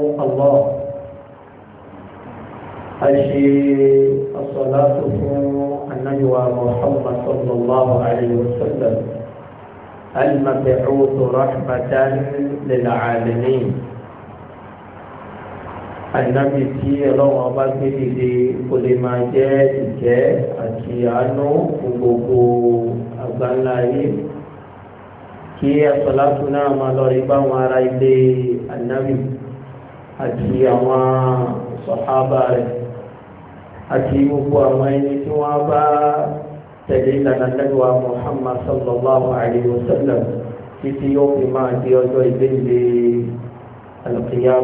الله أشي الصلاة النجوى محمد صلى الله عليه وسلم المبعوث رحمة للعالمين ànábì tí ọlọ́run ọba gbé dìde kò lè máa jẹ́ ìjẹ́ àti àánú gbogbo àgbáńlá ayé kí asọ́látù náà máa lọ rí báwọn ará ilé ànábì àti àwọn sọ̀hábà rẹ̀ àti gbogbo àwọn ẹni tí wọ́n bá tẹ̀lé ìlànà lẹ́gbẹ̀wá Muhammad sallallahu alayhi wa sallam títí yóò fi máa di ọjọ́ ìgbéǹde alùpùpù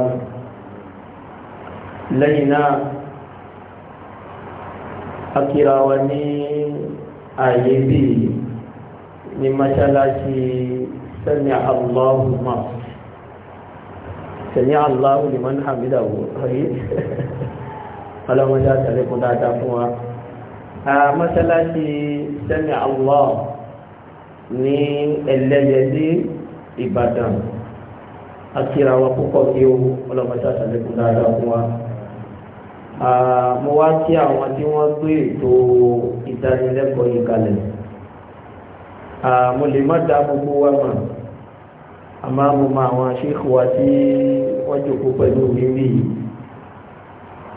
lẹ́yìn náà akira wa ní ààyè bíi ní mọ́ṣáláṣí sẹ́mi Allahu masjid sẹ̀mí Allahu liman hamidahu rí ọlọ́mọdé àtàlẹ́kùn dáadáa fún wa mọ́sálásí sẹ́mí Allah ní ẹlẹ́yẹdí Ìbàdàn akíra wa púpọ̀ kí o ọlọ́mọdé àtàlẹ́kùn dáadáa fún wa mo wá kí àwọn tí wọ́n gbé ètò ìdánilẹ́kọ̀ọ́ yìí kalẹ̀ mo lè má dá gbogbo wa mọ̀ àmọ́ mo mọ àwọn ṣéèkù wa tí wọ́n jòkó pẹ̀lú níbí yìí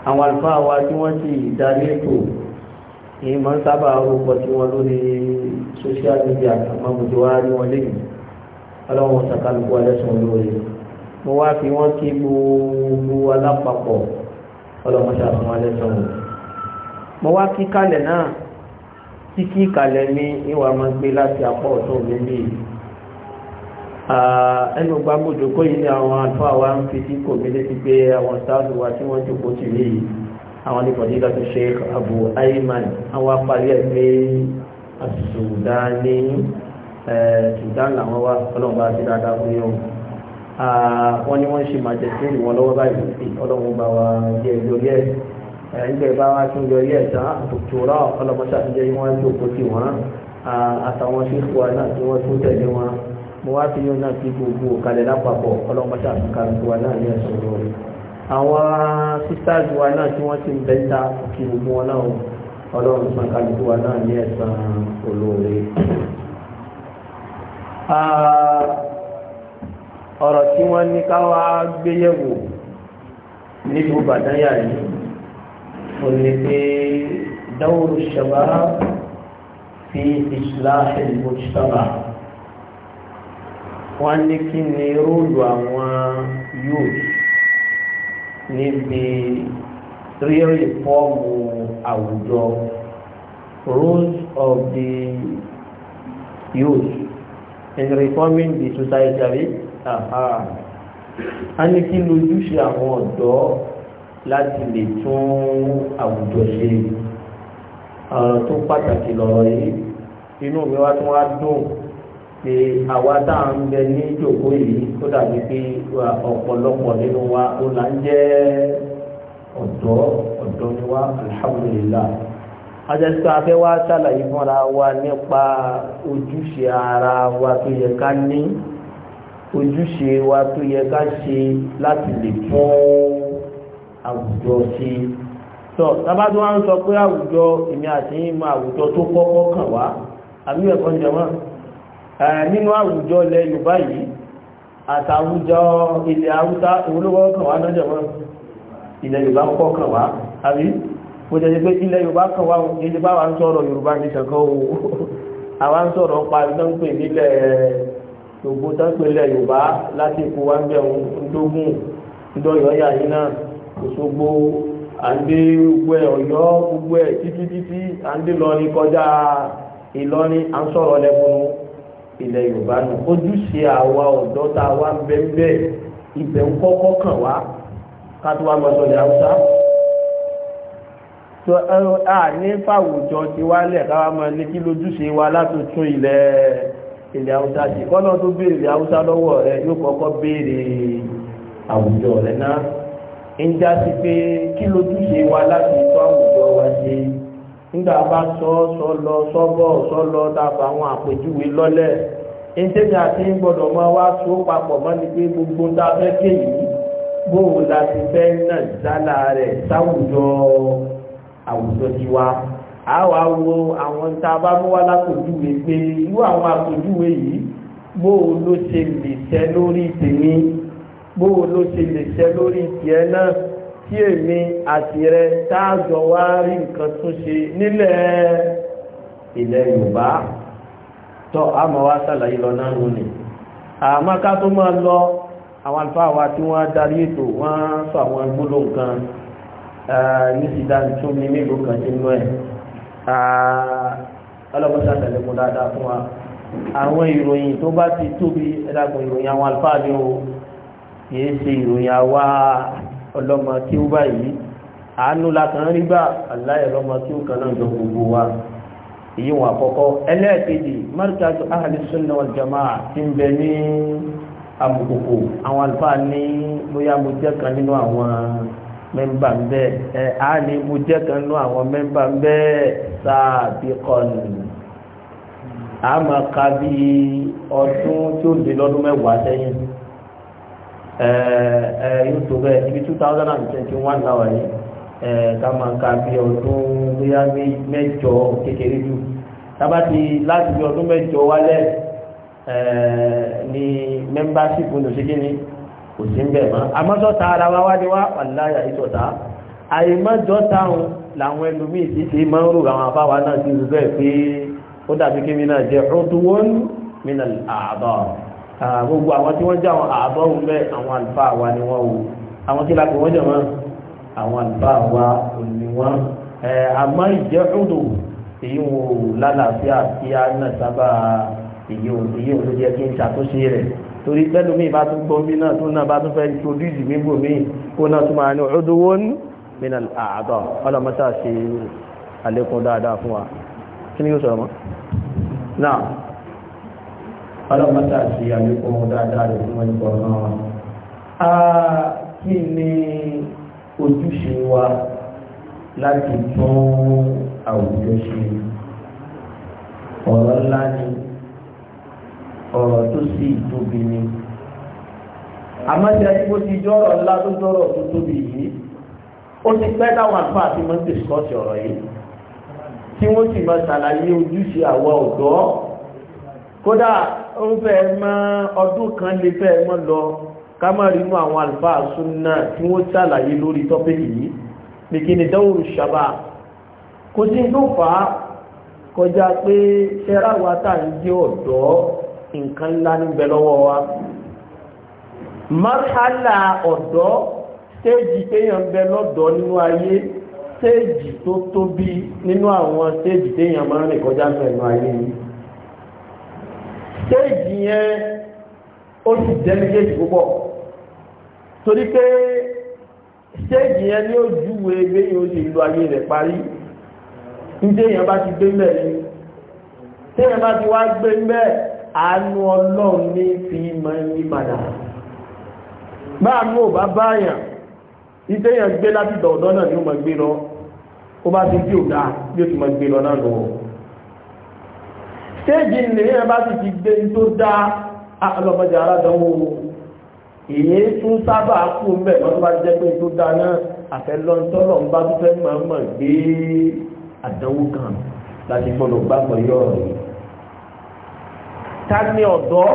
àwọn àlùfáà wa tí wọ́n sì darí ètò èyí máa ń sábà rúbọ tí wọ́n lórí social media àmọ́ mo ti wá rí wọn lẹ́yìn ọlọ́run ṣàkàlùkù ẹlẹ́sùn lórí mo wá fi wọ́n kí gbogbo alápapọ̀ ọlọ́run ṣàfihàn ẹlẹ́sùn lórí mo wá kí kalẹ̀ náà kíkí kalẹ̀ mi ìwà máa gbé láti apá ọ̀tún mi bíi Ah, ẹnu gbàgbójò kó yìí ni àwọn àlùfáà wa ń fi tí kò mí létí pé àwọn sáàdù wa tí wọ́n jókòó tì mí yìí àwọn ní fọ̀dílà tó ṣe Abu Ayman àwọn apárí ẹ̀ pé Sudani eh, Sudan làwọn wá ọlọ́run bá ti dáadáa fún yóò ah, wọ́n ní wọ́n ṣe màjẹ̀sìn ìwọ̀n lọ́wọ́ báyìí ọlọ́run bá wa jẹ́ lórí ẹ̀ ẹgbẹ́ eh, bá wá tún yọrí ẹ̀dá àtòkòrò ọlọ́mọṣà ti jẹ́ wọ́n jókòó tì wọ́n ah, àtàwọn ṣíkú wa náà tí wọ́n tún tẹ̀lé wọn mo wá fi yóò náà fi gbogbo òkàlẹ̀ lápapọ̀ ọlọ́mọṣà kàlùkù wa náà ní ẹ̀sùn lórí àwọn sisters wa náà tí wọ́n ti ń bẹ́ta kí gbogbo wọn náà ọlọ́run san kàlùkù wa náà ní ẹ̀sùn olóore. ọ̀rọ̀ tí wọ́n ní ká gbéyẹ̀wò nílùú Ìbàdàn yìí ó ní pé dáwọ́ ṣàbá fi ìṣúlá ẹ̀dùn mọ́tò sábà wọ́n ní kí ni róòlù àwọn youth níbi rírì fọ́ọ̀mù àwùjọ rules of the youth in reforming the society àbí a ní kí lójúṣe àwọn ọ̀dọ́ láti lè tún àwùjọ ṣe ọ̀rọ̀ tó pàtàkì lọ́rọ̀ yìí inú mi wá tún wá dùn pé àwa tá à ń bẹ ní ìjòkó yìí ó dàbí pé ọ̀pọ̀lọpọ̀ nínú wa ó là ń jẹ́ ọ̀dọ́ ọ̀dọ́ ni wa alhamdulilah ajẹ́síkà afẹ́ wa ṣàlàyé fúnra wa nípa ojúṣe ara wa tó yẹ ká ní ojúṣe wa tó yẹ ká ṣe láti lè fún àwùjọ sí i tọ tábàtú wa ń sọ pé àwùjọ èmi àti yín mọ àwùjọ tó kọ́kọ́ kàn wá àbí ẹ̀kọ́ ń nínú àwùjọ ilẹ̀ Yorùbá yìí àtàwùjọ ilẹ̀ Haúsá olówó kan wá lọ́jọ́ wọn ilẹ̀ Yorùbá kọ́ kan wá àbí mo jẹ́ pé ilẹ̀ Yorùbá kan wá ilẹ̀ bá wa ń sọ̀rọ̀ Yorùbá ní kankan o àwa ń pa wa kọjá Ìlọrin à ń ilẹ̀ yorùbá nù ojúṣe àwa ọ̀dọ́ tá a wá ń bẹ́ ń bẹ́ ibẹ̀ ń kọ́kọ́ kàn wá ká tó wá lọ sọ̀rọ̀ haúsá a ní fàwùjọ ti wálẹ̀ káwá máa ní kí lójúṣe wa láti tún ilẹ̀ ilẹ̀ haúsá sí kọ́nà tó béèrè ilẹ̀ haúsá lọ́wọ́ rẹ yóò kọ́kọ́ béèrè àwùjọ rẹ náà ń já sí pé kí lójúṣe wa láti tún àwùjọ wa ṣe nígbà bá sọ sọ lọ sọ́bọ̀ sọ lọ dábà àwọn àpèjúwe lọ́lẹ̀ ìtẹ́jà tí ń gbọ́dọ̀ mọ́ wá tó papọ̀ mọ́ ni pé gbogbo ń dáfẹ́ kéyìí bóun la ti fẹ́ náà jálá rẹ̀ sáwùjọ àwùjọ tiwa àwa wo àwọn tá a bá mú wá lápèjúwe pé irú àwọn àpèjúwe yìí bóun ló ṣe lè ṣẹ lórí tèmi bóun ló ṣe lè ṣẹ lórí tiẹ̀ náà tí èmi àti rẹ táàjọ wá rí nǹkan tún ṣe nílẹ̀ ilẹ̀ yorùbá tọ́ àmọ́ wá sàlàyé lọ náà lónìí àmọ́ ká tó máa lọ àwọn àlùfáà wa tí wọ́n darí ètò wọ́n sọ àwọn gbólóhùn kan ní sídáni tó ní mélòó kan nínú ẹ̀ ọlọ́mọṣà tẹ̀lé mú dáadáa fún wa àwọn ìròyìn tó bá ti tóbi ẹ̀dàkùn ìròyìn àwọn àlùfáà ni ó kìí ṣe ìròyìn àwa ọlọ́mọ tí ó báyìí àánú látàn rí gbà aláìlọ́mọ tí ó kanáà jọ gbogbo wa èyí wọn àkọ́kọ́ ẹlẹ́ẹ̀kejì markazu ahli sunna wal jamaa ti ń bẹ ní amukoko àwọn àlùfáà ní bóyá mo jẹ́ kan nínú àwọn mẹ́mbà ń bẹ́ ẹ á mo jẹ́ kan nínú àwọn mẹ́mbà ń bẹ́ sáàbíkọ́nù àmọ́ ká ọdún tí ó lé lọ́dún mẹ́wàá sẹ́yìn Eh, eh, yóò tó bẹ́ẹ̀ ibi 2021 thousand and twenty one náà wáyé eh, ká máa ka bí ọdún bóyá mẹ́jọ kékeré jù tábàtì láti bí ọdún mẹ́jọ wálẹ̀ ni membership ní òṣèké ni kò sí ń bẹ̀ mọ́ àmọ́sọ́ta ara wa wá ní wá wàláyà ìsọ̀tà àìmọ́jọ́ta làwọn ẹlòmíì ti máa ń rò àwọn àbáwa náà ti rú pé ó dàbí kí mi náà jẹ́ ọdún wọ́n mí nà àbá gbogbo àwọn tí wọ́n jẹ́ àwọn àbọ̀ òun bẹ́ẹ̀ àwọn àlùfáà wa ni wọ́n wò àwọn tí lápò wọ́n jẹ̀ wọ́n àwọn àlùfáà wa òní wọ́n àmọ́ ìjẹ́ òdò èyí wò lálàáfíà kí á náà sábà èyí ò èyí ò ló jẹ́ kí n ṣàtúnṣe rẹ̀ torí pẹ́lú mi bá tún gbọ́n bí náà tó náà bá tún fẹ́ introduce mi bò mí kó náà tún máa ní òdò wọn min al-a'dha ọlọ́mọta ṣe àlékún dáadáa fún wa kí ni yóò sọ̀rọ̀ mọ́ náà ọlọ́mọta àti àlékún dáadáa rẹ̀ fún ẹni kọ̀ọ̀kan wa. kí ni ojúṣe wa láti tún àwùjọ ṣe ọ̀rọ̀ ńlá ni ọ̀rọ̀ tó sì tóbi ni àmọ́ ti ẹni bó ti jọ́rọ̀ ńlá tó jọ́rọ̀ tó tóbi yìí ó ti pẹ́ táwọn àfáà ti máa ń dìskọ́sì ọ̀rọ̀ yìí tí wọ́n sì máa ṣàlàyé ojúṣe àwa ọ̀dọ́ kódà ó fẹ́ mọ́ ọdún kan lè fẹ́ mọ́ lọ ká má rí inú àwọn àlùfáà súnà tí wọ́n ṣàlàyé lórí tọ́pìkì yìí ní kí ni dáwòrò ṣàbà kò sí tó fà á kọjá pé ṣẹ́rá wa tá à ń jẹ́ ọ̀dọ́ nǹkan ńlá níbẹ̀ lọ́wọ́ wa mọ́sálà ọ̀dọ́ stéèjì téèyàn bẹ lọ́dọ̀ nínú ayé stéèjì tó tóbi nínú àwọn stéèjì téèyàn máa ń rìn kọjá nínú ayé yìí stéèjì yẹn ó sì jẹ́ méjèèjì púpọ̀ torí pé stéèjì yẹn ni ó júwe gbé yóò sì lo ayé rẹ̀ parí níjẹ́ èèyàn bá ti gbé mẹ́rin téèyàn bá ti wá gbé mẹ́rin àánú ọlọ́run ní fi mọ́ ní padà báàmú ò bá báyàn ìtẹ́yàn gbé láti dọ̀ọ̀dọ́ náà ni ó máa gbé lọ ó bá ti kí ò dáa bí ó ti máa gbé lọ náà lọ́wọ́ stéèjì nìyẹn bá ti ti gbé tó dá ọlọ́mọdé aládánwò èyí tún sábà kú mbẹ̀ lọ́tọ́ bá jẹ́ pé tó dá náà àfẹ́lọ́ntọ́lọ́ ń bá dúpẹ́ mọ̀ọ́mọ̀ gbé àdánwò kan láti gbọ́dọ̀ gbàgbọ́ yọ̀ọ̀ rẹ̀ ta ni ọ̀dọ́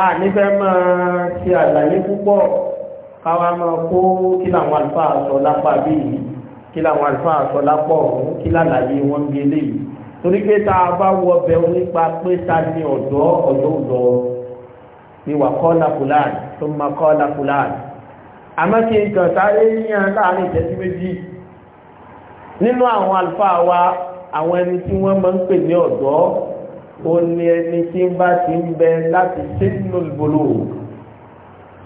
a nífẹ́ máa ṣe àlàyé púpọ̀ káwa máa kó kí làwọn àlùfáà sọ lápá bí kí làwọn àlùfáà sọ lápọ̀ kí làlàyé wọn gbélé yìí torí pé tá a bá wọ ọbẹ̀ nípa pé ta ni ọ̀dọ́ ọ̀dọ́ ọ̀dọ́ ni wà kọ́lá fúláàdì tó máa kọ́lá fúláàdì àmọ́ kí n kàn sáré yíyan láàrin ìjẹ́sí méjì nínú àwọn àlùfáà wa àwọn ẹni tí wọ́n máa ń pè ní ọ̀dọ́ ó ní ẹni tí ń bá ti ń bẹ láti sínú ìbòlò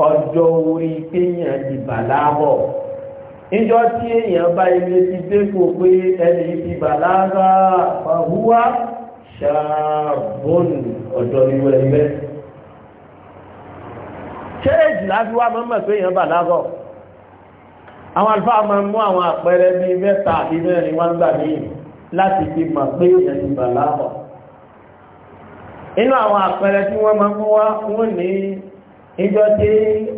ọjọ́ orí kéèyàn ìbàlábọ̀ ìjọ tí èèyàn bá ilé ti dépò pé ẹni ti bàlágà fàhúwá ṣàbọ̀nù ọ̀dọ́ ni wọ́n ẹgbẹ́ kéèjì láti wá mọ́mọ̀ pé èèyàn bàlágà àwọn àlùfáà máa mú àwọn àpẹẹrẹ bíi mẹ́ta àti mẹ́rin wá gbà ní láti fi mọ̀ pé èèyàn ti bàlágà inú àwọn àpẹẹrẹ tí wọ́n máa mú wá wọ́n ní níjọ́ tí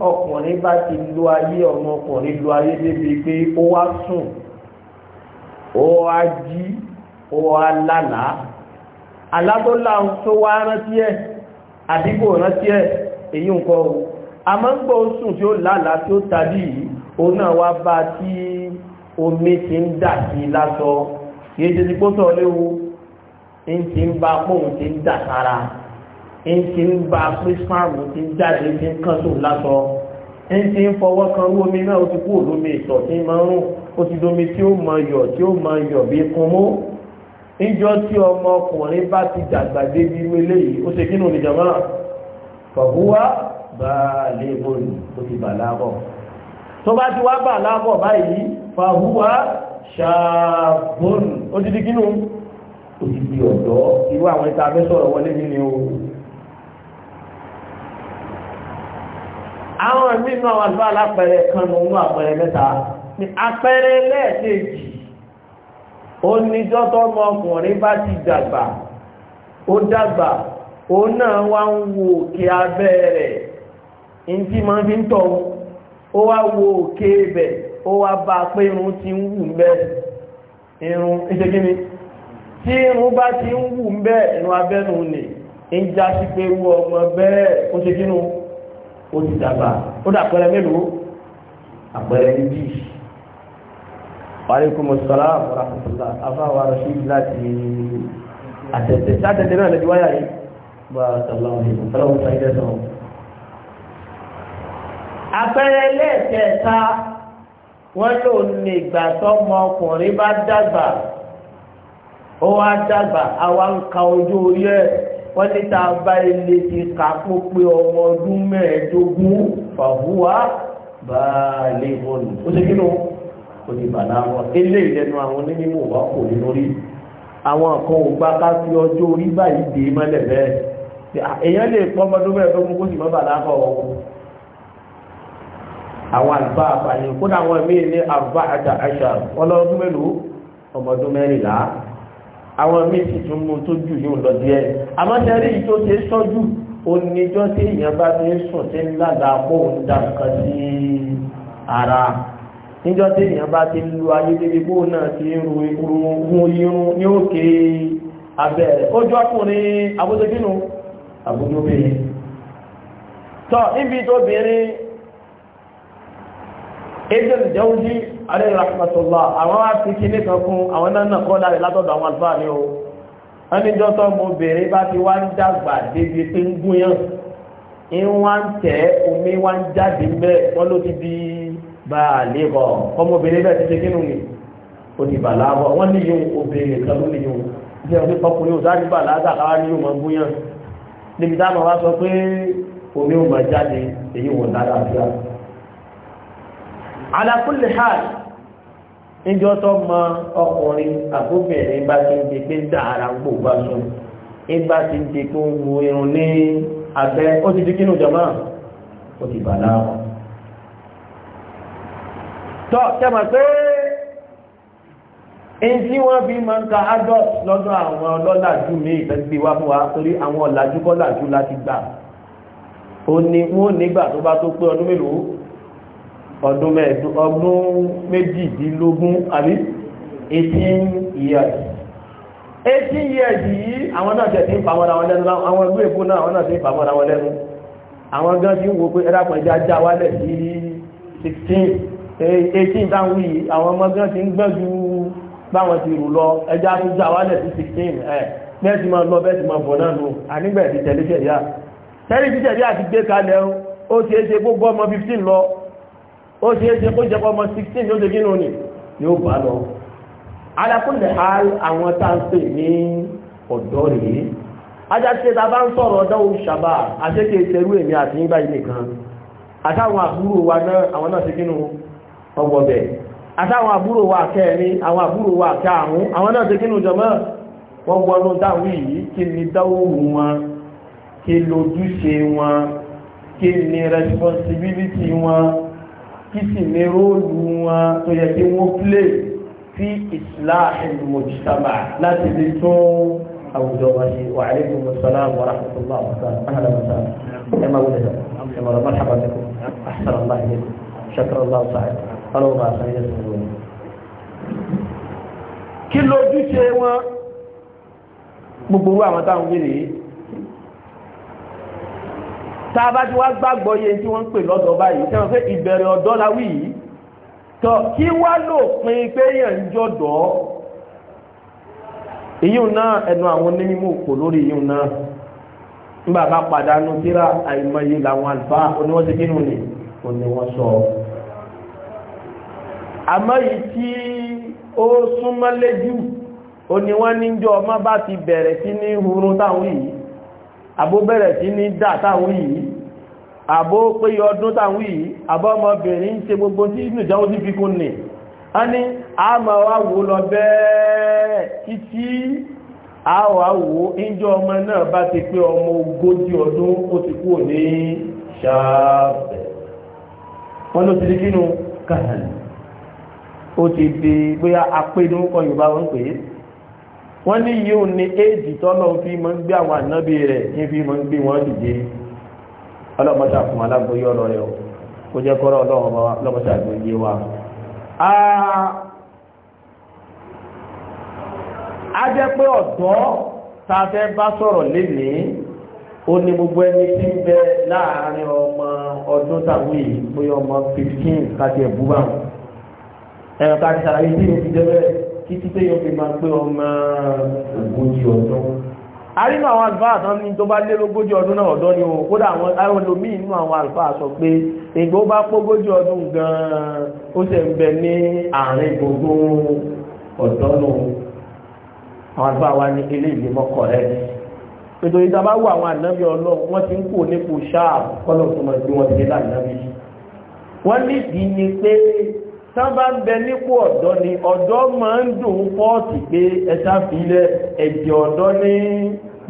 ọkùnrin bá ti lo ayé ọmọkùnrin lo ayé débi pé ó wá sùn ó wá jí ó wá lálàá alábọ́lá tó wá rántí ẹ̀ àdígbò rántí ẹ̀ èyí o a máa ń gbọ́ sùn tí ó lálàá tí ó tàbí òun náà ti ń dà sí lásọ kìí ti sọ léwu ń ti ti ń ń ti ń ba písmàrù ti ń jáde ti ń kán tó lásọ ń ti ń fọwọ́ kan rú omi náà ó ti kú òlómi ìtọ̀ tí ń máa ń rùn ó ti domi tí ó mọ yọ̀ tí ó mọ yọ̀ bí kúnmó níjọ́ tí ọmọ ọkùnrin bá ti dàgbà débi irú eléyìí ó ṣe kínú ìjọba fọ̀húwá bá léèbó ni ó ti bà lábọ̀ tó bá ti wá bà lábọ̀ báyìí fọ̀húwá ṣàbùn ó ti di kínú ó ti di ọ̀dọ́ irú àwọn ìta abẹ́sọ̀rọ̀ wọlé nínú àwọn mínú àwọn àlùfà alápẹẹrẹ kan ní ohun àpẹẹrẹ mẹ́ta ni àpẹẹrẹ lẹ́ẹ̀kejì ó níjọ́ tọ́mọ ọkùnrin bá ti dàgbà ó dàgbà ó náà wá ń wo òkè abẹ́ rẹ̀ ní tí máa fi ń tọ̀ ó wá wo òkè ibẹ̀ ó wá bá pé irun ti ń wù mẹ́ irun ìṣẹ́gíní tí irun bá ti ń wù mẹ́ irun abẹ́nu nì ń já sí pé wú ọmọ bẹ́ẹ̀ ó ṣe gínú ó ti dàgbà ó dà pẹrẹ mélòó àpẹrẹ níbí wàlékùmù sọlá àfọlá afáwà rashid láti àtẹ̀tẹ̀ sátẹ̀tẹ̀ náà lójú wáyà yìí bá sọlá òní sọlá òní sọlá ìdẹ́sọ̀ àpẹrẹ lẹ́ẹ̀kẹta wọ́n lò ní ìgbà tọ́mọ ọkùnrin bá dàgbà ó wá dàgbà àwa ń ka ojú orí ẹ̀ wọ́n ní tá a bá ilé ti kà kó pé ọmọ ọdún mẹ́ẹ̀ẹ́dógún fàbúwá bá a lè bọ́ọ̀lù ó ṣe kínú ó ti bàlá wọn ilé ìlẹ́nu àwọn onímọ̀ wá kò ní lórí àwọn kan ò gbá ká fi ọjọ́ orí báyìí dé mọ́lẹ̀ bẹ́ẹ̀ èèyàn lè pọ́ ọmọdún mẹ́ẹ̀ẹ́dógún kó sì mọ́ bàlá kọ̀ ọ̀hún àwọn àlùfà àfààní kódà àwọn míì ní àlùfà àjà àṣà ọlọ́dún mélòó ọmọdún mẹ́rìnlá àwọn míì sì tún mú tó jù yóò lọ díẹ̀ àmọ́ sẹ́rí tó ṣe sọ́jú oníjọ́ tí èèyàn bá ti sùn tí ń ládàá kó ń da nǹkan sí ara níjọ́ tí èèyàn bá ti lu ayédèdè bó náà ti ń ru irun irun ní òkè abẹ́rẹ́ ojú ọkùnrin abójókínú abójóbìnrin tọ́ níbi tóbìnrin Ibn Jawzi alayhi rahmatullah àwọn afikini kan fún àwọn náà náà kọ́ láre látọ̀dọ̀ àwọn àlùfáà ni o wọ́n ní jọ́tọ̀ mo bèrè bá ti wá ń dàgbà débi pé ń gúnyàn ń wá ń tẹ̀ omi wá ń jáde bẹ́ẹ̀ wọ́n ló ti di baàlì kọ́ ọmọbìnrin bẹ́ẹ̀ ti ṣe kínú ni o ti bàlá bọ̀ wọ́n ní yóò obìnrin kan ló ní yóò jẹ́ òní ọkùnrin ò sáré bàlá àtàkàwá ní yóò máa gúnyàn níbi táwọn wá sọ pé omi ò máa jáde èyí wò dáadáa ala kulli hal níjọ́ tó mọ ọkùnrin àbúbìnrin bá ti ń di pé dáhàrà gbogbo aṣọ ìgbà ti ń di pé wo irun ní abẹ́ ó ti di kínú jọmọ́ ó ti bà láwọn tọ́ tẹ́mọ̀ pé èyí tí wọ́n fi máa ń ta adọ́t lọ́dọ̀ àwọn ọlọ́làjú ní ìfẹ́sí wá fún wa torí àwọn ọ̀làjú kọ́làjú láti gbà ó ní wọ́n nígbà tó bá tó pé ọdún mélòó ọdún mẹ́ẹ̀dún ọdún méjìdínlógún àbí 18 years 18 years yìí àwọn náà tẹ̀ tí ń pàmọ́ra wọn lẹ́nu àwọn ẹgbẹ́ èkó náà àwọn náà tí ń pàmọ́ra wọn lẹ́nu àwọn gan tí ń wo pé ẹ̀dàpọ̀ ìjà já wálẹ̀ sí 16 18 táwọn yìí àwọn ọmọ gan tí ń gbọ́n ju báwọn ti rù lọ ẹja tó já wálẹ̀ sí 16 ẹ̀ bẹ́ẹ̀ ti máa lọ bẹ́ẹ̀ ti máa bọ̀ náà nù ànígbẹ̀ ti tẹ̀lé tẹ̀lé à ti gbé kalẹ̀ ó ṣeé ṣe gbogbo ọmọ 15 lọ ó ṣe é ṣe kó jẹ́pọ̀ ọmọ 16 yóò dégínú ni yóò bá lọ alákùnlé hal àwọn tá ń pè ní ọ̀dọ́ rèé ajáṣe ta bá ń sọ̀rọ̀ ọ̀dọ́ òṣàbà àṣekè ìṣerú èmi àti yín báyìí nìkan àtàwọn àbúrò wa náà àwọn náà ṣe kínú ọgbọ̀ bẹ̀ àtàwọn àbúrò wa kẹrin àwọn àbúrò wa kààrún àwọn náà ṣe kínú jọmọ́ wọ́n wọnú dáwí yìí kí ni dáwòrò wọn kí lójúṣe wọn kí ni responsibility wọn kí sì ní róòlù wọn tó yẹ kí wọ́n plé sí islahil mujtama láti lè tún àwùjọ wa ṣe wa alaykum assalam wa rahmatullahi wa barakatuh ẹ máa wọlé lọ ẹ máa bá ṣàbà lẹkọọ ahsan tá a bá ti wá gbàgbọ́ yẹ tí wọ́n ń pè lọ́dọ̀ báyìí tẹ́wọ́n pé ìbẹ̀rẹ̀ ọ̀dọ́ la wí yìí tọ́ kí wá lópin pé yẹn ń jọ̀dọ̀ ìyún náà ẹnu àwọn onímọ̀ kò lórí ìyún náà nígbà bá pàdánù síra àìmọye làwọn àlùfáà oníwọ́sí ni ò ní wọ́n sọ àmọ́ yìí tí ó súnmọ́lé jù òní wọ́n níjọ́ ọmọ ti bẹ̀rẹ̀ sí ní hurun táwọn yìí àbó bẹ̀rẹ̀ sí ní dà táwọn yìí àbó péye ọdún táwọn yìí àbọ́ ọmọbìnrin ń ṣe gbogbo tí ìbìnú ìjáwó sí fi kún ní a ní a máa wá wò lọ bẹ́ẹ̀ títí a wà wò ìjọ ọmọ náà wọ́n ní yíò ní éèdì tọ́lọ̀ fi mọ́ gbé àwọn rẹ̀ ní fi mọ́ gbé wọ́n dìde ọlọ́mọta fún alágbóyé ọ̀rọ̀ rẹ̀ o jẹ́ kọ́rọ̀ ọlọ́mọta àgbóyé wa a jẹ́ pé ọ̀dọ́ bá sọ̀rọ̀ ó ní gbogbo ẹni tí ń bẹ ọmọ ọdún tàbí títí tó yóò fi máa pé ọmọ ogójì ọdún arínú àwọn àlùfáà tán ní tó bá lé lógójì ọdún náà ọ̀dọ́ ni òun kódà àwọn ẹlòmíì inú àwọn àlùfáà sọ pé ìgbó bá pógójì ọdún gan-an ó sì ń bẹ ní àárín gbogbo ọ̀dọ́ nù àwọn àlùfáà wa ní ilé ìgbìmọ̀ kọ̀rẹ́ nítorí tá a bá wo àwọn ànábì ọlọ́run wọ́n ti ń kó nípò ṣáà kọ́lọ̀ tó máa gbé wọn sí lánàá bí wọ́n nídìí ni pé tán bá ń bẹ nípò ọ̀dọ́ ni ọ̀dọ́ máa ń dùn pọ́ọ̀tì pé ẹta fílẹ̀ ẹ̀dì ọ̀dọ́ ní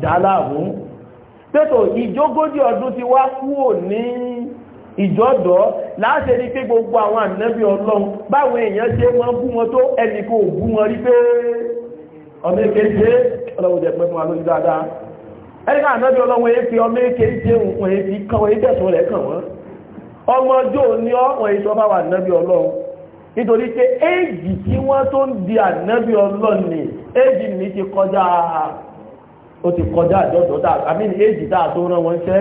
dáláàmú pẹ́tò ìjógójì ọdún ti wá kúrò ní ìjọ́dọ̀ láti ẹni pé gbogbo àwọn ànábì ọlọ́run báwọn èèyàn ṣe wọ́n bú wọn tó ẹni kò bú wọn rí pé ọmọ èké ṣe ọlọ́run jẹ́ pẹ́ fún wa lójú dáadáa ẹni ká ànábì ọlọ́run èé fi ọmọ èké ṣe òun èé fi kan èé tẹ̀sùn rẹ̀ kàn wọ́n ọmọ ọjọ́ òní ọ̀pọ̀ èso bá wà ànábì ọlọ́run nítorí pé éèjì tí wọ́n tó ń di ànábì ọlọ́ni éèjì ní ti kọjá ó ti kọjá àjọ́jọ́ dáa àmì éèjì dáa tó rán wọn ṣẹ́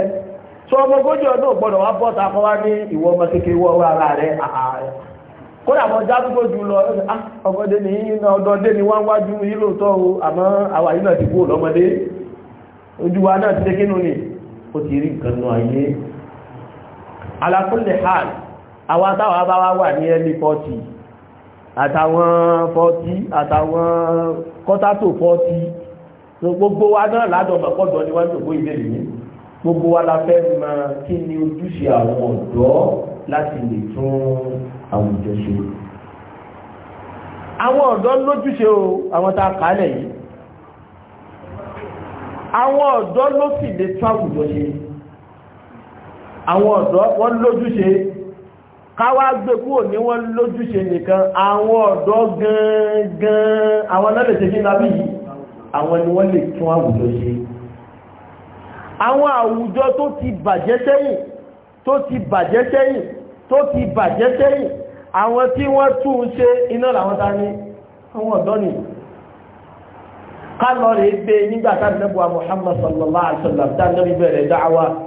tó ọmọgójì ọdún gbọ́dọ̀ wá bọ́ta kọ́ wá ní ìwọ ọmọ kékeré wọ́ ara rẹ̀ kódà mọ jágbó jù lọ ah, ọmọdé ní ọdọọdé ni wọ́n wájú yílò tọ́ o àmọ́ àwa yìí náà ti kú lọ́mọdé ojú wa náà ti dé kínú ni ó ti rí nǹkan náà ayé ala kulli àwọn táwọn bá wá wà ní early 40 àtàwọn 40 àtàwọn kọ́tàtò 40 so gbogbo wa náà ládọ̀mọ̀ pọ̀dọ̀ ni wọ́n tòkó ilé yìí gbogbo wa la fẹ́ mọ̀ kí ni ojúṣe àwọn ọ̀dọ́ láti lè tún àwùjọ ṣe àwọn ọ̀dọ́ lójúṣe o àwọn ta a kálẹ̀ yìí àwọn ọ̀dọ́ ló sì lè tún àwùjọ ṣe àwọn ọ̀dọ́ wọ́n lójúṣe káwá gbé kúrò ní wọ́n lójúṣe nìkan àwọn ọ̀dọ́ gangan àwọn náà lè ṣe kí lábí yìí àwọn ni wọ́n lè tún àwùjọ ṣe àwọn àwùjọ tó ti bàjẹ́ sẹ́yìn tó ti bàjẹ́ sẹ́yìn tó ti bàjẹ́ sẹ́yìn àwọn tí wọ́n tún ṣe iná làwọn ta ní àwọn ọ̀dọ́ ni ká lọ rèé gbé nígbà tá Muhammad sallallahu alaihi wasallam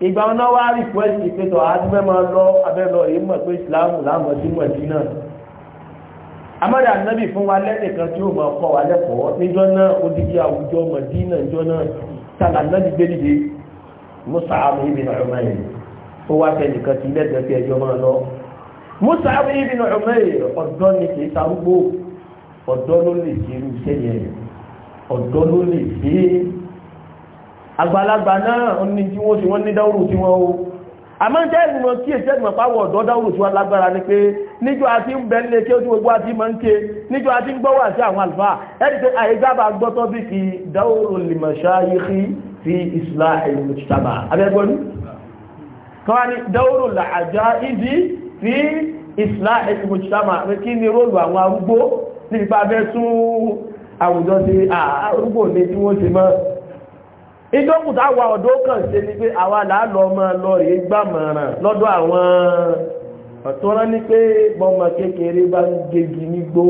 ìgbà wọn náà wá rí pẹ́ẹ́sì ìpẹ́tọ̀ àdúgbẹ́ lọ abẹ́lọ èyí mọ̀ pé ìsìláàmù láàmọ̀ sí mọ̀ náà amọ́dà fún wa lẹ́nìkan tí ó máa kọ́ wa lẹ́kọ̀ọ́ níjọ́ náà odidi àwùjọ Mádínà níjọ́ náà tàbí nábì gbé dìde Mus'ab ibn Umayr ó wá fẹ́ nìkan ti lẹ́gbẹ̀ẹ́ fi ẹjọ́ máa lọ Mus'ab ibn Umayr ọ̀dọ́ ni kì í ọ̀dọ́ ló lè ṣe irú iṣẹ́ yẹn ọ̀dọ́ ló lè àgbàlagbà náà ní tí wọ́n ti wọ́n ní dáúrù tí wọ́n ó àmọ́ jẹ́ ìrìnà kí èsẹ́ ìgbọ̀n pàwọ̀ ọ̀dọ́ dáúrù tí wọ́n lágbára ni pé níjọ́ àti ń bẹ̀rẹ̀ kí ó tí gbogbo àti máa ń ké níjọ́ àti ń gbọ́wà sí àwọn àlùfáà ẹni pé àìgbàbà gbọ́tọ́ bí kí dáúrù lìmọ̀ṣáyíkí fi islahil mujtama abẹ́gbọ́n kọ́wá ní dáúrù làjá fi islahil mujtama pé kí ni róòlù àwọn arúgbó nípa abẹ́ tún àwùjọ sí arúgbó ní tí wọ́n ti mọ́ ìjọ́kù táwà ọ̀dọ́ kàn ṣe ni pé àwa làálọ́ ọmọ lọ rèé gbàmọ̀ràn lọ́dọ̀ àwọn ọ̀tọ́rán ní pé bọ́mọ kékeré bá ń gegi nígbó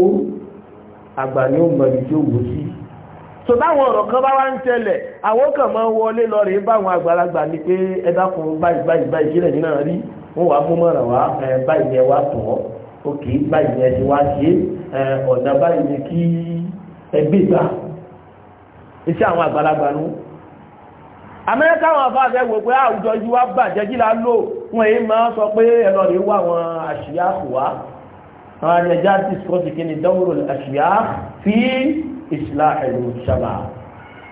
àgbà ní òmò ìjọ òwò sí so báwọn ọ̀rọ̀ kan bá wá ń tẹ́lẹ̀ àwọn kan máa ń wọlé lọ ni pé ẹ dákun ni ẹ wá tọ̀ òkè báyìí ni ni kí ẹgbẹ́ gbà iṣẹ́ àwọn àgbàlagbà nù amẹ́ríkà wọn afáfẹ́ wò pé àwùjọ yìí wá bàjẹ́ kí la lò wọn èyí máa sọ pé ẹ̀lọ́ rẹ̀ wà wọn àṣìyá kò wá àwọn àjẹjá ti sọ sí kí ni dánwòrò àṣìyá fi ìṣìlá ẹ̀rù ṣàbà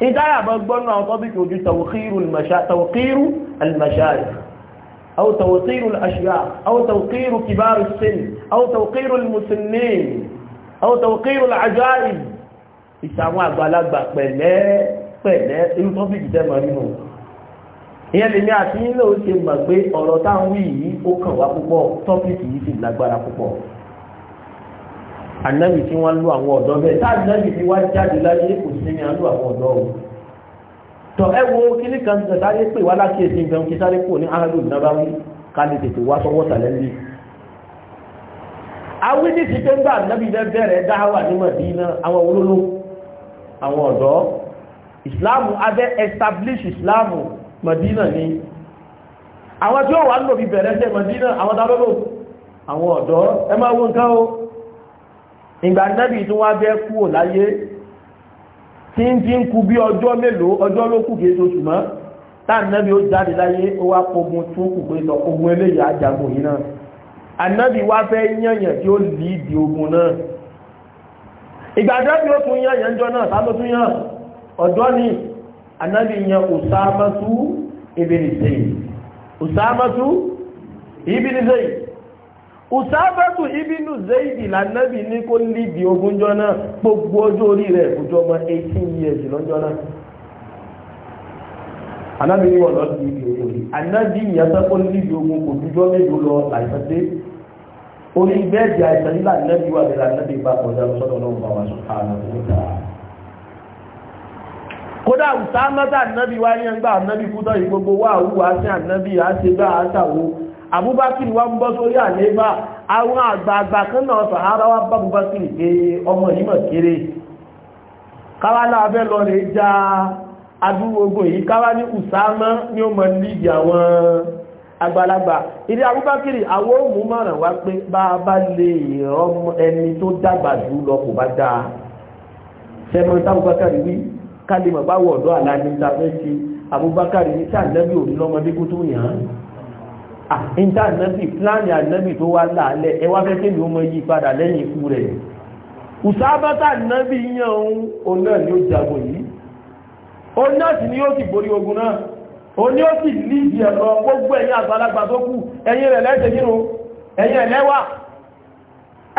ìdáyà gbọ́nà àwọn tọ́bíkì ojú tàwọ̀kírù alìmọ̀ṣáàrì أو توقير الأشياء أو توقير كبار السن أو توقير المسنين أو توقير العجائب ìṣàwọn àgbàlagbà pẹ̀lẹ́ pẹ̀lẹ́ irú tọ́bíkì tẹ́mọ̀ nínú ìyẹn lèmi àti yín lóò ṣe mọ̀ pé ọ̀rọ̀ táwọn wí yìí ó kàn wá púpọ̀ tọ́pìkì yìí sì lágbára púpọ̀ ànábì tí wọ́n lú àwọn ọ̀dọ́ bẹ́ẹ̀ tá ànábì tí wọ́n jáde láyé kò sí ní o tọ ẹ wo kan tẹ sáré pè wá lákìyèsí nǹkan kí sáré kúrò ní ahadu nabawi ká lè tètè wá sọ́wọ́ sàlẹ̀ lé awí ní ti pé ń bẹ́ẹ̀ bẹ̀rẹ̀ dáhàwà ní àwọn olóló àwọn ọ̀dọ́ abẹ́ Madina ni àwọn tí ó wà nílò fi jẹ́ Madina àwọn dábọ́lò àwọn ọ̀dọ́ ẹ máa wọ́n ká o ìgbà nẹ́bì tí wọ́n bẹ́ kúrò láyé tí ń ti ń kú bí ọjọ́ mélòó ọjọ́ ló kù kéèso ṣùgbọ́n táà nẹ́bì ó jáde láyé ó wá pogun tún kù pé lọ ogun eléyà ajagun yìí náà ànẹ́bì wá fẹ́ yányàn tí ó lì í di ogun náà ìgbà nẹ́bì ó tún yányàn jọ náà sábó tún ni anábì yẹn Usamatu ibn Zayd Usamatu ibn Zayd Usamatu ibn Zayd lànàbì ní kó líbi ogúnjọ́ náà gbogbo ọjọ́ orí rẹ̀ kò jọ 18 years lọ́jọ́ náà anábì ní wọ́n lọ sí ibi ogun orí anábì yẹn sọ pé líbi ogun kò jújọ́ mélòó lọ àìsàn dé orí bẹ́ẹ̀dì àìsàn nílà anábì wà nílà anábì bá kọjá lọ́sọ́dọ̀ náà bá wa sọ kódà ìsámọ́tà nábi wá yẹn gbà nábi kútọ́ ìgbogbo wà wúwà sí ànábi àṣegbà àṣàwò Abubakar wa ń bọ́ sórí àléébà àwọn àgbààgbà kan náà sàárá wá bá Abubakar pé ọmọ yìí mọ̀ kéré káwálà abẹ́ lọ rẹ̀ já adúgbogbo yìí káwá ní ìsámọ́ ní ó mọ̀ líbi àwọn àgbàlagbà ilé Abubakar àwọn òmù mọ̀ràn wá pé bá a bá lè rọmọ ẹni tó dàgbà jù lọ kò bá dáa kálí mọ̀ báwọ̀ ọ̀dọ́ àlàní ìtafẹ́sí Abubakar ní sáàdẹ́bì òní lọ́mọdé kó tó yàn án ìta ànẹ́bì pláàni ànẹ́bì tó wá láàlẹ̀ ẹwà fẹ́fẹ́ ni ni ó jago ni yóò sì borí ogun náà òun ni ó sì líbi ẹ̀rọ gbogbo ẹ̀yìn àgbàlagbà tó kù ẹ̀yìn rẹ̀ lẹ́sẹ̀ nínú ẹ̀yìn ẹ̀lẹ́wà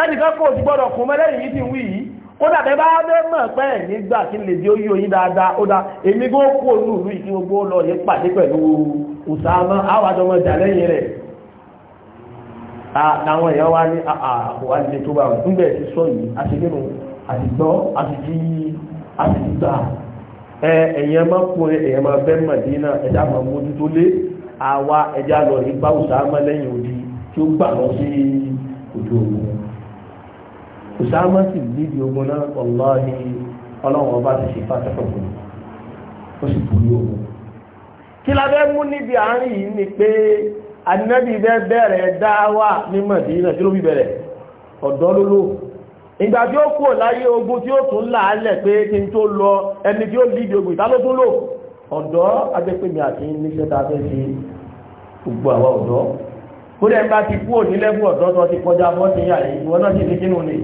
ẹnìkan kò sì gbọ́dọ̀ kún mẹ́lẹ́yìn yìí ti wí yìí kódà bẹ́ẹ̀ bá bẹ́ mọ̀ pé nígbà tí lè di ó yíò yí dáadáa ó dá èmi gbó kú òun ìlú ìkí gbogbo lọ yẹ pàdé pẹ̀lú Usama àwàjọ wọn jà lẹ́yìn rẹ̀ àwọn èèyàn wá ní àwọn àlejò tó bá wọn nígbà tí sọ yìí àti nínú àtìgbọ́ àtìjí àtìgbà ẹ̀yẹn máa kú ẹ̀yẹn máa bẹ́ Mádínà ẹ̀dá máa mójú tó lé àwa ẹ̀dá lọ rí bá Usama lẹ́yìn òdì tí ó gbà lọ sí ojú òun Usama sì gbíbi ogun náà ọlọ́ọ̀ni ọlọ́wọ́ ọba ti ṣe fásitì fún un ó sì borí ogun. kí la fẹ́ mú níbi àárín yìí ni pé anabi bẹ́ bẹ̀rẹ̀ dáwà ní Mádínà tí ló fi bẹ̀rẹ̀ ọ̀dọ́ ló lò ìgbà tí ó kúrò láyé ogun tí ó tún láàálẹ̀ pé kí n tó lọ ẹni tí ó lídi ogun ìta ló tún lò ọ̀dọ́ adépèmí àti níṣẹ́ ta fẹ́ ṣe gbogbo àwa ọ̀dọ́ kó dẹ̀ bá ti kúrò nílẹ́gùn ọ̀dọ́ tó ti kọjá bọ́ yàrá ìwọ náà sì ní kínú ni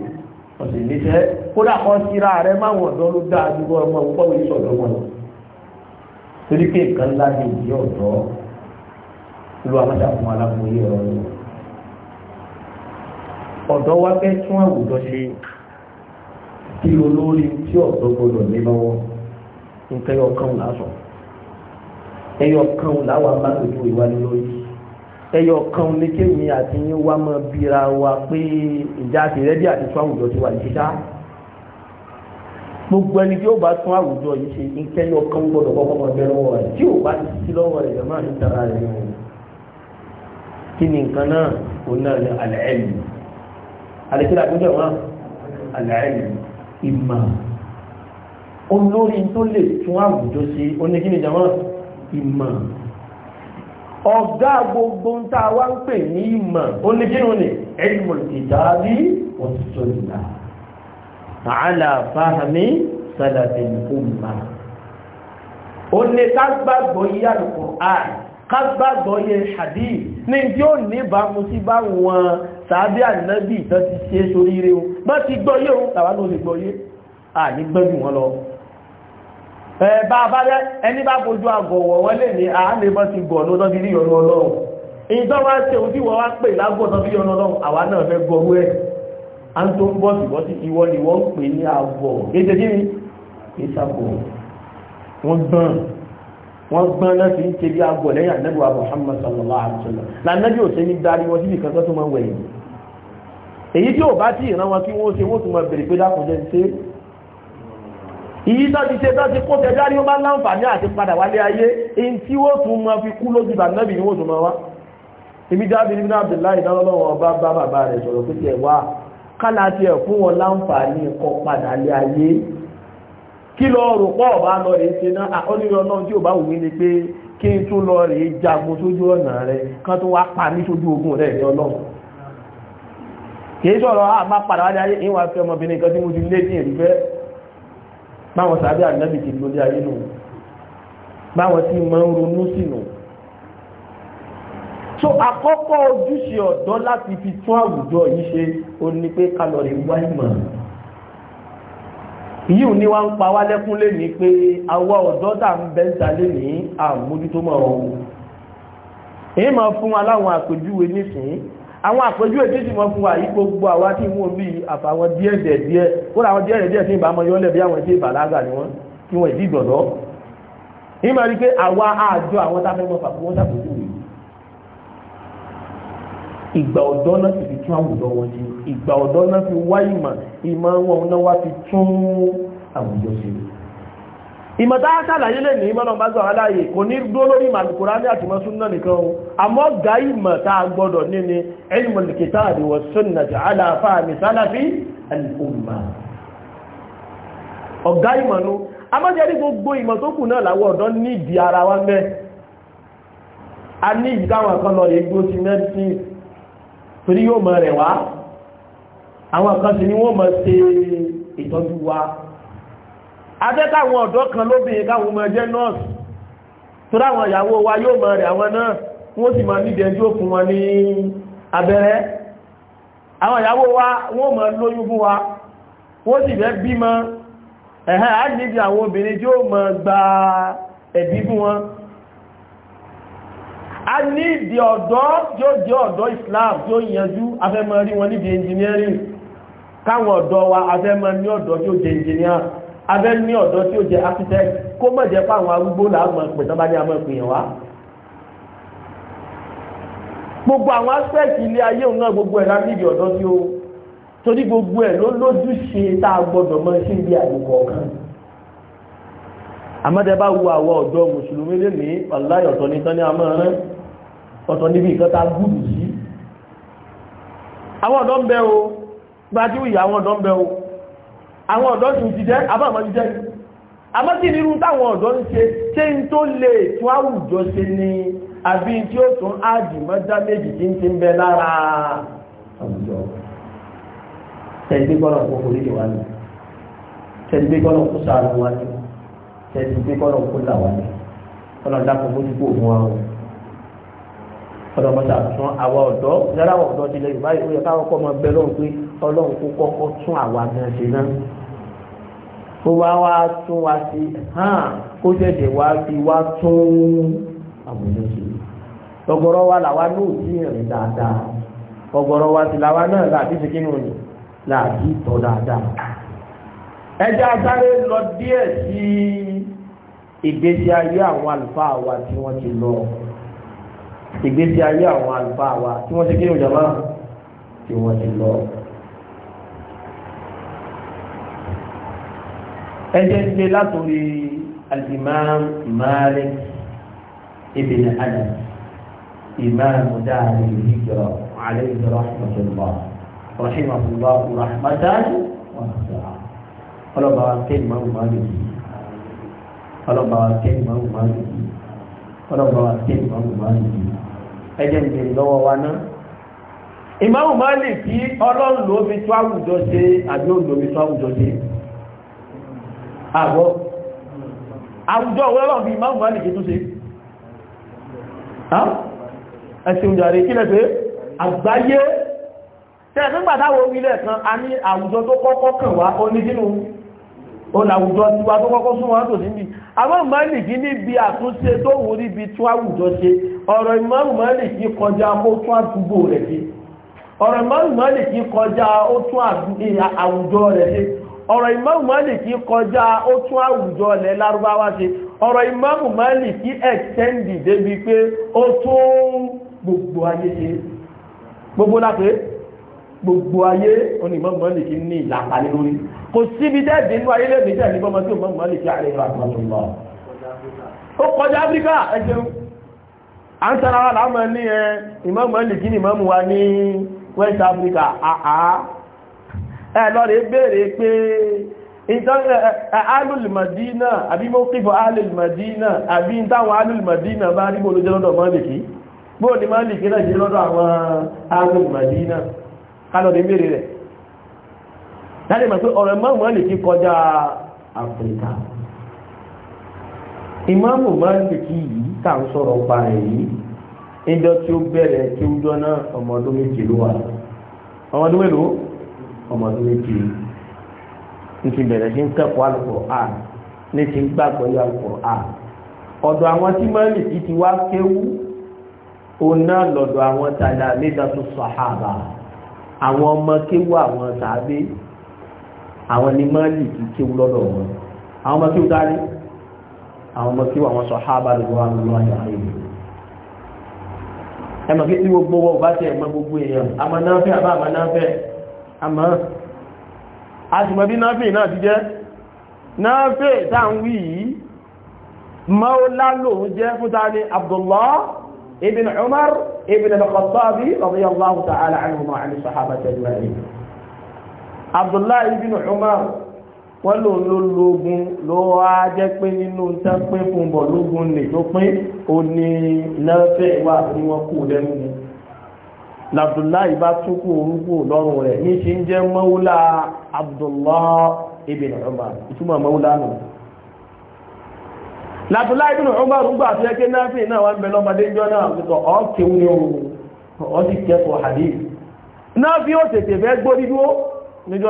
ọ̀sẹ̀ níṣẹ́ kódà kan síra rẹ máwọn ọ̀dọ́ ló dáa ju bọ́ ọmọ òwúpọ̀ wòye sọ̀dọ̀ wọn lọ torí pé nǹkan ńlá ni òbí ọ̀dọ́ ló amájà fún aláboyè ọ̀rọ̀ lọ ọ̀dọ́ wa fẹ́ tún àwùjọ ṣe kí olórí tí ọ̀dọ́ gbọdọ̀ lé lọ́wọ́ nǹkan ẹyọ kan lásán ẹyọ kan làwọn amájòjú ìwádìí lórí ẹyọ kan ní kéwìn àti yín wá mọ́ bíra wa pé ìjà àti rẹ́dí àti tún àwùjọ ti wà ní ṣíṣá gbogbo ẹni tí ó bá tún àwùjọ yìí ṣe ìkẹyọ kan gbọ́dọ̀ kọ́kọ́ mọ ẹgbẹ́ lọ́wọ́ rẹ̀ tí ò bá ti sí lọ́wọ́ rẹ̀ jọmọ àti tara rẹ̀ ni kí ni nǹkan náà òun náà ní alẹ́ ẹ̀lú àlekíra wọn alẹ́ ìmọ̀ olórí tó lè tún àwùjọ ṣe oníkíni jọmọ ìmọ̀ ọ̀gá gbogbo ń tá a wá ń pè ní ìmọ̀ ó ní kí ni ẹ̀yìnmọ̀ ìdárí ọ̀tọ̀lá àálà fáhàmì sàlàfin umma ó ní ká gbàgbọ́ yí Al-Qur'an ká gbàgbọ́ yẹ hadith ní tí ó ní bámu sí báwọn sàábí ànábì tó ti ṣe sórí rẹ̀ bá ti gbọ́ yé òun tàwa ẹ̀bá abájẹ́ ẹni bá fojú àgọ̀wọ̀ wọn lè ní àálébọ́ ti gọ̀ lọ́dọ́ bí yọ̀nà ọlọ́run ìjọ wá ṣe òjú wọ́n wá pè lágbọ́dọ́ bí yọ̀nà ọlọ́run àwa náà fẹ́ gọrú ẹ̀ a ń tó ń bọ́ sí bọ́sí ìwọ ni wọ́n pè ní àgọ̀ kéde kí ni ìṣàgọ̀ wọ́n gbọ́n wọ́n gbọ́n náà fi ń ṣe bí àgọ̀ lẹ́yìn ànábì wa Muhammad sallallahu alaihi wasallam lànàbí ò ṣe ní darí wọn síbi kankan tó máa wẹ̀yìn èyí tí ò bá tí ìran wọn kí wọ́n ṣe wọ́n tún máa bèrè pé ìyí tó ti ṣe tó ti kó tẹjá ní ó bá láǹfààní àti padà wálé ayé in tí ó tún mọ́ fi kú lójú ìbànúbì ni ó tún mọ́ wá ibi jáde nínú Abdullahi ìdánlọ́wọ́ ọba bá bàbá rẹ̀ sọ̀rọ̀ pé tiẹ̀ wá kálá tiẹ̀ fún wọn láǹfààní kọ padà lé ayé kí lọ rò pọ̀ ọba lọ rè ṣe náà ọlọ́rọ̀ náà tí ò bá wù mí ni pé kí n tún lọ rè jagun sójú ọ̀nà rẹ̀ kán tó wá pa mí sójú ogun rẹ̀ ní ọlọ́run kì í sọ̀rọ̀ àmà padà wálé ayé ìwà fẹ́ ọmọbìnrin kan tí mo ti lé ní ìrúfẹ́ báwọn sàbí ànábì ti lórí ayé nù báwọn tí máa ń ronú sí nù. so àkọ́kọ́ ojúṣe ọ̀dọ́ láti fi tún àwùjọ yìí ṣe ó ní pé kálọ̀rì wá ìmọ̀ yíò ní wá ń pa wá lẹ́kún lé ní pé àwa ọ̀dọ́ dà ń bẹ́ńtà lé ní àmójútó mọ́ ọ̀hún èyí máa fún wa láwọn àpèjúwe nísìnyí àwọn àpẹjú èdè tí wọ́n fún wa yí gbogbo àwa tí wọ́n bí àfàwọn díẹ̀ díẹ̀ kódà àwọn díẹ̀ díẹ̀ tí ń bá mọ yọ́lẹ̀ bí àwọn tí ìbàlágà ni wọ́n tí wọ́n ìdí ìgbọ̀dọ́ nígbà rí pé àwa àjọ àwọn táfẹ́ mọ́ fàkó wọ́n sàkójú rẹ̀ ìgbà ọ̀dọ́ náà sì fi tún àwùjọ wọn ṣe ìgbà ọ̀dọ́ náà fi wá ìmọ̀ ìmọ̀ wọn náà wá fi tún àwùjọ ṣe ìmọ̀ta ṣàlàyé lè ní ìmọ̀nà bá gbọ́n aláyè kò ní dó lórí Al-Kùránì àti Sunnah nìkan ohun àmọ́ ga ìmọ̀ta gbọ́dọ̀ níní ilmul kitabi wa sunnati ala fahmi salafi al-umma ọ̀gá ìmọ̀nú amọ́jẹ́rí ìmọ̀ ni wọ́n mọ̀ afẹ́káwọn ọ̀dọ́ kan lóbìnrin káwọn ọmọ ẹjẹ́ nọ́ọ̀sì tó dáwọn ìyàwó wa yóò mọ̀ rẹ̀ àwọn náà wọ́n sì máa nídẹ̀ tí ó fún wọn ní abẹ́rẹ́ àwọn ìyàwó wa wọ́n mọ̀ lóyún fún wa wọ́n sì fẹ́ bímọ ẹ̀hẹ́ á níbi àwọn obìnrin tí ó mọ̀ gba ẹ̀bí fún wọn a ní ìdí ọ̀dọ́ tí ó jẹ́ ọ̀dọ́ Islam tí ó yẹnjú afẹ́mọ̀ rí wọn níbi engineering káwọn ọ̀dọ́ wa afẹ́mọ̀ ní ọ̀dọ́ tí ó jẹ́ engineer abẹ́ ní ọ̀dọ́ tí ó jẹ́ architect kó mọ̀ jẹ́ fáwọn arúgbó láàmọ̀ pẹ̀ tán bá ní àmọ́ ìpìyàn wá gbogbo àwọn aspect ilé ayé òun náà gbogbo ẹ̀ lábíbi ọ̀dọ́ tí ó torí gbogbo ẹ̀ ló lójúṣe tá a gbọ́dọ̀ mọ́ sí ibi àgbègbè ọ̀kan àmọ́tẹ́ bá wo àwọn ọ̀dọ́ mùsùlùmí lèmi ọ̀láyọ̀ ọ̀tọ̀ ní tán ní àmọ́ rán ọ̀tọ̀ níbi ìkan tá a gùdù sí àwọn ọ̀dọ́ ń bẹ o gbajú ìyá àwọn ọ̀dọ́ ń àwọn ọ̀dọ́ ti ti jẹ́ àbámọ́ ti jẹ́ àmọ́ sí irú táwọn ọ̀dọ́ ń ṣe ṣé n tó lè tún àwùjọ ṣe ni àbí tí ó tún áàdì mọ́dá méjì tí ń ti ń bẹ lára àwùjọ tẹ̀lé gbọ́dọ̀ kó forí lè wá ní tẹ̀lé gbọ́dọ̀ kó sáà wá ní tẹ̀lé gbọ́dọ̀ kó là wá ní ọlọ́dà kò o ọlọ́mọta fún àwa ọ̀dọ́ lára àwọn ti lẹ́yìn báyìí ó yẹ káwọn kọ́ ọmọ bẹ lóhùn pé ọlọ́run kó kọ́kọ́ tún àwa gan ṣe náà kó wá wá tún wá sí hàn kó ṣẹ̀ṣẹ̀ wá sí wá tún àwùjọ ṣe ọ̀gọ̀rọ̀ wa làwa náà sí ìrìn dáadáa ọ̀gọ̀rọ̀ wa sì làwa náà láti ṣe kínú ni láti tọ́ dáadáa ẹjẹ́ asáré lọ díẹ̀ sí ìgbésí ayé àwọn àlùfáà wa tí wọ́n ti lọ ìgbésí ayé àwọn àlùfáà wa tí wọ́n ṣe kínú jàmáà tí wọ́n ti lọ. ẹjẹ́ ń gbé látòrí al-imam Malik ibn Anas imam dáàrí ìjọ alayhi rahmatullah rahimahullah rahmatan ọlọ́ba wa kẹ́ ìmọ̀ Malik ọlọ́ba wa kẹ́ ìmọ̀ Malik ọlọ́ba wa kẹ́ ìmọ̀ Malik ẹjẹ́ ń gbé lọ́wọ́ wa náà ìmọ̀ Malik kí ọlọ́run ló fi tó àwùjọ ṣe àbí òun ló fi tó àwùjọ ṣe àwọ́ àwùjọ ọ̀wọ́lọ́wọ́ bí máa mọ́ nìkè tó ṣe ẹ̀sìn ìjàrí kí lẹ́fẹ́ àgbáyé tẹ́ẹ̀fẹ́gbàtàwò orílẹ̀ kan a ní àwùjọ tó kọ́kọ́ kàn wá ó ní dínú olàwùjọ ti wá tó kọ́kọ́ súnmọ́ tó sí níbi àwọn mọ́lìkì níbi àtúnṣe tó wù níbi tún àwùjọ ṣe ọ̀rọ̀ ìmọ̀rù mọ́lìkì kọjá ó tún àdúgbò rẹ̀ ṣe ọ̀rọ̀ Ìmáàmù Málíkì kọjá ó tún àwùjọ ilẹ̀ lárúbáwá ṣe ọ̀rọ̀ Ìmáàmù Málíkì extend débi pé ó tún gbogbo ayé ṣe gbogbo lápé gbogbo ayé oní Ìmáàmù Málíkì ní ìlàpá ní lórí kò síbi dẹ́ẹ̀dì inú ayé lẹ́bi tẹ̀ nígbà ọmọ tí Ìmáàmù Málíkì àrẹ ìrànlọ́ ó kọjá Áfíríkà ẹ̀lọ́rẹ̀ bèèrè pé alùlùmọ̀dínà àbí mọ́ kífọ́ alùlùmọ̀dínà àbí táwọn alùlùmọ̀dínà bá rí bóòlù jẹ́lọ́dọ̀ mọ́lìkí bóòlù mọ́lìkí náà jẹ́lọ́dọ̀ àwọn alùlùmọ̀dínà ọmọdún ló wà ọmọdún ọmọ tó lè kiri n ti bẹ̀rẹ̀ sí ń kẹ́kọ̀ọ́ Al-Qur'an ní ti gbàgbọ́ yọ Al-Qur'an ọ̀dọ̀ àwọn tí mọ́lì yìí ti wá kéwú òun náà lọ́dọ̀ àwọn tàdá lẹ́dàtú sàhábà àwọn ọmọ kéwú àwọn tàbí àwọn ní mọ́lì yìí kéwú lọ́dọ̀ wọn àwọn ọmọ kéwú dání àwọn ọmọ kéwú àwọn sàhábà lọ́wọ́ àwọn ọmọ ayọ̀ ayé ẹ̀mọ̀ kí tí gbogbo wọn bá tẹ̀ ẹ̀mọ gbogbo èèyàn àmọ́ náà fẹ́ àbá àmọ́ náà fẹ́ àmọ́ aṣùmọ̀ bí náfẹ́ náà ti jẹ́ náfẹ́ táàwí yìí maula lóhun jẹ́ fúta ní Abdullah ibn Umar ibn al-Khattab radiyallahu ta'ala anhuma wa anhu sahabati ajma'in Abdullah ibn Umar wọ́n lò ló lógún ló wá jẹ́ pé nínú tẹ́ pé fún bọ̀ lógún lè tó pín ó ní wà ní wọn kú lẹ́nu Abdullahi bá túkù orúkú lọ́rùn rẹ̀ ní ṣe ń jẹ́ Mawla Abdullah ibn Umar ìtumọ̀ Mawla nù. Abdullahi ibn Umar rúgbà tó yẹ kí náà fi náà wà ń bẹ lọ́mọdé jọ náà pẹ̀tọ̀ ọ́ kéwú ní ohun ọ́ sì kẹ́kọ̀ọ́ hadith. Náà fi ó tètè fẹ́ gbórí dúró níjọ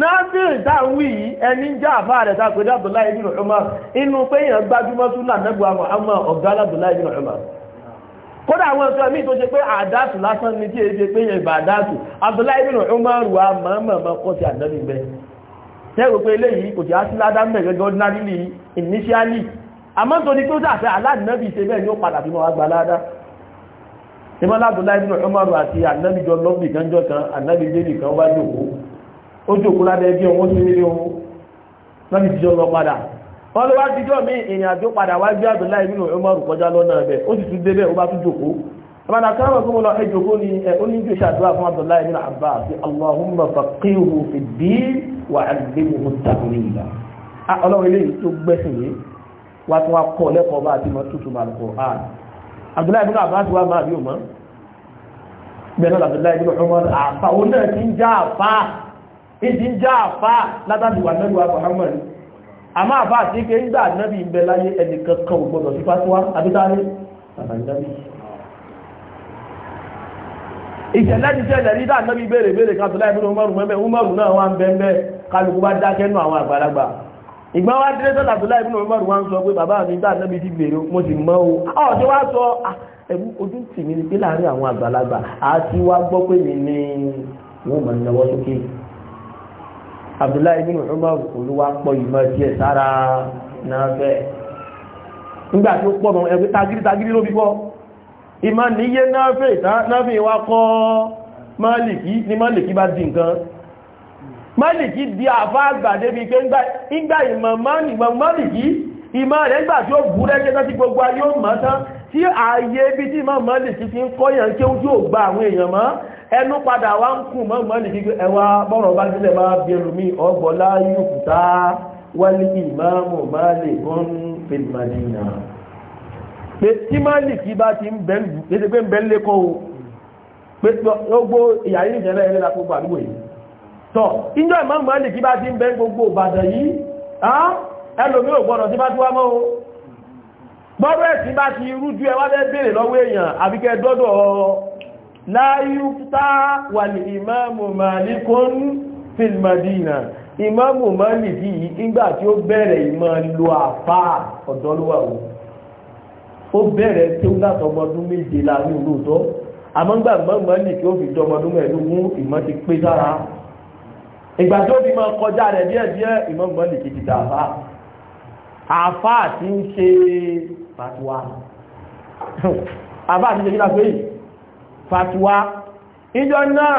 náàbì ìdáwí wii ẹni jẹ́ àfáà rẹ̀ sáà pẹ̀lú Abdullahi ibn Umar inú pé èèyàn gbájúmọ́ súnà nẹ́gbà Muhammad ọ̀gá Abdullahi ibn Umar kódà àwọn ọ̀sán míì tó ṣe pé àdáàtù lásán ní tí èdè pé yẹn ìbàdáàtù Abdullahi ibn Umar wà mọ́mọ́ kọ́ ti àdánù ibẹ̀ tẹ́rù pé àti ojú òkú lábẹ́ ẹbí ọwọ́ sí nílé owó lọ́nà ìdíjọ́ lọ padà wọ́n ló wá díjọ́ mí ìrìn àjò padà wá gbé àdùn láì nínú ọmọ òrùkọjá lọ́nà ẹ̀bẹ̀ ó sì tún débẹ̀ ó bá tún jòkó ọmọdé akẹ́rọ̀ tó mú lọ ẹjọ́ kó ẹ ó ní fún àti Allahumma fi ìdí já àfá látàdìwà mẹ́lúwà a àmá àfá àti ike ń gbà nẹ́bí ń bẹ láyé ẹni kankan ò gbọdọ̀ sí fásiwá abítáré àtàndẹ́bí ìṣẹ̀lẹ̀ ti ṣẹlẹ̀ rí dá nẹ́bí béèrè béèrè kan tó láì fún Umaru mẹ́mẹ́ Umaru náà wá ń bẹ́ẹ̀ kálukú bá dákẹ́ nù àwọn àgbàlagbà ìgbà wá dé sọ́dà tó láì fún Umaru wá ń sọ pé ẹ̀bú ojú tì mí pé láàárín àwọn àgbàlagbà àti wá gbọ́ pé mi ni wọ́n mọ̀ ní sókè abdullahi bin umar olúwa pọ̀ ìmọ̀ tiẹ̀ sára náà fẹ́ nígbà tí ó pọ̀ mọ́ ẹgbẹ́ tagiri tagiri ló fi kọ́ ìmọ̀ níye náà fẹ́ náà fi wá kọ́ máàlìkì ni máàlìkì bá di nǹkan máàlìkì di àfá àgbà débi pé ńgbà ìmọ̀ máàlìkì ìmọ̀ rẹ̀ gbà tí ó bú rẹ́gẹ́ tó ti gbogbo ayé ó mọ̀ tán tí ààyè ibi tí Imam Málíkì fi ń kọ́yàn kí ó yóò gba àwọn èèyàn mọ́ ẹnu padà wá ń kù Imam Málíkì ẹwà bọ́rọ̀ bá sílẹ̀ máa bí ẹlòmí ọgbọ̀lá yùkùtà wálé ìmáàmù Málíkùn fil Madina pé tí Málíkì bá ti ń bẹ́ẹ̀ lẹ́kọ̀ọ́ pé gbogbo ìyàrí ìjẹ́lẹ̀ ẹ̀rẹ́ lápò gbàdúgbò yìí tọ́ ìjọ Imam Málíkì bá ti ẹlòmí ò gbọ́dọ̀ bá tí wá mọ́ gbọ́dọ̀ ẹ̀sìn bá ti rújú ẹ wá fẹ́ béèrè lọ́wọ́ èèyàn àbí kẹ́ dọ́dọ̀ láyúta wà ní ìmáàmù Malikun fil Madina ìmáàmù Málìkì yìí nígbà tí ó bẹ̀rẹ̀ ìmọ̀ lo àfá ọ̀dọ́lúwà o ó bẹ̀rẹ̀ tí ó látọmọdún méje láàrin olóòtọ́ àmọ́gbà Málìkì ó fi jọmọdún mẹ́ẹ̀lógún ìmọ̀ ń ṣe fatuwa àbá àti ìjẹ́kílá pé fatuwa ìjọ náà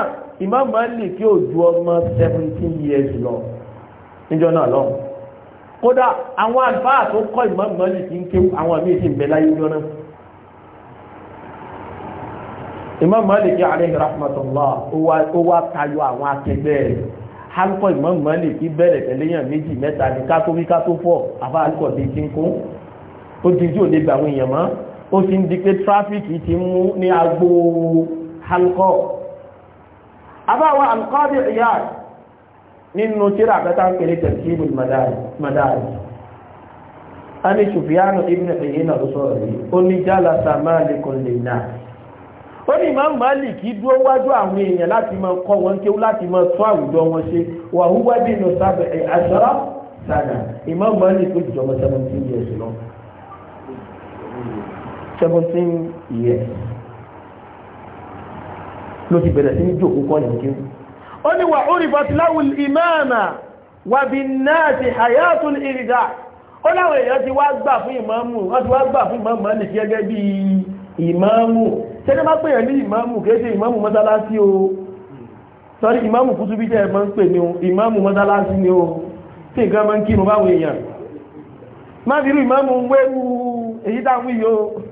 Imam Malik kí ó ju ọmọ 17 years lọ ìjọ náà lọ kódà àwọn àlùfáà tó kọ́ Imam Malik kí ń ké àwọn àmì ìsìn bẹ̀lá ìjọ náà Imam Malik alayhi rahmatullah ó wá tayọ àwọn akẹgbẹ́ rẹ̀ halkọ Imam Malik bẹ̀rẹ̀ pẹ̀lẹ́yàn méjì mẹ́ta ní ká tó wí ká tó fọ́ àbá halkọ bí kí ń kún ó di tí ò lè gbà àwọn èèyàn mọ́ ó ti ń di pé tráfíkì ti mú ní agbo halkọ́ abáwa alkọ́dì ìyá nínú tíra àkẹta ń pèrè tẹ̀síbù madáàrí a ní ṣùfíànù ibn ìyínà ló sọ̀rọ̀ yìí ó ní jálá sàmáàlìkùn lè náà ó ní Imam Málíkì dúró wájú àwọn èèyàn láti máa kọ́ wọn kéwú láti máa tún àwùjọ wọn ṣe wà húwá bí nù sábẹ̀ àṣọ́rọ̀ sàdà Imam Málíkì jọmọ 17 years lọ́wọ́ seventeen years ló ti bẹ̀rẹ̀ sí ní jòkó kọ́ ní kí ó ní wà orifat láwùl ìmáàmà wà bí náà ti hayatul ìrìdá ó láwọn èèyàn ti wá gbà fún ìmáàmù wọ́n ti wá gbà fún ìmáàmù ní kí ẹgẹ́ bí ìmáàmù tẹ́lẹ̀ máa pèèyàn ní ìmáàmù kéèṣe ìmáàmù mọ́sálásí o sọ́rí ìmáàmù kútúbí tẹ́ máa ń pè ní ìmáàmù mọ́sálásí ni o tí nǹkan máa ń kírun báwọn èèyàn má fi rú ìmáàmù wéwu èyí táwọn yìí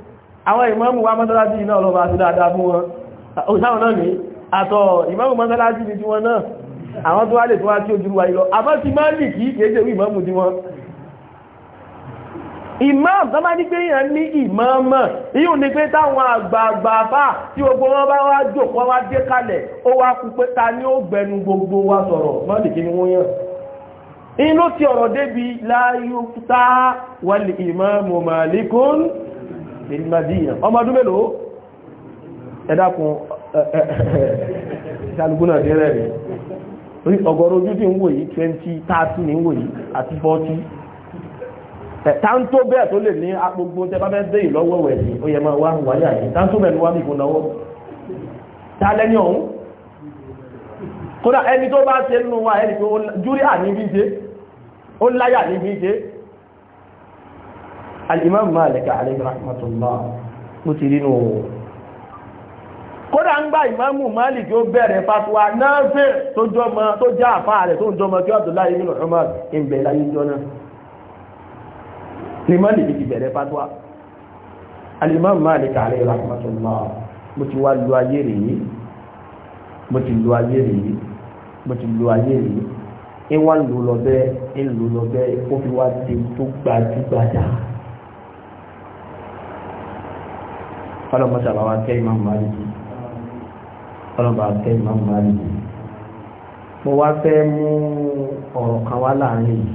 àwọn ìmáàmù wá mọ́sálásí iná ọlọ́ba àti dáadáa fún wọn òṣàwọn náà ní àtọ̀ ìmáàmù mọ́sálásí ni tiwọn náà àwọn tó wá lè tó wá tí ó jùlọ wáyé lọ àmọ́ ti máa lì kí kéèjé wí ìmáàmù tí wọn imam tó bá ní pé èèyàn ní ìmọ̀ọ́mọ̀ yíò ní pé táwọn àgbààgbà fà tí gbogbo wọn bá wá jòkó wá dé kalẹ̀ ó wá kú pé ta ní ó gbẹnu gbogbo wa sọ̀rọ̀ mọ́lì kí ni wọ́n yàn inú ti ọ̀rọ̀ débi láyúta wal imamu malikun ìlmàdíyàn ọmọ ọdún mélòó ẹ̀dàkùn ṣàlùkúnà dẹ́rẹ̀ rẹ̀ orí ọgọ́rọ̀ ojú tí ń wò yìí 20 30 ní wò yìí àti 40 táńtó bẹ́ẹ̀ tó lè ní agbogbo tẹ bá fẹ́ dé ìlọ́wọ́ wẹ̀ sí ó yẹ máa wá wáyà yìí táńtó bẹ́ẹ̀ ni wá nìkan náwó ta lẹ́ni ọ̀hún kódà ẹni tó bá ṣe nínú wa ẹni al'imam malik alayhi rahmatullah ó ti rínú kódà ń gbá ìmáàmù malik ó bẹ̀rẹ̀ fatuwa náà fẹ́ tó jọmọ tó já àfá rẹ̀ tó ń jọmọ kí abdullahi ibn umar ń bẹ̀ láyé jọna ni malik ti bẹ̀rẹ̀ fatuwa al'imam malik alayhi lò lọ bẹ́ẹ̀ ń lọ bẹ́ẹ̀ ó fi wá di tó gbajúgbajà. kọ́lọ̀mọ́sà bá wá kẹ́ ìmáàmù Málìkì kọ́lọ̀mọ́sà bá kẹ́ ìmáàmù Málìkì mo wá fẹ́ mú ọ̀rọ̀ kan wá láàrin yìí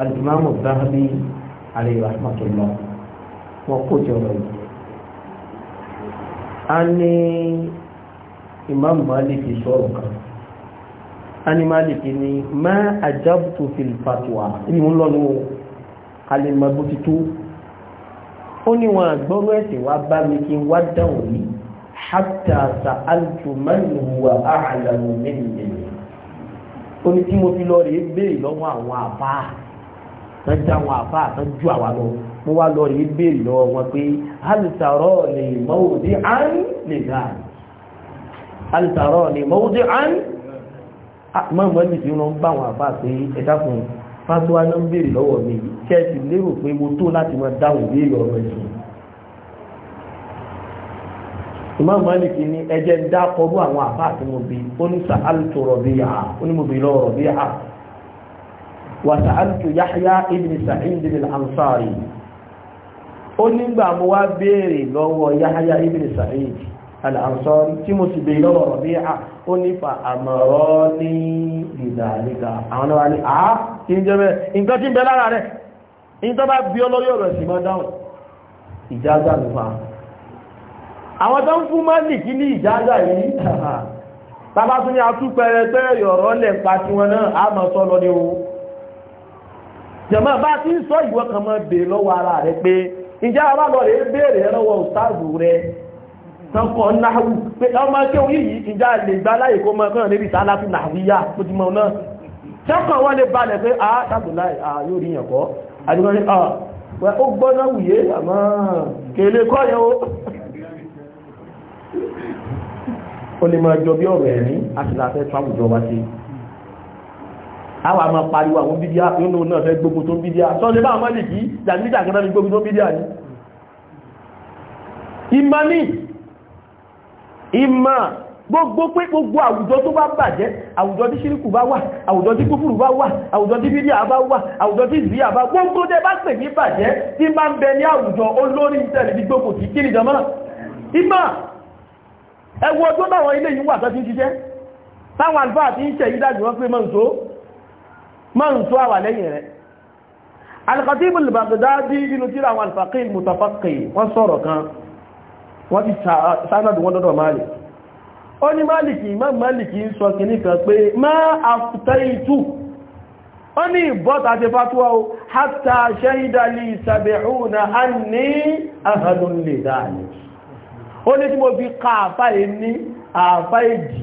alìmáàmù Zahabi alayhi rahmatullah wọn kò jọ ọ̀rọ̀ yìí a ní ìmáàmù Málìkì sọ̀rọ̀ kan a ní Málìkì ní má ajabtu fil fatwa ní mo kalẹ̀ mọ́ bó ti tó ó ní wọn àgbọ́rú ẹ̀sìn wá bá mi kí n wá dáhùn yìí hatta sa'altu man huwa a'lamu minni ó ní tí mo fi lọ rèé béèrè lọ́wọ́ àwọn àbá tọ́jú àwọn àbá tọ́jú àwa lọ mo wá lọ rèé béèrè lọ́wọ́ wọn pé alìsàrọ̀ lè mọ́wò dé án lè dáa alìsàrọ̀ lè mọ́wò dé án mọ́mọ́ ní ti rán bá àwọn àbá pé ẹ̀dá fún fatuwa ló ń béèrè lọ́wọ́ mi yìí kí ẹ sì lérò pé mo tó láti máa dáhùn béèrè ọ̀rọ̀ ẹ̀sìn Imam Malik ní ẹjẹ́ ń dá kọrú àwọn àbá àti mo bí ó ní sàálùtò Rabi'a ó ní mo bí lọ́wọ́ Rabi'a wà sàálùtò Yahya ibn Sa'id al ó nígbà mo wá béèrè lọ́wọ́ Yahya ibn Sa'id tí mo sì béèrè lọ́wọ́ Rabi'a ó ní fa àmọ̀rọ́ ní ní àá kí ń jẹ́ bẹ́ẹ̀ nǹkan tí ń bẹ lára rẹ̀ ní tó bá bí ọlọ́yọ̀ rẹ̀ sì máa dáhùn ìjáza ló àwọn tó ń fún málìkì ní ìjáza yìí tàbá tún ní atúpẹrẹ pé yọ̀rọ̀ lẹ̀ pa tí wọn náà a máa sọ lọ ní o jẹ̀mọ́ bá ń sọ kan máa lọ́wọ́ ara rẹ̀ pé bá lọ tẹ́kàn wọ́n lè balẹ̀ pé a ah, tàbílá ah, yóò rí yànkọ́ àdúgbọ́n ní ọ̀pẹ́ ah, ó gbọ́nà wùyé àmọ́ kèlé kọ́ yẹn ó o lè máa jọ bí ọ̀rọ̀ ẹ̀rí àtìláfẹ́ fáwùjọ wá sí àwọn àmà pariwo àwọn bídíà nínú náà fẹ́ gbogbo tó bídíà sọ lè bá àwọn mọ́lì kí jàmídà kan náà ní gbogbo tó bídíà ní ìmọ̀ ní ìmọ̀ gbogbo pé gbogbo àwùjọ tó bá bàjẹ́ àwùjọ tí ṣíríkù bá wà àwùjọ tí kúfùrù bá wà àwùjọ tí bídíà bá wà àwùjọ tí ìzìyà bá gbogbo tẹ bá pè ní bàjẹ́ tí bá ń bẹ ní àwùjọ olórí tẹ̀lé bí gbogbo tí kí nìjọmọ́ ìmọ̀ ẹwọ ọjọ́ táwọn ilé yìí wà tó ti ń ṣiṣẹ́ táwọn àlùfáà ti ń ṣe yí dájú wọn pé mọ́ǹsó mọ́ǹsó àwà lẹ́yìn rẹ̀ alkatibul baghdadi nínú tíra àwọn alfaqil mutafaqi wọ́n sọ̀rọ̀ kan wọ́n dọ́dọ̀ máa lè ó ní máàlìkì má máàlìkì ń sọ kìíní kan pé má àfùtẹ́ìtù ó ní ìbọ́ta ti fàtúwà ó hátà ṣẹ́ìdàlì ìsàbẹ̀húnà á ní àhàdùn lè dáàlì ó ní tí mo fi ká àfá ẹni àfá èjì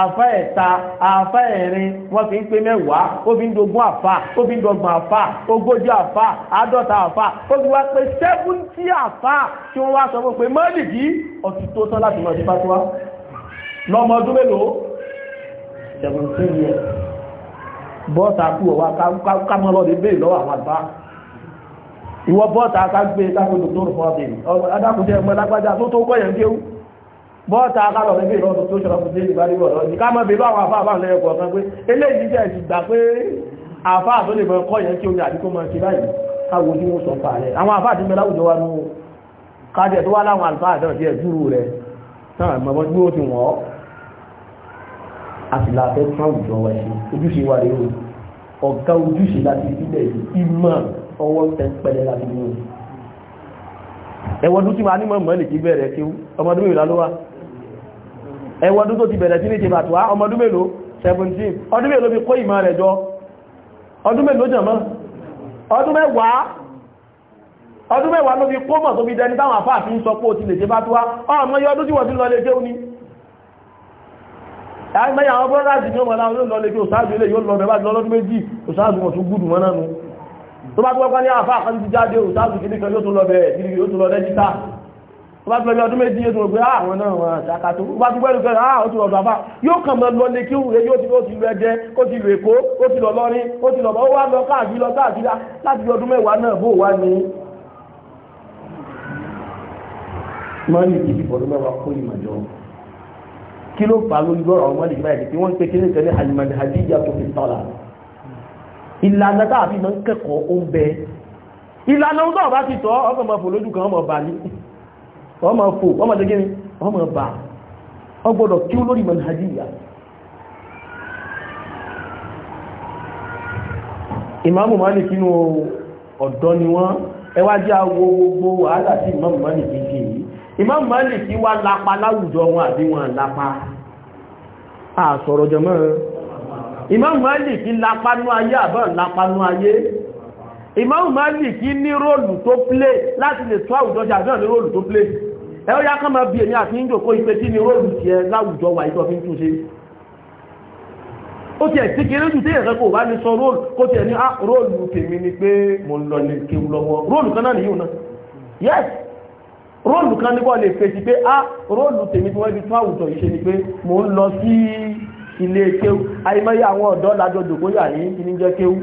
àfá ẹ̀ta àfá ẹ̀rin wọ́n fi ń pé mẹ́wàá ó fi ń dogun àfá ó fi ń dọgbọ̀n àfá ogójì lọ́mọ ọdún mélòó 17 years bọ́ọ̀tà kú ọwá kámọ́ lọ́dẹ̀ bẹ́ẹ̀ lọ́wọ́ àwọn àgbà ìwọ bọ́ọ̀tà ká gbé e lágbègbè tó rùn fọ́ọ̀dẹ̀ adákùnjẹ́ ẹgbẹ́ lágbájá tó tó kọ́yẹ̀ ń kéwú bọ́ọ̀tà ká lọ́dẹ̀ bẹ́ẹ̀ lọ́dún tó ṣọ́rọ̀ fún délì bárí wọ̀ lọ́dún kámọ́ bẹ́ẹ̀ lọ́wọ́ àfáà bá lẹ́yẹ kọ̀ọ̀kan pé eléyìí jẹ́ ti gbà pé àfáà tó lè mọ kọ́yẹ̀ kí omi àdíkó mọ ṣe báyìí káwo tí wọ́n sọ fà rẹ̀ àwọn àfáà ti mẹ láwùjọ wa nú àtìlà fẹ́ tán àwùjọ wa ṣe ojúṣe wa rèé o ọ̀gá ojúṣe láti sílẹ̀ ìmọ̀ ọwọ́ pẹ̀lẹ́ láti mú un ẹwọ́dún tí ma ní mọ̀ lè kí bẹ̀rẹ̀ kí ọmọdún mélòó ló wà ẹwọ́dún tó ti bẹ̀rẹ̀ sí ní ṣe bàtùwá ọmọdún mélòó 17 ọdún mélòó fi kó ìmọ̀ rẹ̀ jọ ọdún mélòó jọmọ́ ọdún mẹ́wàá ọdún mẹ́wàá ló fi kó mọ̀ tó fi dẹni táwọn àfáà fi ń sọ pé ó ti lè ṣe bàtùwá ọmọ yọ ọdún tí wọ́n ti lọ lè jẹun ni àìmẹ́yà àwọn brọ́dásì ní ọmọlá olóòlò lè fi òsáàdù ilé yóò lọ bẹ̀bá lọ́lọ́dún méjì òsáàdù wọn tún gúdù wọn náà nù tó bá tọ́kọ́ ní àfá àkọ́ ti jáde òsáàdù kìí kan yóò tún lọ bẹ̀ẹ̀ kìí yóò tún lọ rẹ́jísà tó bá tún lọ ọdún méjì yóò tún gbé ah, àwọn náà wọn àṣàkà tó bá tún gbẹ́rù kẹrẹ àwọn ah, tún ọ̀dọ̀ àfá yóò kàn mọ́ lọ lé kí òun yóò ti lọ ti lọ ẹjẹ ó ti lọ èkó ó ti lọ lọrin ó ti lọ bọ́ wá lọ káàkiri lọ káàkiri láti fi ọdún mẹ́wàá náà bó wá ní. mọ́nì ìdìbò ọdún mẹ́wàá kó ìmọ̀ jọ kí ló fà lórí lọ́rọ̀ àwọn mọ́lẹ̀ ìgbà ìdìtì wọ́n ń pè kí ní kẹ́lẹ́ alimadi hadiza tó fi sọ́la ìlànà tá àfi máa ń kẹ́kọ̀ọ́ ó ń bẹ ìlànà ọgbọ́n ọba ti tọ́ ọkọ̀ máa fò lójú kan ọmọ ọba ní ọmọ fò ọmọ tó gẹ́rin ọmọ ọba ọgbọ́dọ̀ kí ó lórí mọ̀lá hadiza ìmáàmù Málíkì nínú ọ̀dọ́ ni wọ́n ẹwà jẹ́ awo gbogbo Imam Malik wá lápa láwùjọ wọn àbí wọn lápa àsọ̀rọ̀ jẹmọ́ Imam Malik lápanú ayé àbọ̀ lápanú ayé Imam Malik ní róòlù tó plé láti lè tó àwùjọ jà náà ní róòlù tó plé ẹ̀rọ ya kán máa bí èmi àti ìjòkó ìpé tí ní róòlù tiẹ̀ láwùjọ wà ìjọ fi ń túnṣe ó tiẹ̀ tí kéré jù téèyàn kẹ́kọ̀ọ́ bá ní sọ róòlù kó tiẹ̀ ní ah, róòlù tèmi ni pé mo lọ lè kéwu lọ́wọ́ róòlù kan náà nìyí náà yes róòlù kan níbọ̀ lè fèsì pé á ah, róòlù tèmi tí wọ́n ibi tún àwùjọ ìṣe ni pé mò ń lọ sí ilé kéwú àìmọye àwọn ọ̀dọ́ lájọ jòkóyà yìí kí ní jẹ́ kéwú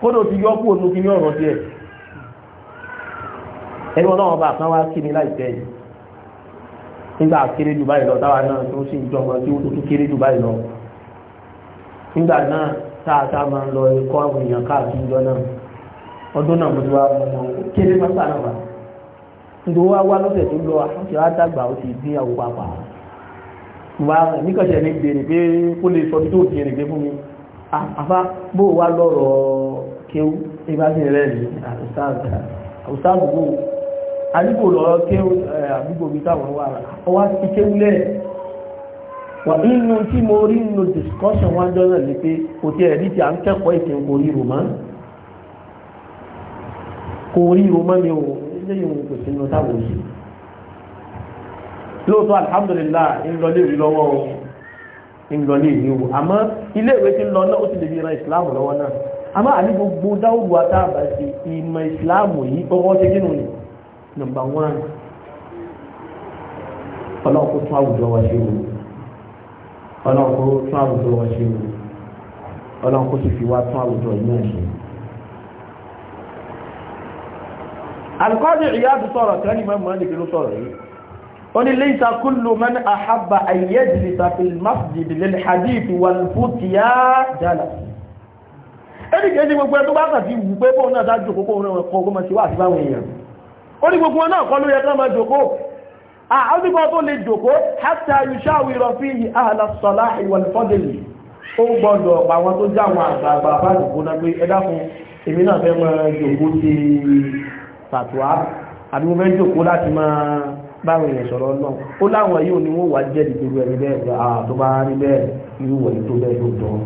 kódò ti yọ kú ònú kí ní ọ̀rọ̀ tiẹ̀ ẹni wọn náà wọn bá kan wá kí ni láìpẹ́ yìí nígbà kéré jù báyìí lọ táwa náà tó sì ń jọmọ tí ó tó kéré jù báyìí lọ nígbà náà táàtà máa ń lọ ẹ̀kọ́ àwọn èèyàn káàkiri jọ náà ọdún náà mo náà nítorí wá wá lọ́sẹ̀ tó lọ àwọn ti wá dàgbà ó ti dín àwọn pàpà wá níkànṣẹ́ ní bèrè pé kó lè sọ tó bèrè pé fún mi àfá bó wá lọ́rọ̀ kéwú ìbáṣẹ́ rẹ̀ ní àtúntàbùgbò àdúgbò lọ́rọ̀ kéwú àdúgbò bí táwọn wà rà ọwá ti kéwú lẹ̀ wà nínú tí mo rí nínú discussion wá jọ́nà ní pé kò tí ẹ̀rí tí a ń kẹ́kọ̀ọ́ ìkẹ́ kò rí román kò rí román ni o lẹ́yìn òun kò sínú táwọn òṣì lóòótọ́ alhamdulillah ńlọlé rí lọ́wọ́ ńlọlé rí o àmọ́ ilé ìwé ti ń lọ náà ó ti lè fi ran ìsìláàmù lọ́wọ́ náà àmọ́ àní gbogbo dáwùrù àtàbà sí ìmọ̀ ìsìláàmù yìí ọwọ́ ti kínú ni nọmba wán ọlọ́kùn tún àwùjọ wa ṣe wò ọlọ́kùn tún fi wá tún àwùjọ yìí náà alkọ́dì ìyáàdù sọ̀rọ̀ kan Imam Malik ló sọ̀rọ̀ yìí ó ní laysa kullu man ahabba an yajlisa fil masjid lil hadith wal futya jala ẹni kìí ṣe gbogbo ẹ tó bá kà sí wù pé bóun náà dájú kókó òun ẹ̀kọ́ ọgbọ́n ṣe wà sí báwọn èèyàn ó ní gbogbo náà kọ́ ló yẹ ká máa jòkó àwọn tí wọ́n fàtúwà àbí mo fẹ́ jòkó láti máa báwọn èèyàn sọ̀rọ̀ náà ó láwọn yóò ní wọ́n wà jẹ́ ìdúró ẹni bẹ́ẹ̀ tó bá rí bẹ́ẹ̀ irú wọ̀nyí tó bẹ́ẹ̀ ló dán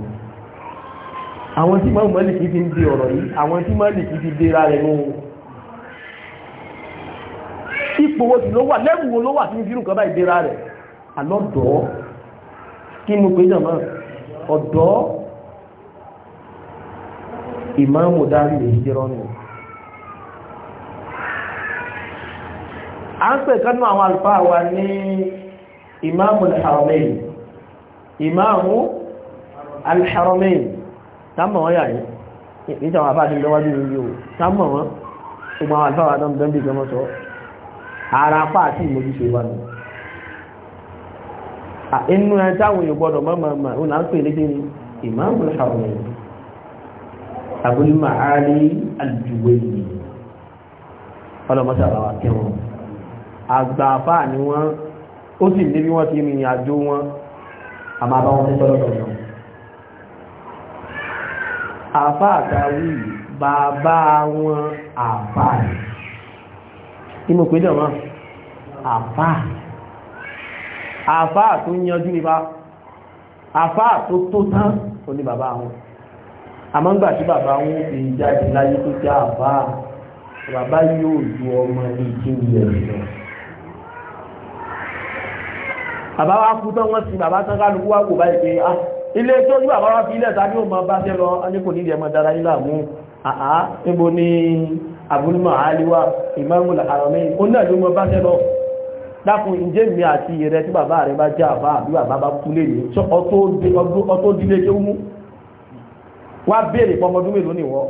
àwọn tí mọ́ mọ́lìkì fi ń di ọ̀rọ̀ yìí àwọn tí mọ́lìkì fi dera rẹ̀ nù ipò wo sì ló wà lẹ́bùn wo ló wà fún irú nǹkan báyìí dera rẹ̀ àlọ́dọ̀ kí mo pè jàmọ́ ọ̀dọ́ ìmáàmù dárí lè jẹ́rọ́ nù a ń pè kánú àwọn àlùfáà wa ní ìmáàmù al-Haramayn ìmáàmù al-Haramayn támọ̀ wọ́n yàyí ìtàwọn àfáà ti lọ́wọ́dún ní yóò támọ̀ wọ́n ṣùgbọ́n àwọn àlùfáà wa dán dán bí gẹmọ́ sọ ara apá àti ìmójúṣe wa nù inú ẹ táwọn èèyàn gbọdọ̀ mọ́mọ́mọ́ òun à ń pè lédè ní ìmáàmù al-Haramayn Abul Ma'ali al-Juwayni ọlọ́mọ́sàbáwà kẹwọn àgbààfà ni wọ́n ó sì lé bí wọ́n ti rìn àjò wọn a máa bá wọn tó tọ́lọ́dọ̀ wọn àfà àtàwí bàbá wọn àfà rẹ̀ inú pé dẹ̀ wọ́n àfà àfà tó yanjú ní bá àfà tó tó tán ó ní bàbá wọn àmọ́ ńgbà tí bàbá wọn fi jáde láyé tó jẹ́ àfà bàbá yóò ju ọmọ ní ìjíǹde rẹ̀ bàbá wa kú tán wọ́n sin bàbá tán kálukú wá kò báyìí pé ah ilé tó ní bàbá wa fi ilẹ̀ tàbí ò máa bá tẹ́ lọ ní kò nídìí ẹmọ dára ilé àmú àá níbo ni abúlmọ̀ àálíwá ìmáàmù làárọ̀mí ó náà ló mọ bá tẹ́ lọ dákun ìjẹ́ mi àti rẹ tí bàbá rẹ bá jẹ́ àbá àbí bàbá bá kú lè ní ọtó dílé kéwú wá béèrè fọmọdún mélòó nìwọ́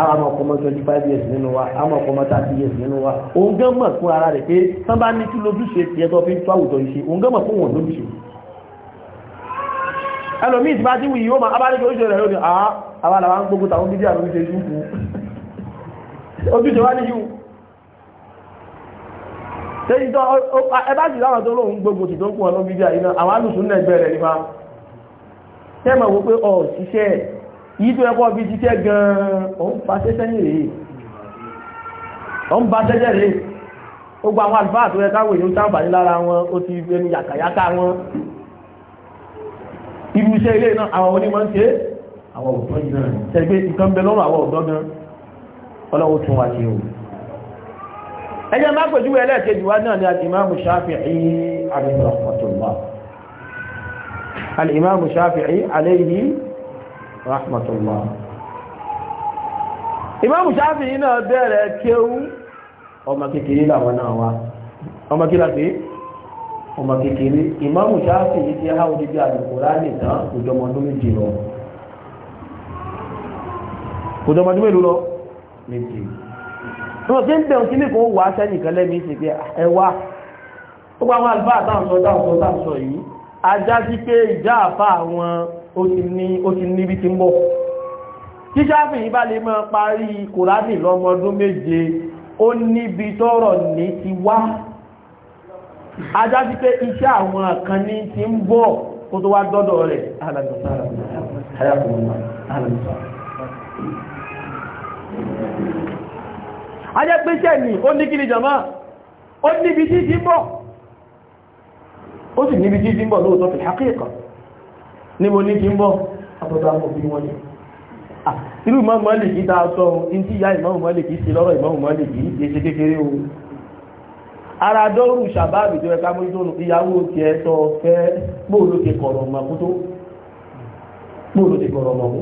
àwọn ọmọ ọkọ̀ mọ́ 25 years nínú wa àwọn ọkọ̀ mọ́ 30 years nínú wa òun gán mọ̀ fún ara rẹ̀ pé tán bá ní kí lójúṣe ti ẹgbọ́ fi ń tó àwùjọ ìṣe òun gán mọ̀ fún wọn lójúṣe ẹlòmíì ti bá ti wù yìí ó máa abájọ́ oríṣẹ́ rẹ̀ lónìí àá àwọn àlàwà ń gbógun tàwọn bídí àrùn ìṣe ṣúkú ojúṣe bá sì láwọn tó lóun gbogbo tó àwọn alùsùn yìí tó ẹkọ́ bí jíṣẹ́ gan-an òun bá ṣẹ́ṣẹ́ ní rèé òun bá ṣẹ́ṣẹ́ rèé ó gba àwọn àlùfáà tó ẹka wòye ó sáǹfàní lára wọn ó ti ẹnu yàkàyàkà wọn irú iṣẹ́ ilé náà àwọn onímọ̀ ń ṣe àwọn ọ̀dọ́ yìí náà ṣẹgbẹ́ nǹkan bẹ lọ́rùn àwọn ọ̀dọ́ rahmatullah imam shafi'i náà bẹ̀rẹ̀ kéwú ọmọ kékeré làwọn náà wá ọmọ kí láti ọmọ kékeré imam shafi'i ti há odidi Al-Qur'ani nìtàn òjọmọdún méjì lọ òjọmọdún mélòó lọ méjì tó tí ń bẹ̀rún kí ní kò wà sẹ́yìn kan lẹ́mí sí pé ah, ẹwà ó gbá wọn àlùfáà táwọn sọ táwọn sọ yìí ajá sí pé ìjà àfáà ó ti níbi tí ń bọ̀. tí sáfì yìí bá lè máa parí kòránì lọ́mọdún méje ó níbi tọ́rọ̀ ní ti wá ajá sí pé iṣẹ́ àwọn kan ní ti ń bọ̀ kó tó wá dọ́dọ̀ rẹ̀ ajá pé iṣẹ́ ni ó ní kí jọmọ́ ó níbi tí ti ń bọ̀ ó sì níbi tí ti ń bọ̀ lóòótọ́ fi hákíkà ní mo ní kí ń bọ́ àtọ́dá mọ̀ bí wọ́n ní irú Imam Malik kí dáa sọ ohun tí ìyá Imam Malik kí lọ́rọ̀ Imam Malik kí kékeré o ara dọ́rù ṣàbáàbì tó ẹka mú ìtọ́nù ìyàwó ti ẹ tọ́ fẹ́ bóòlù ti kọ̀rọ̀ mọ̀ kú tó bóòlù ti kọ̀rọ̀ mọ̀ kú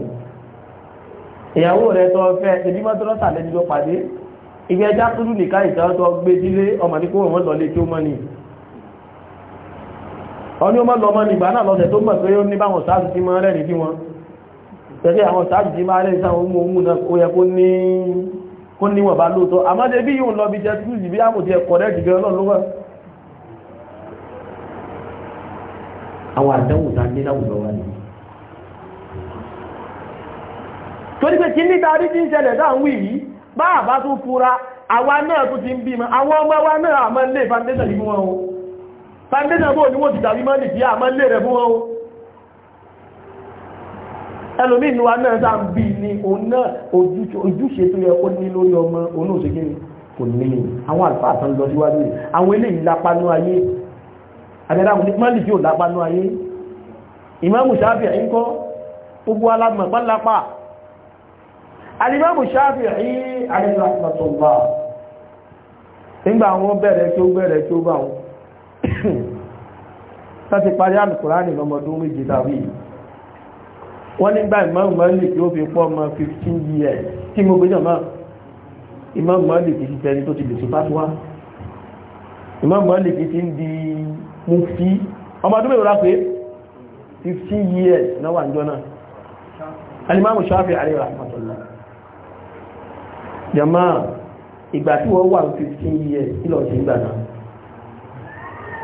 ìyàwó rẹ tọ́ fẹ́ ẹbí mọ́tọ́rọ́sà lẹ́ni ló pàdé ìgbẹ́já tó lù nìka ìtọ́ gbé ọni ó mọ́ lọmọ nígbà náà lọ́sẹ̀ tó mọ̀ pé ó ní báwọn sáàtù tí mọ́ rẹ̀ ní kí wọn pẹ̀lú àwọn sáàtù tí máa rẹ̀ sáwọn ohun ohun náà ó yẹ kó níwọ̀n bá lóòtọ́ àmọ́dé bí yíò lọ bí jẹ́ túnjì bí àmòtí ẹ̀kọ́ rẹ̀ jìgẹ́ ọlọ́lọ́wọ́ àwọn foundation bó ní wọ́n ti dàbí mọ́nì bí àmọ́ lè rẹ̀ fún wọn ẹlòmí inú wa náà sáà ń bí ní ọ̀nà ojúṣe tó yẹ kó ní lórí ọmọ onóòṣègbè kò ní àwọn àlùfáà tán lọ síwájú àwọn eléyìí lápánú ayé àdẹ́dáhùn ní mọ́lì tí ò lápánú ayé ìmáàmù sáàbì ẹ̀yìn nígbà àwọn bẹ̀rẹ̀ tí ó bẹ̀rẹ̀ tí ó bá wọn tán ti parí alùkùránì lọ́mọdún méje tàbí wọ́n nígbà Imam Malik tí ó fi pọ́ ọmọ 15 years tí mo gbéjọ mọ́ Imam Malik kìí tẹni tó ti lè ṣùpá tó wá Imam Malik kìí ti ń di mufti ọmọ ọdún mẹ́wàá pé 15 years náà wà níjọ́ náà alimamu Shafi'i alayhi rahmatullah jama ìgbà tí wọ́n wà 15 years kí lọ sí ìgbà náà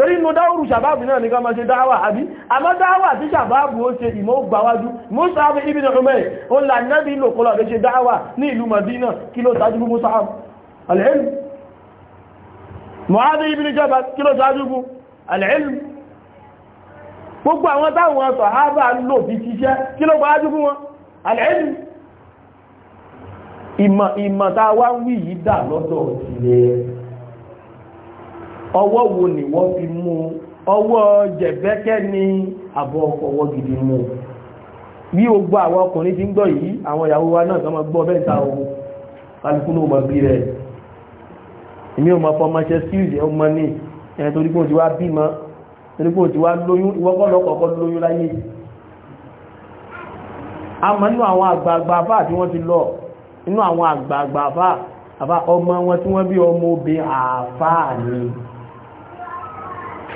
torí inú dáwòrù ṣàbábù náà nìkan máa ṣe dáwà àbí àmọ́ dáwà tí ṣàbábù ó ṣe ìmọ̀ gbàwájú Mus'ab ibn Umayr ó là náàbí ìlò kọlọ̀ lè ṣe dáwà ní ìlú Madina kí ló sáájú fún Mus'ab al-ilm Mu'adh ibn Jabal kí ló sáájú fún al-ilm gbogbo àwọn ń wí yìí dà lọ́dọ̀ ìlẹ̀ ọwọ́ wo ni wọ́n fi mú ọwọ́ jẹ̀bẹ́kẹ́ ni àbọ̀ ọwọ́ gidi mú bí o gbọ́ àwọn ọkùnrin ti ń gbọ́ yìí àwọn ìyàwó wa náà sọmọ gbọ́ bẹ́ẹ̀ ta o kálukú ló mọ bí rẹ̀ èmi ò mọ fọmọ ṣe skills ẹ̀ ọmọ ní ẹni torí pé o ti wá bímọ torí pé o ti wá lóyún ìwọ́kọ́ lọ́kọ̀ọ́kọ́ lóyún láyé a mọ̀ nínú àwọn àgbààgbà afá tí wọ́n ti lọ nínú àwọn àgbààgbà afá ọmọ wọn tí wọ́n bí ọmọ obìnrin àfáà ni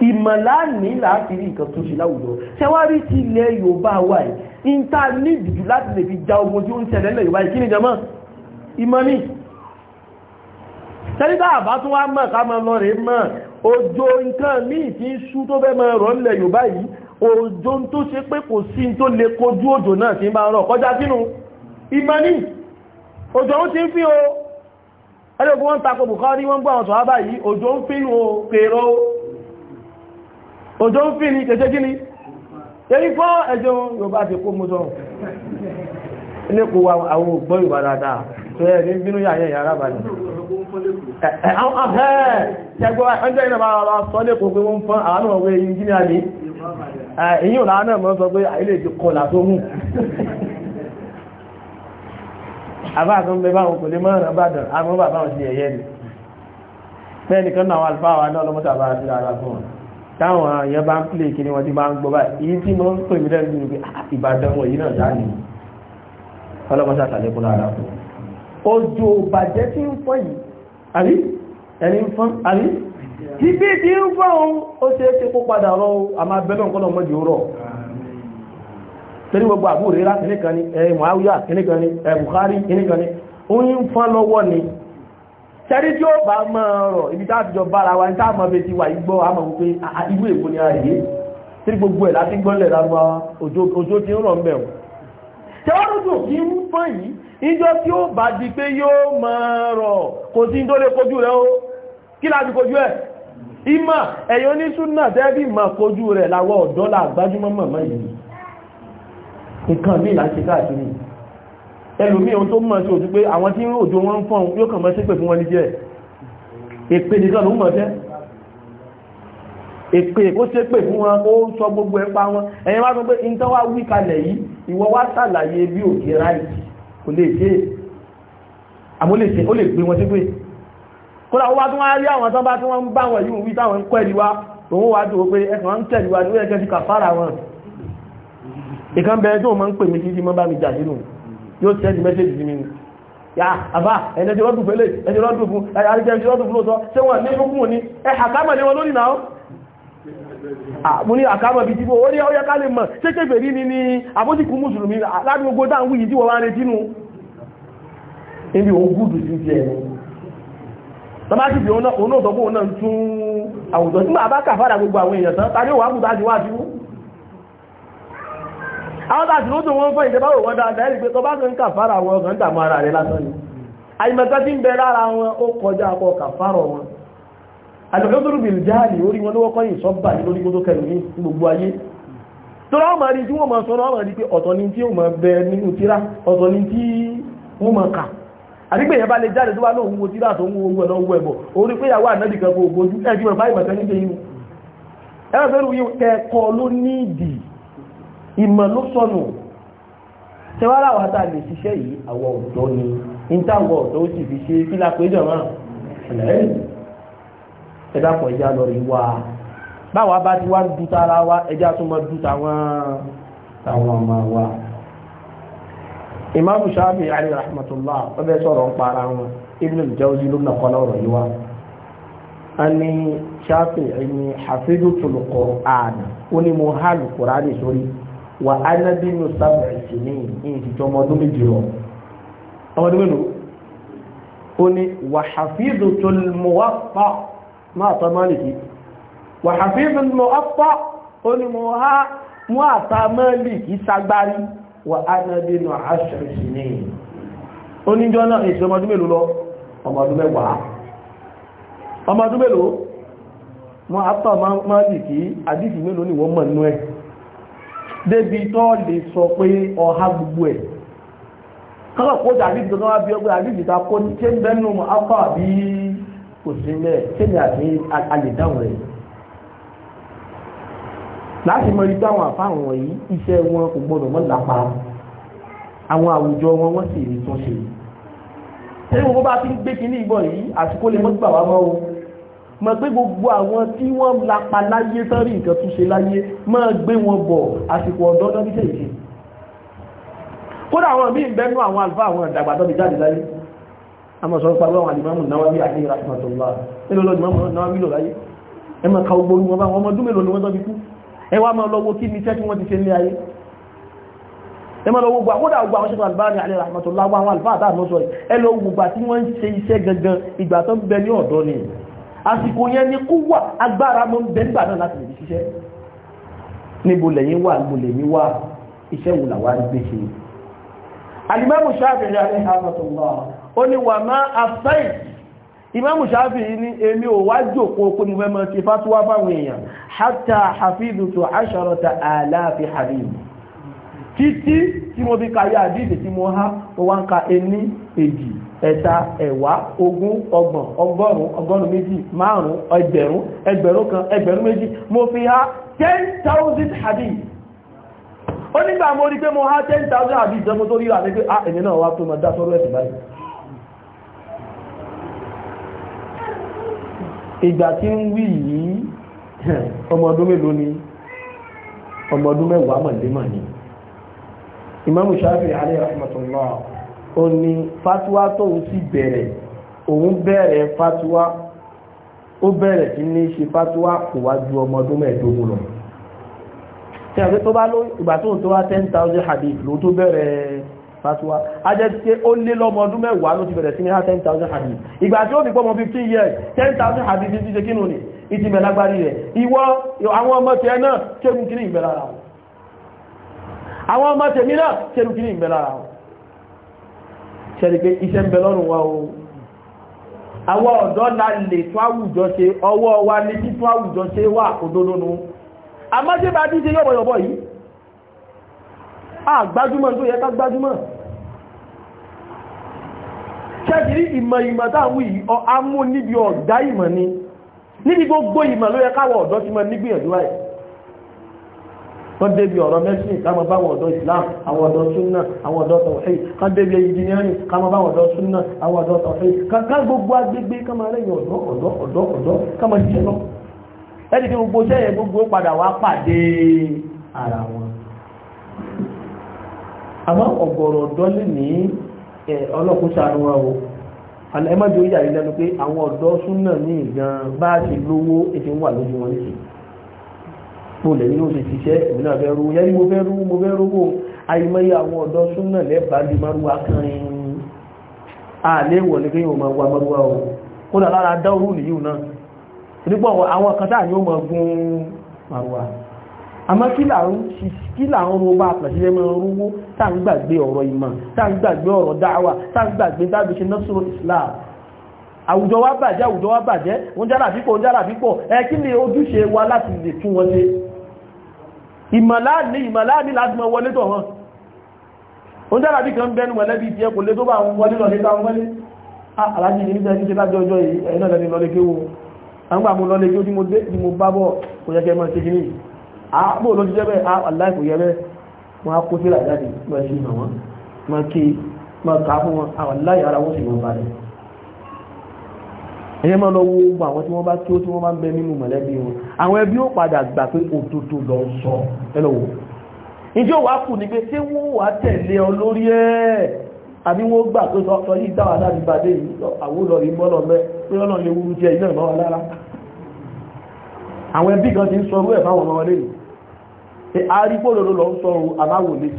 ìmọ̀láàní láti nǹkan tó ṣe láwùjọ ṣẹwárí tí ilẹ̀ Yorùbá wà yìí ń ní ìdìjú láti lè fi ja ogun tí ó ń ṣẹlẹ̀ ilẹ̀ Yorùbá yìí ni jẹmọ́ ìmọ̀ ní tẹ́lítà àbá tó wá mọ̀ ká mọ̀ lọ rẹ̀ mọ̀ òjò nǹkan ní ìfi ṣú tó fẹ́ mọ̀ rọ̀ ilẹ̀ Yorùbá yìí òjò tó ṣe pé kò sí tó lè kojú òjò náà ti máa rọ̀ kọjá sínú ìmọ̀ ní o ẹlẹ́gbọ́n wọn tako Bukhari wọ́n gbọ́ àwọn sọ̀hábà o pèrò òjò ń fi ní kẹjẹ́ gíní èyí fọ́ ẹjọ́ Yorùbá ti kó mú sọ́rọ̀ ilé kó àwọn ògbọ́ Yorùbá dáadáa tó yẹ ní bínú yàyẹ yàrá balẹ̀ ẹgbẹ́ ìrìnàmà sọ lẹ́kọ̀ọ́ wọ́n fọ́n àwọn ọ̀wẹ́ ìjìnlẹ̀ àmì táwọn èèyàn bá ń pílè kí ni wọ́n ti bá ń gbọ́ báyìí èyí tí mo ń pè mí lẹ́nu ní pé ah, ìbàdàn wọn yìí náà dání ọlọ́mọṣà tàlẹ́kùn lára fún ojú bàjẹ́ tí ń fọ́ yìí àrí ẹni ń fọ́n àrí tí bí tí ń fọ́n ó ṣe é ṣe kó padà rọ àmà bẹ́lọ̀ nǹkan lọ́mọ jù rọ̀ torí gbogbo àbúrò rírà kìnnìkan ń fọ́n sẹ́rí tí ó bá mọ́ ọ̀rọ̀ ibi táàtìjọ bára wa ní táàmọ́ bẹ ti wà igbó àmọ́ wípé ìwé èkó ni a rí tí gbogbo ẹ̀ láti gbọ́lẹ̀ lágbà òjò tí ó rọ̀ mẹ́wọ̀n tẹ́wọ́dúdù kí ń fún yìí ìjọ tí ó bá di pé yóò mọ́ ọ̀rọ̀ kò sí tó lè kojú rẹ̀ ó kí láti kojú ẹ̀ ìmọ̀ ẹ̀yọ́ ní súnà tẹ́bí mọ̀ kojú rẹ̀ láwọ́ ọ̀dọ́ ẹlòmí ohun tó mọ̀ sí òjú pé àwọn tí òjò wọn ń fọ́n yóò kàn mọ́ sí pẹ̀ fún wọn ní jẹ́ èpè nìkan ló mọ̀ jẹ́ èpè kó ṣe pè fún wọn kó sọ gbogbo ẹpa wọn ẹ̀yẹn wá sọ pé nǹkan wá wí kalẹ̀ yìí ìwọ wá ṣàlàyé bí òkè ráìtì kò lè ṣe àmọ́ lè ṣe ó lè gbé wọn sí pé kódà wọ́n bá tún wá rí àwọn tán bá tí wọ́n ń bá wọn yìí wí táwọn ń kọ́ ẹ̀díwá òun wá tó pé ẹkàn ń tẹ̀lú wa ní ẹ̀kẹ́ sí kàfàrà wọn ìkan bẹ̀rẹ̀ tó mọ́ ń pè mí títí mọ́ bá mi jà sínú yóò send message sí mi yà àbá ẹ̀nẹ́jì rọ́dùn fẹ́lẹ̀ ẹ̀nẹ́jì rọ́dùn fún àríjẹ́jì rọ́dùn fún lóòtọ́ ṣe wọ́n ní ìrúkún ní ẹ̀hà kámà ní wọn lónìí náà mú ní àkámà bí tí ó rí ọyá ká lè mọ̀ ṣe kéfè rí ní ní àbójìkú mùsùlùmí láti gbogbo dáa ń wúyìí tí wọ́n wá retí nù ibi òun gúdù sí ti ẹ̀rọ tọ́bá sì fi òun náà tọ́gbọ́n náà tún àwùjọ tí mà bá kàfàdà gbogbo àwọn èèyàn tán tàbí òun àbùtà ti wá sí àwọn tàbí ló dùn fún ìjọba òwọ́n dáadáa pé tọba tó ń kàfàrà wọn ọ̀gán ara rẹ̀ lásán ni àìmọ̀ká tí ń bẹ lára wọn ó kọjá akọ kàfàrà wọn àjọ̀lọ́dọ̀rù bìí jáàlì orí wọn lówọ́kọ́ yìí sọ́bà gbogbo ìmọ̀ ló sọnù tẹwàá àwọn àtà lè ṣiṣẹ́ yìí àwọn ọ̀dọ́ ni ìtàwọ̀ ọ̀dọ́ ó sì fi ṣe kí lápéjọ náà ẹ̀lẹ́yìn ẹ̀dàpọ̀ ẹja lọ rí wa báwa bá ti wá ń dúta ara wa ẹja tó mọ dúta wọn táwọn ọmọ wa ìmáàmù Ṣáfi'í ali rahmatullah ọbẹ̀ sọ̀rọ̀ ní Ṣáfi'í ẹni hafidhutul ní sórí wà ánábínú sábà ìsìnì ìjọ ọmọ ọdún méjì lọ ọmọ ọdún mélòó ó ní wàhàfíìdù tó mọ̀ wá pa máa tọ́ Málìkì wàhàfíìdù mọ̀ wá pa ó ní mọ̀ wá mú àtà Málìkì sagbárí wà ánábínú àṣà ìsìnì ó níjọ́ náà èsì ọmọ ọdún mélòó lọ ọmọ ọdún mẹ́wàá ọmọ ọdún mélòó mọ̀ àtà Málìkì àdìsí mélòó ni wọ́n mọ̀ nínú ẹ̀ débi tó lè sọ pé ọha gbogbo ẹ̀ kọ́lọ̀ kó dàbí ìgbà tó wá bí ọgbẹ́ àbí ìgbà kó ní ṣé ń bẹ́nu akọ́ àbí kò sí mẹ́ ṣé ni àti alèdáhùn rẹ̀ láti mọ ibi táwọn àfáwọn wọ̀nyí iṣẹ́ wọn kò gbọdọ̀ mọ́ lápá àwọn àwùjọ wọn wọ́n sì rí tún ṣe. ṣé ìwọ́n bá ti ń gbé kinní ìbọn yìí àsìkò lè mọ́ gbà wá mọ́ o mọ̀ pé gbogbo àwọn tí wọ́n lapa láyé sọ́rí nǹkan tún ṣe láyé máa gbé wọn bọ̀ àsìkò ọ̀dọ́ tó bí ṣe ìṣe kódà àwọn míì bẹ́nu àwọn alfa àwọn ìdàgbà tó bí jáde láyé a mọ̀ sọ́rọ̀ pàlú àwọn alìmọ́mù náwáwí àti ìràpàtàlá nílò lọ́dìmọ́mù náwáwí lò láyé ẹ máa ka ogbó wọn bá wọn ọmọ dúmèlò ni wọ́n tọ́ bí kú ẹ wá máa lọ́wọ́ kí ni iṣẹ́ tí wọ́n ti ṣe ní ayé ẹ máa lọ́wọ́ gbà kódà gbà àwọn ṣẹ́kọ̀ Albani àti ìràpàtàlá wọn alfa àtàmọ́sọ̀rẹ̀ ẹ lọ́wọ́ gbà tí wọ́n ń ṣe iṣẹ́ gangan ìgbà tó ń bẹ ní ọ̀dọ́ ni àsìkò yẹn ni kú wà agbára mọ́ ń bẹ nígbà náà láti lè ṣiṣẹ́ níbo lẹ́yìn wà níbo lẹ́yìn wà iṣẹ́ wò làwà gbé ṣe alimamu Shafi'i alẹ́ àfàtọ̀wà ó ní wà má afẹ́ imamu Shafi'i ní èmi ò wá jókòó pé mo fẹ́ mọ́ ti fatuwa fáwọn èèyàn hatta hafidhu tó asharata aláàfi hadith ẹ̀ta ẹ̀wá ogún ọgbọ̀n ọgọ́rùn ọgọ́rùn méjì márùn ẹgbẹ̀rún ẹgbẹ̀rún kan ẹgbẹ̀rún méjì mo fi ha 10,000 hadith ó nígbà mo rí pé mo 10,000 hadith jẹmọ́ tó ríra ní pé a ah, ẹni náà wá tó ma dá ẹ̀sìn báyìí ìgbà tí ń ó ní fatuwa tóun sì bẹ̀rẹ̀ òun bẹ̀rẹ̀ fatuwa ó bẹ̀rẹ̀ sí ní ṣe fatuwa kò wá ju ọmọ ọdún mẹ́ẹ̀ẹ́dógún lọ tí a fi tó bá ló ìgbà tóun tó wá ten thousand hadith ló tó bẹ̀rẹ̀ fatuwa a jẹ́ pé ó lé lọ́mọ ọdún mẹ́wàá ló ti bẹ̀rẹ̀ sí ní ten thousand hadith ìgbà tí ó fi pọ́mọ fifteen years ten thousand hadith ti ṣe kínú ni ìtì mẹ́lágbárí rẹ̀ ìwọ àwọn ọmọ tẹ náà kéwù kí ní ìmẹ́lára ṣẹ́rí pé iṣẹ́ ń bẹ lọ́rùn wa o àwa ọ̀dọ́ la lè tún àwùjọ ṣe ọwọ́ wa ní títún àwùjọ ṣe wà òdodo nu àmọ́ṣẹ́ bá ti ṣe yọ̀bọ̀yọ̀bọ̀ yìí àgbájúmọ̀ tó yẹ ká gbájúmọ̀ ṣẹ́kìrí ìmọ̀ ìmọ̀ táwọn yìí ọ ni níbi gbogbo ìmọ̀ ló yẹ káwọ̀ ọ̀dọ́ ti mọ̀ kọ́ débi ọ̀rọ̀ mẹ́sìn ká máa báwọn ọ̀dọ́ islam àwọn ọ̀dọ́ súnà àwọn ọ̀dọ́ tọ̀hìn ká débi engineering ká máa báwọn ọ̀dọ́ súnà àwọn ọ̀dọ́ tọ̀hìn ká gbogbo agbègbè ká máa lẹ́yìn ọ̀dọ́ ọ̀dọ́ ọ̀dọ́ ọ̀dọ́ ká máa ṣiṣẹ́ lọ. ẹni tí gbogbo sẹ́yìn gbogbo padà wá pàdé ara wọn. àmọ́ ọ̀gọ̀rọ̀ ọ̀dọ́ lè ní ọlọ́kùn sànú wa o àlẹ́ mọ́jọ́ yàrá lẹ́nu pé àwọn ọ̀dọ́ súnà ní ìgbọ̀n bá a ti lówó ètò wà lójú wọn nísìnyí bó lè ní ó ti ṣiṣẹ́ ìbínú àfẹ́ rú yẹ́rí mo fẹ́ rú mo fẹ́ rúgbò àìmọye àwọn ọ̀dọ́ súnmọ̀ lẹ́bàá di márúwá kan àléwọ̀ ní kí yíò máa wá márúwá o kó dà lára dáúrú nìyíò náà nígbọ́ àwọn kan táà yóò máa gún márúwá àmọ́ kí làwọn ro bá pẹ̀sílẹ̀ mọ́ rúwó táà ń ọ̀rọ̀ ìmọ̀ táà ọ̀rọ̀ dáwà táà ń gbàgbé Islam àwùjọ wa bàjẹ́ àwùjọ wa bàjẹ́ wọ́n jára fípọ̀ wọ́n jára fípọ̀ ẹ kí ni ojúṣe wa láti lè tún wọn ṣe ìmọ̀láàdì ìmọ̀láàdì láti mọ̀ wọlé tọ̀ wọn o dára bí kan bẹnu mọ̀lẹ́bí tí ẹ kò lé tó bá wọn wọlé lọ́lé táwọn wọlé ah, aláàjì ní ìjẹ́ ìjẹ́ lájọ́ ọjọ́ ẹ̀nà lẹ́ni lọ́lé kí wọn a ń gbà mú lọ́lé kí ó tí mo dé tí mo bá bọ̀ kò yẹ kẹ́ mọ́ sí kìíní àpò ló ti jẹ́ bẹ́ẹ̀ aláì ah, kò yẹ bẹ́ẹ̀ wọn á kó sílà jáde lọ sí ìmọ̀ wọn wọn kí ah, wọn kà fún ẹ̀yẹ́ máa lọ wo ogun àwọn tí wọ́n bá tí ó tí wọ́n bá ń bẹ nínú mọ̀lẹ́bí wọn àwọn ẹbí ó padà gbà pé òdodo lọ sọ ẹlọ́wọ́ ìjọ wà kù ní pé tí wọ́n wà tẹ̀lé ọ lórí ẹ̀ àbí wọ́n gbà pé sọ yìí dáwà láti bàdé àwòlọ ìmọ́lọ mẹ́ pé ọ̀nà lè wúru jẹ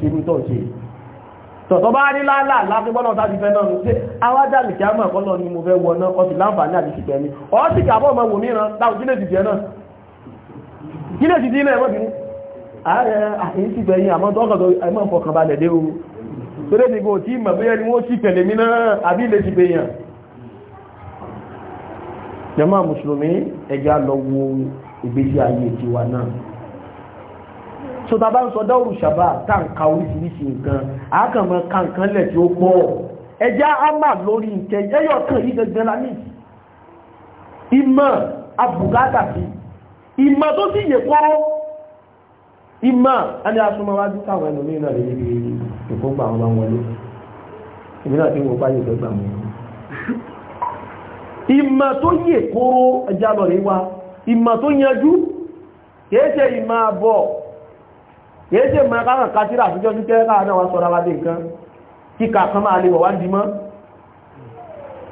iná tọ̀tọ̀ bá rí láàlá láti gbọ́nà tàbí fẹ́ náà ṣe awádàlì kí a mọ̀ ọ̀pọ̀lọ́ ni mo fẹ́ wọ náà ọ̀sì láǹfààní àti ṣìgbẹ̀ ni ọ̀sì kàbọ̀ ọmọ wò mìíràn láwọn jílẹ̀ ti jẹ́ náà jílẹ̀ ti dílẹ̀ ẹ̀mọ́ bìnú ààrẹ àyín ti gbẹ̀yìn àmọ́ tọ́kọ̀tọ̀ ẹ̀mọ́ fọkànbalẹ̀ dé o torí ti kò tí mọ̀ bóyá ni wọ́n sì tẹ̀lé mi náà àbí ilé ti gbẹ̀yàn jàmá mùsùlùmí ẹja lọ wo ìgbésí ayé tiwa náà so tá bá ń sọ dáwùrù ṣàbá tá ń ka oríṣiríṣi nǹkan àákànmọ́ ka nǹkan lẹ̀ tí ó pọ̀ ẹjá ámà lórí nǹkan ẹyọ kan yìí gẹ́gẹ́ la ní ìmọ̀ abùgádà sí ìmọ̀ tó sì yẹ kọ́ ìmọ̀ ẹni asúnmọ́wájú káwọn ẹlòmíràn náà lè níbi ìfúnpá yẹ́ ṣe mọ́ káwọn kásírà àtijọ́ sí kẹ́rẹ́ káwọn náà wá sọ́ra wá dé nǹkan kí kàkan máa lè wọ̀ wá dí mọ́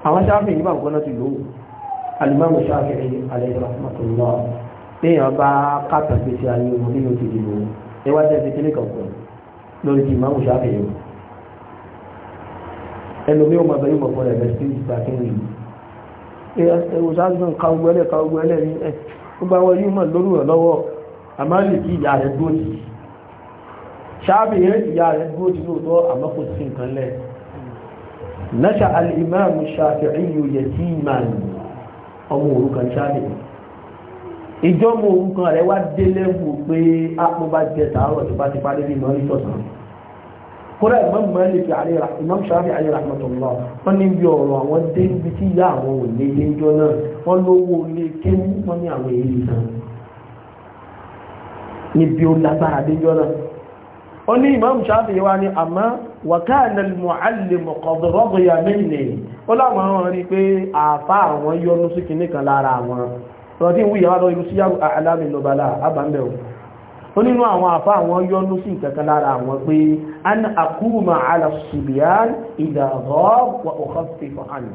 àwọn sáfì yìí máa gbọ́nà ti lò ó alimami sáfì alayhi rahmatullah téèyàn bá kàtà gbèsè ayé wọn nínú ti dìbò ẹ wá jẹ́ kékeré kankan lórí ti imamu sáfì yìí ẹlòmí ọmọ abẹ́yìn mọ̀ fún kí ìyá rẹ̀ gbóòtì ṣáàbì yẹn ìyá rẹ̀ dúró ti lóòótọ́ àmọ́ kò sí nǹkan lẹ̀ nasha al-imam shafi'i yatiman ọmọ òrukàn ṣáàbì ìjọmọ òrukàn rẹ̀ wá dé lẹ́wù pé ápò ah, bá jẹ tààrọ̀ tó bá ti parí bí mọ́ ìtọ̀sán kódà imam malik alayhi imam shafi alayhi rahmatullah wọ́n ní ó ní imam shafi wa ni àmá wàkánà mu'allim kọ̀dọ̀rọ̀gbìyà mẹ́lẹ̀ ó láwọn àwọn rí pé àfá àwọn yọnu sí kìíní kan lára àwọn rọ̀dí wúyà wá lọ irú sí àlámi lọ́bàlá àbámbẹ̀ ó nínú àwọn àfá àwọn yọnu sí kankan lára àwọn pé an akuma ala sibiyan ìdàgọ́ wa òkọ́fẹ́ fún àná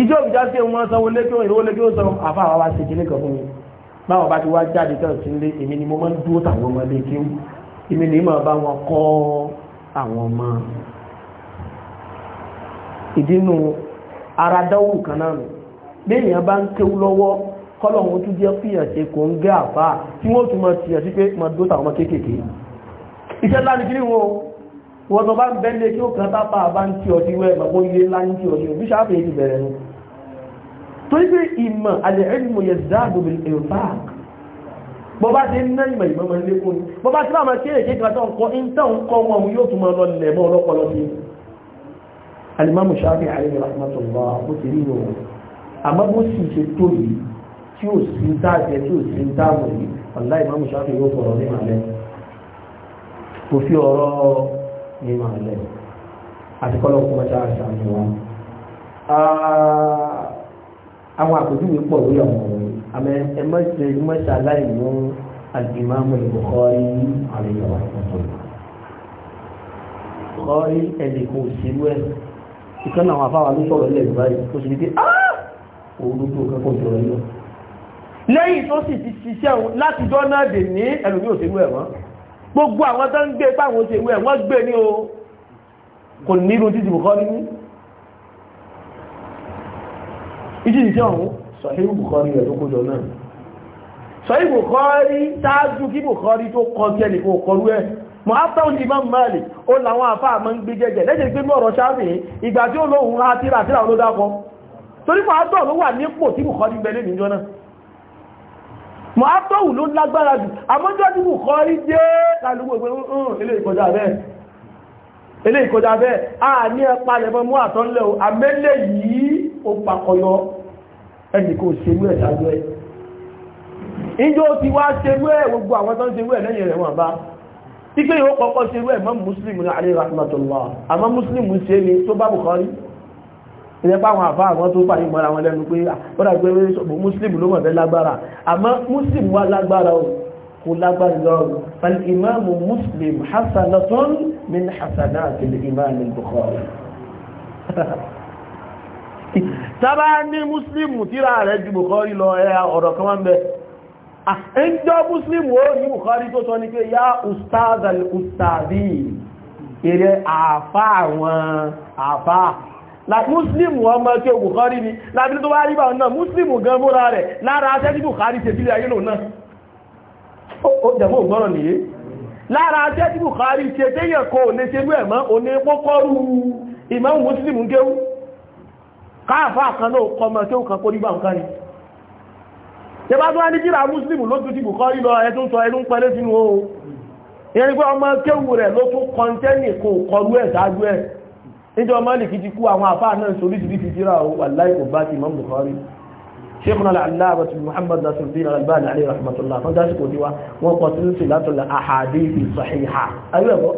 ìjọ sanwó lẹ́kọ́ wá sí kìíní fún mi báwọn bá ti wá jáde tẹ́lẹ̀ sí ilé èmi ni mo máa ń tàwọn ọmọ ilé ìmì ní ma bá wọn kọ́ àwọn ọmọ ìdínú ara dáwù kan náà nù béèyàn bá ń kéwú lọ́wọ́ kọ́lọ̀ wọn tún jẹ́ fìyàn ṣe kò ń gé àfá tí wọ́n tún mọ̀ sí ẹ̀sí pé mọ̀ dóta ọmọ kéékèèké iṣẹ́ ńlá ni kí wọn wọ́n tó bá ń bẹ́lẹ̀ kí ó kan tápà bá ń tí ọtí wẹ́ mọ̀ ilé ńlá ń tí ọtí òbí ṣáfẹ́ ìbẹ̀rẹ̀ nù torí pé ìmọ̀ àlẹ́ ẹ̀rìnmọ̀ yẹ̀ dáàbò bil bọ́ bá ti ná ìmọ̀ ìmọ̀ ilé kún ní bọ́ bá ti láàmà kí èké kàtọ́ ń kọ́ ìntàn kọ́ wọn yóò tún mọ́ lọ́lẹ̀ mọ́ ọlọ́pọ̀lọ́ ní alimamu shafi alayhi rahmatullah bó ti rí yòó àmọ́ bó sì ṣe tó yìí tí ó sì ń dá àjẹ tí ó àti kọ́lọ́ àmọ́ ẹ má ṣe má ṣe aláìmú al-Imam al-Bukhari alayhi rahmatullah Bukhari ẹ̀dẹ̀ kò sílú ẹ̀ ìkan àwọn afáwà ló sọ̀rọ̀ ilẹ̀ ìgbà yìí tó ṣe wípé orúkú kankan jọrọ yọ lẹ́yìn tó sì ti ṣiṣẹ́ láti jọ náà dè ní ẹlòmí òṣèlú ẹ̀wọ́n gbogbo àwọn tó ń gbé páwọn òṣèlú ẹ̀wọ́n gbé ní o kò nílùú títí Bukhari ní ìṣìṣẹ́ ọ̀hún Sahih Bukhari rẹ̀ tó kójọ náà Sahih Bukhari táájú kí Bukhari tó kọ sí ẹnì kò kọrú ẹ̀ mọ̀hátáwọn Imam Malik ó làwọn àfáà máa ń gbé jẹ́jẹ́ lẹ́jẹ́ gbé mú ọ̀rọ̀ sáàmì ìgbà tí ó lóhun ra tíra tíra ló dákọ torí mọ̀hátọ̀ ló wà nípò tí Bukhari bẹ̀lẹ̀ níjọ́ náà mọ̀hátọ̀wù ló lágbára jù àmọ́jọ́ tí Bukhari dé lálùgbò ilé ìkọjá bẹ́ẹ̀ ẹni kò ṣerú ẹ̀ ṣáájú ẹ̀ ìjọ ti wá ṣerú ẹ̀ gbogbo àwọn tó ń ṣerú ẹ̀ lẹ́yìn rẹ̀ wọ́n bá ike yóò kọ́kọ́ ṣerú ẹ̀ mọ́ mùsùlùmí ní alẹ́ rahmatullah àmọ́ mùsùlùmí ṣe ni tó bá Bukhari ilẹ̀ bá àwọn àfá àwọn tó pàdé mọ́ra wọn lẹ́nu pé ọ̀dà ah, pé mùsùlùmí ló mọ̀ fẹ́ lágbára àmọ́ mùsùlùmí wá lágbára o kò lágbára lọ́rùn fal imáàmù mùsùlùmí hasanatun min hasanatil tàbá ní múslímù tíra rẹ̀ ju Bukhari lọ ẹ̀yà ọ̀rọ̀ kan wọ́n bẹ ẹjọ́ múslímù ó ní Bukhari tó sọ ní pé yá ustaz al-ustazi eré àfá àwọn àfá múslímù ọmọ tí ó Bukhari ni lábí tó wá rí bá náà múslímù gan múra rẹ̀ lára aṣẹ́ tí Bukhari ṣe sílẹ̀ ayé náà ó káàfà kan ló kọmọ tí ó kàn kó nígbà nǹkan ni tẹbá tó wá ní kíra muslim ló tún ti bùkọ́ rí lọ ẹ tó sọ ẹnu ń pẹ́lẹ́ sínú o ìyẹn pé ọmọ kéwù rẹ̀ ló tún kọntẹ́nì kò kọlu ẹ̀ sáájú ẹ̀ níjọ mọ́lìkì ti kú àwọn àfáà náà sórí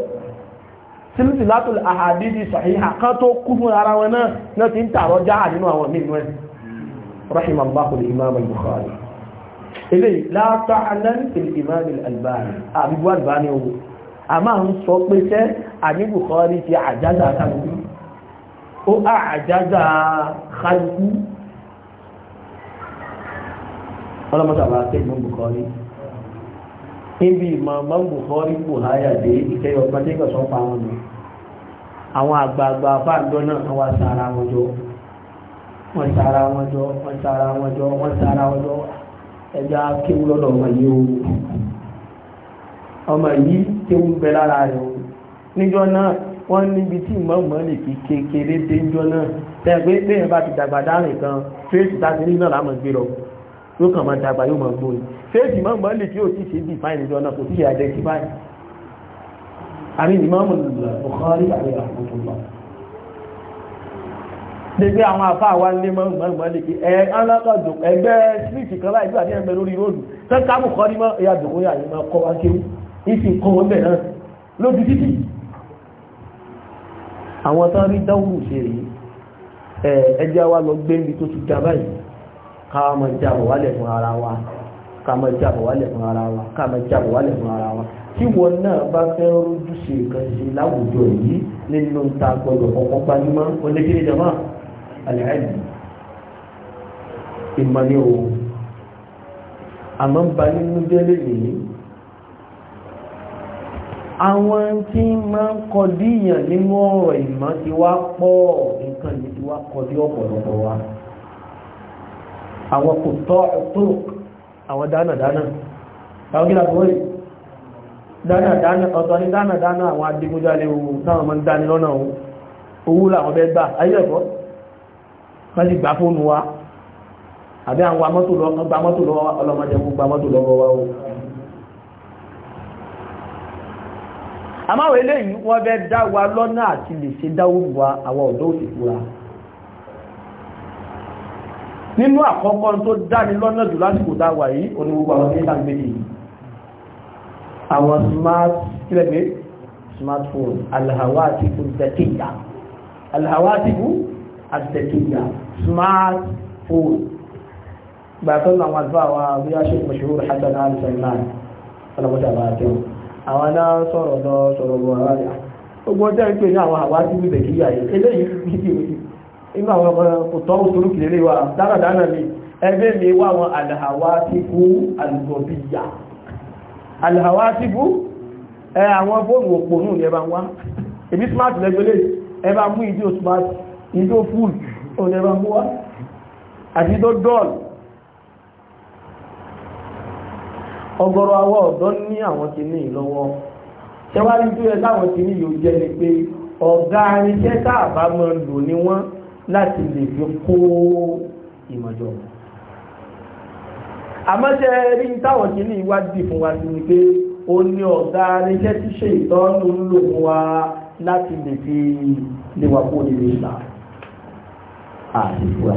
sí sílùsì látò àhàdìdì sàhíhà kan tó kú fún ara wọn náà náà ti ń tààrọ jáà nínú àwọn mímú ẹ̀ rahimallahu al-imam al-bukhari eléyìí la ta'nan al-imam al-albani àbíbú albani owó a máa ń sọ pé sẹ́ àní ti àjáza kálukú ó àjáza kálukú ọlọ́mọ́sàbà tẹ́ ìmọ̀ bukhari níbi ìmọ̀ọ̀mọ́ Bukhari kò háyà dé ìkẹyọ̀ pàtíkọ̀ sọ pa wọn ni àwọn àgbààgbà afáàjọ́ náà wọ́n sára wọn jọ wọ́n sára wọn jọ wọ́n sára wọn jọ wọ́n sára wọn jọ ẹja kéwú lọ́dọ̀ ọmọ yìí o ọmọ yìí kéwú bẹ lára rẹ̀ o níjọ́ náà wọ́n níbi tí ìmọ̀ọ̀mọ́ lè fi kékeré dé níjọ́ náà tẹ́gbẹ́ bẹ́ẹ̀ bá ti dàgbà dáhùn kan fèsì tá ṣéèkì mọ́ mọ́lì tí ó ti ṣe bí fáìlì jọ náà kò sí ìyàjẹ́ sí báyìí àmì Bukhari àti àkókòlá gbogbo àwọn àfáà wá lé mọ́lì kí ẹ alákọ̀dùn ẹgbẹ́ smith kan láì gbà ní ẹgbẹ́ lórí róòdù tẹ́ka Bukhari mọ́ ẹ̀yà dùnkún yà ní máa kọ́ wá kiri ìsìn kọ́ wọn bẹ̀ náà lójú títì àwọn tán rí dáwùrù ṣe rí ẹjẹ́ wa lọ gbé níbi tó ti dá báyìí káwọn máa wálẹ̀ fún ara wa ká máa jábọ̀ wálẹ̀ fún ara wa ká máa jábọ̀ wálẹ̀ fún ara wa tí wọn náà bá fẹ́ rojú ṣe nǹkan ṣe láwùjọ yìí nínú ta gbọdọ̀ kọ́kọ́ gbajúmọ́ oníkiri jama alẹ́hàjì ìmọ̀ni o àmọ́ ń ba nínú délé yìí àwọn tí máa ń kọdí yàn nínú ọ̀rọ̀ ìmọ̀ ti wá pọ̀ nǹkan yìí ti wá kọdí ọ̀pọ̀lọpọ̀ wa àwọn kò tọ́ ọ̀tọ́rọ̀ àwọn dánàdánà àwọn kí láti wọ́n dánàdánà ọ̀tọ̀ ní dánàdánà àwọn adigunjalè ohun táwọn mọ́ ń dáni lọ́nà ohun owó làwọn bẹ́ gbà ayẹ́ẹ̀kọ́ wọ́n ti gbà fóònù wa àbí àwọn gbàmọ́tò lọ́wọ́ ọlọ́mọdé fún gbàmọ́tò lọ́wọ́ wa o àmáwẹ̀ eléyìí wọ́n bẹ́ nínú àkọ́kọ́ tó dáni lọ́nà jù lásìkò dáwà yìí onígbogbo àwọn ilé ìgbèdè àwọn smart kílẹ̀gbé smartphone alhawatiku zakiya alhawatiku azakiya smartphone gbàtọ́ na wọn fà wá bí a ṣe mọ̀ṣúrù hassan al-salman alamọ́ta bá tẹ́wọ̀ àwọn náà sọ̀rọ̀ ní àwọn inú àwọn ọ̀tọ́ òṣèlúkì lè wà dáradára ní ẹgbẹ́ mi wà wọn alhawatibu algobiyya alhawatibu ẹ àwọn fóònù òpó nù ní ẹba wá ebi smart lẹ́gbẹ̀lẹ́ ẹba mú ìdí o smart ìdí o full o ní ẹba mú wá àti ìdó dọ́l ọ̀gọ̀rọ̀ àwọ ọ̀dọ́ ní àwọn ti ní ìlọ́wọ́ ṣẹwàá ní tí ó yẹ táwọn ti ní yóò jẹ́ ni pé ọ̀gá irinṣẹ́ táàbá lò ní wọ́n láti lè fi kó ìmọ̀jọ àmọ́ṣẹ́ rí táwọn kí ní ìwádìí fún wa sí ni pé ó ní ọ̀gá iléeṣẹ́ tí ṣe ìtọ́nù ń lò fún wa láti lè fi lè wà kó nílé ìgbà àdìgbà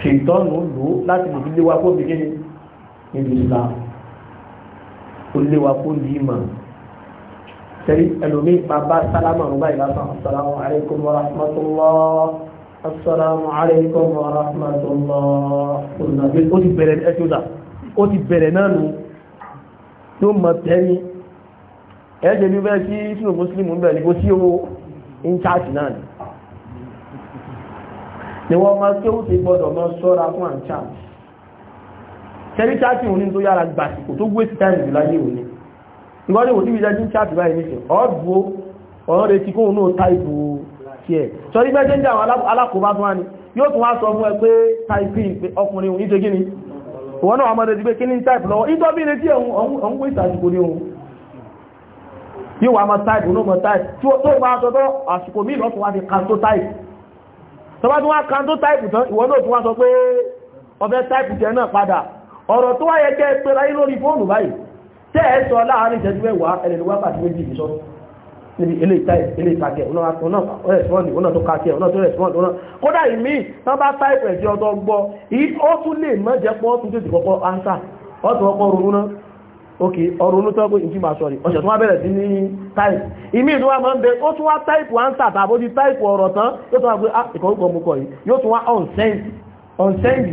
ṣe ìtọ́nù ń láti lè fi lè kó lè wà sẹ́rí ẹlòmíì bàbá sálámà ọ̀gbà ìlànà asalaamu alaykum wa rahmatulah asalaamu alaykum wa rahmatulah olùdàgbé ó ti bẹ̀rẹ̀ ẹ ti ó dà ó ti bẹ̀rẹ̀ náà nù tó mọ̀ tẹ́yìn ẹ̀ ṣe bí bẹ́ẹ̀ sí sínú mùsùlùmù bẹ́ẹ̀ ni kò sí owó in charge náà ni ni wọ́n máa tí ó ti gbọ́dọ̀ mọ́ sọ́ra fún àǹchá tẹ́rí cháàkì òní tó yára gbàsìkò tó gbé sítáìlì láyé òní ìwọ́n ní òdí ìjẹ́jú chat báyìí ní ọ̀dùwó ọ̀rọ̀ rẹ̀ ti kóhun náà táìpù kí ẹ̀ sọ ní bẹ́jẹ́ ń jà àwọn alákòóbá tún wá ní yóò tún wá sọ fún ẹ pé táìpì ọkùnrin òun nítorí kíni ìwọ́n náà ọmọdé ti pé kí ní táìpù lọ́wọ́ ìtọ́bí ni tí òun wé ìsàsìkò ní òun yóò wá mọ táìpù náà mọ táìpù tó bá sọ tó àsìkò míì tẹ́ ẹ sọ láàrin ìṣẹ́jú mẹ́wàá ẹlẹ́nu wákàtí méjì ìṣọ́ níbi ilé ìtàkẹ́ ọ̀nà tó kàkẹ́ ọ̀nà tó rẹ̀síwọ́n ọ̀nà kódà ìmí tán bá táìpù ẹ̀sí ọdọ́ gbọ́ ó tún lè mọ́ jẹ́ pọ́ tún tètè kọ́kọ́ ánsà ọ̀tún ọkọ̀ ronú náà òkè ọ̀rọ̀ onú tọ́gbé ìjí máa sọ̀rì ọ̀sẹ̀ tó wá bẹ̀rẹ̀ sí ní táìpù ìmí ìdúnwà máa ń bẹ ó tún wá táìpù ánsà tàbí ó ti táìpù ọ̀rọ̀ tán yóò tún wá gbé ah, ìkọ̀rúkọ̀ mú kọ̀ yìí yóò tún wá ọ̀nsẹ́ǹdì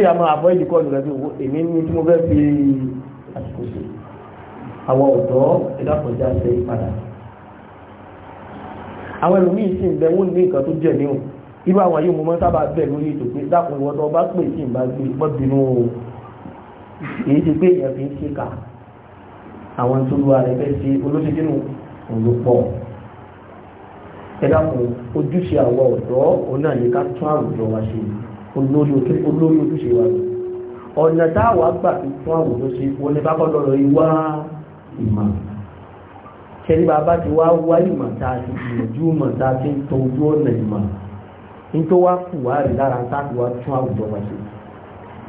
ìyá máa àbọ̀ ìdíkọ́ ìlú rẹ̀ bí owó èmi ní tí mo fẹ́ fi àsìkò sí àwọn ọ̀dọ́ ìdákọ̀já ṣe ìpadà àwọn ẹlòmíì sì ń bẹ wọ́n ní nǹkan tó jẹ́ níhùn irú àwọn yìí mo máa ń sábà bẹ̀ lórí ètò pé dákun ìwọ́n tó bá pè sí ìgbà gbé pọ́ bínú o èyí ti pé èèyàn fi ń ṣe kà àwọn tó lu ara ẹgbẹ́ sí olóṣèlú òǹlopọ̀ ẹ dákun ojúṣe àwọn ọ̀dọ́ òun náà ní ká tún àwùjọ wa ṣe yìí olórí ojúṣe wa ọ̀nà táwà gbà fi fún àwọn òṣèṣe wọlé bá kọ́ lọ́rọ̀ ìwá ìmọ̀ ṣẹ́rí bàbá ti wá wá ìmọ̀ tá a ti gbìyànjú ìmọ̀ tá a ti ń tọ ojú ọ̀nà ìmọ̀ nítorí wá kù wá rí lára táàkì wá tún àwùjọ wa ṣe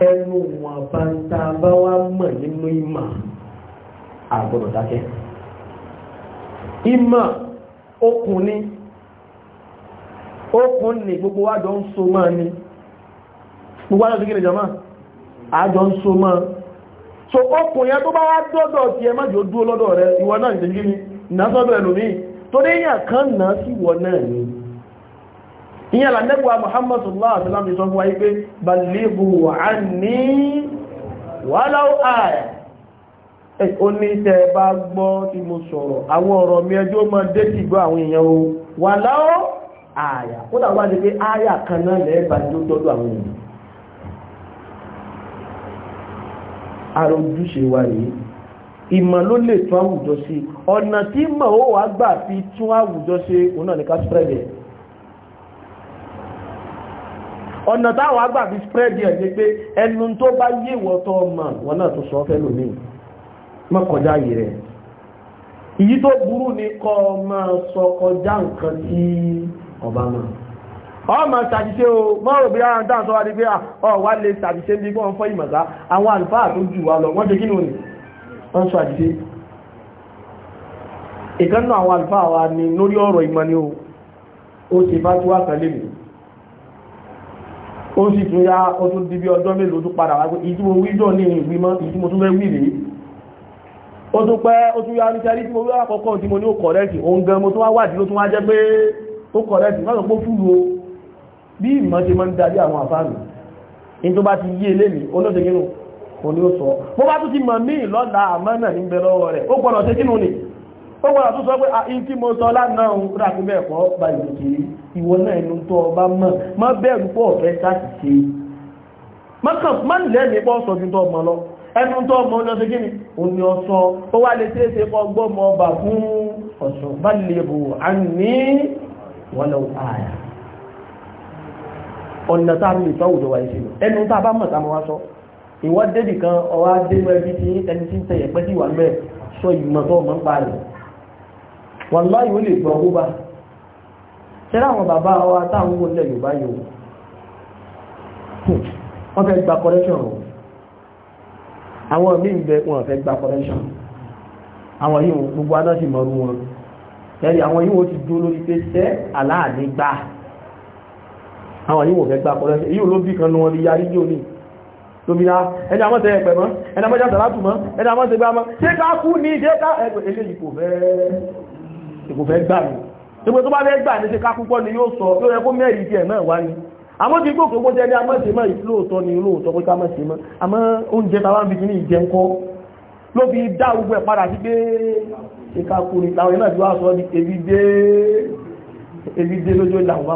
ẹnu wọn bá ń ta bá wá mọ̀ nínú ìmọ̀ àgbọ̀dọ̀ dákẹ́ ìmọ̀ okùn ni okùn ni gbogbo wa ń so máa ni gbogbo àjọ síkìrì jama? àjọ ń so mọ́ so okùn yẹn tó bá wá dọ́dọ̀ tí ẹ má jò dúó lọ́dọ̀ rẹ ìwọ náà ìṣẹ́jú ní ìnásọ́dọ̀ ẹlòmí tó dé yàn kan náà sí ìwọ náà ni ìyẹn lànẹ́gbà Muhammad sallallahu alaihi wasallam sọ fún wa pé balighu anni walau aya ó ní tẹ́ bá gbọ́ tí mo sọ̀rọ̀ àwọn ọ̀rọ̀ mi ẹjọ́ mọ́ dé ti o walau aya kódà wá ní pé aya kan náà lẹ́ẹ̀bà tó dọ́dọ̀ àwọn èèyàn ara ojúṣe wa rèé ìmọ̀ ló lè tún àwùjọ ṣe ọ̀nà tí mọ̀ ó wà gbà fi tún àwùjọ ṣe òun náà ní ká spread ẹ̀ ọ̀nà táwọn àgbà fi spread ẹ̀ ní pé ẹnu tó bá yíwọ̀ tó ọmọ wọn náà tó sọ ọ́fẹ́ lómi má kọjá ayé rẹ̀ èyí tó burú ni kọ́ ọmọ sọ kọjá nǹkan tí ọba máa ọmọ ṣàṣìṣe o mọ́rò bí ara dáa sọ́wọ́ di pé ọwà lè ṣàṣìṣe bí wọ́n fọ́ ìmọ̀ta àwọn àlùfáà tó jù wá lọ wọ́n jẹ́ kínú ní wọ́n sọ àṣìṣe ìkan náà àwọn àlùfáà wa ni lórí ọ̀rọ̀ ìmọ̀ ni o ó sì bá tó wà kan lè mí ó sì tún yá ó tún di bí ọjọ́ mélòó tó padà wá pé ìdí mo wíjọ́ ní ìgbìmọ̀ ìdí mo tún fẹ́ wí rèé ó tún pẹ́ ó tún yá nítorí tí mo wí àkọ́kọ́ tí mo ní ó kọ̀rẹ́tì òun gan mo tún wá wádìí ló tún wá jẹ́ pé ó kọ̀rẹ́tì má sọ pé bí ìmọ̀ ṣe mọ́ ń darí àwọn àfáàmì in tó bá ti yí ilé mi olóṣèlú nínú kò ní ó sọ bó bá tún ti mọ̀ mí lọ́la àmọ́nà ní bẹ lọ́wọ́ rẹ̀ ó gbọ́dọ̀ ṣe kínú ni ó gbọ́dọ̀ tún sọ pé ah, in tí mo sọ lánàá ń rà pé bẹ́ẹ̀ kọ́ bá ìlú kiri ìwọ náà inú tó ọba mọ̀ mọ́ bẹ́ẹ̀rù pọ̀ ọ̀fẹ́ sáàsì ṣe má lẹ́ẹ̀mí pọ̀ sọ ju tó ọmọ lọ ẹnu tó ọmọ lọ sí kíni ọ̀nà tá a lè tọ́ òjò wa yìí sílẹ̀ ẹnu tá a bá mọ̀ táwọn wá sọ ìwọ́n débì kan ọwọ́ adéwọ́ ẹbí tí ẹni tí ń tẹ̀yẹ̀ pẹ́ sí wà mẹ́ sọ ìmọ̀ tó mọ̀ ń pa rẹ̀ wọ́n lọ́ ìwé lè gbọ́ kóbá ṣẹ́rẹ́ àwọn bàbá wa táwọn owó ilẹ̀ Yorùbá yòó wọ́n fẹ́ gba correction o àwọn míì bẹ wọn fẹ́ gba correction àwọn yìí gbogbo aná sì mọ̀rú wọn ẹ̀rí àwọn yíwò fẹ́ gbà kọ́lẹ́sẹ̀ yíò ló bí kan ní wọn bí yarí yíò ní lóbìnà ẹni àmọ́ tẹ́yẹ pẹ̀mọ́ ẹni àmọ́ jásà látù mọ́ ẹni àmọ́ tẹ́gbà mọ́ ṣe ká kú ní ṣe ká ẹgbẹ̀ ilé ìkò fẹ́ gbà mí gbogbo tó bá fẹ́ gbà ní ṣe ká púpọ̀ ni yóò sọ yóò rẹ kó mẹ́rin díẹ̀ náà wá ní àmọ́ ti gbogbo gbogbo jẹ́ ní àmọ́ ṣe mọ́ ìlóòtọ́ ni ló fi dá gbogbo ẹ̀ padà sí pé ṣe ká kú ní ní ebi dé lójó ìlànà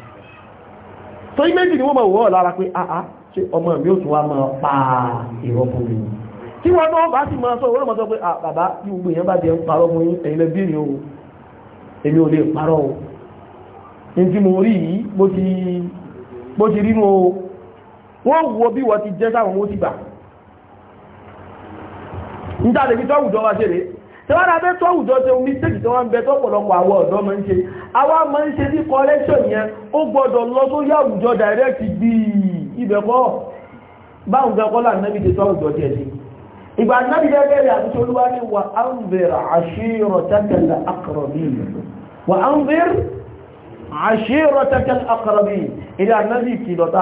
tó yí méjì ni wọ́n mọ̀ wọ́ lára pé àá ah, ah, ṣe ọmọ mi ò tún wá mọ́ pa ìrọ́pù mi tí wọ́n tó bá sì máa sọ wọ́n mọ̀ sọ pé ah, bàbá tí gbogbo èèyàn bá jẹ́ ń parọ́ mú ẹ̀yin lẹ bí èèyàn o èmi ò lè parọ́ o tí mo rí yìí bó ti rínú o wọ́n wọ́n ti tẹ́wàrà bẹ́ tó àwùjọ tẹ mistake tí wọ́n ń bẹ tó pọ̀lọpọ̀ àwọn ọ̀dọ́ máa ń ṣe àwa máa ń ṣe sí correction yẹn ó gbọ́dọ̀ lọ tó yá àwùjọ direct bí ibẹ̀kọ́ báwọn gẹ́kọ́ là nẹ́bí ti tó àwùjọ tẹ̀ sí ìgbà nẹ́bí gẹ́gẹ́rẹ́ àti olúwa ní wà anzir ashiratakal aqrabin wà anzir ashiratakal aqrabin ilé anẹ́bí kìlọ̀ tá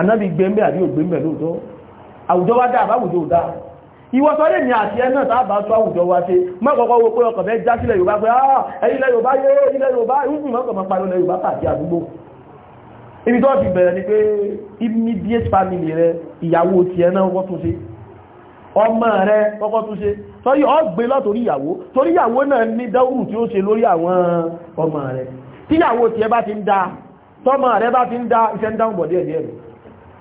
anábì gbẹ́mbẹ́ àbí ògbẹ́mbẹ́ lóòtọ́ àwùjọ wá dá àbáwùjọ ò dá ìwọ́sọ́lẹ̀ ní àti ẹ̀ náà tàbà tó àwùjọ wá ṣe mọ́kànlá wo pé ọkàn fẹ́ já sílẹ̀ Yorùbá pé ah, ilẹ̀ Yorùbá yé ilẹ̀ Yorùbá ìhùn mọ́kànlá parí ilẹ̀ Yorùbá pàtí àdúgbò ibi tó ti bẹ̀rẹ̀ ni pé immediate family rẹ ìyàwó ti ẹ̀ náà wọ́n tún ṣe ọmọ rẹ kọ́kọ́ tún ṣe torí ọ gbé lọ torí ìyàwó torí ìyàwó náà ní dáwùrù tí ó ṣe lórí àwọn ọmọ rẹ tíyàwó tiẹ̀ bá ti ń da tọmọ rẹ bá ti ń da iṣẹ́ ń dáhùn bọ̀dẹ̀ ẹ̀dẹ̀ rẹ̀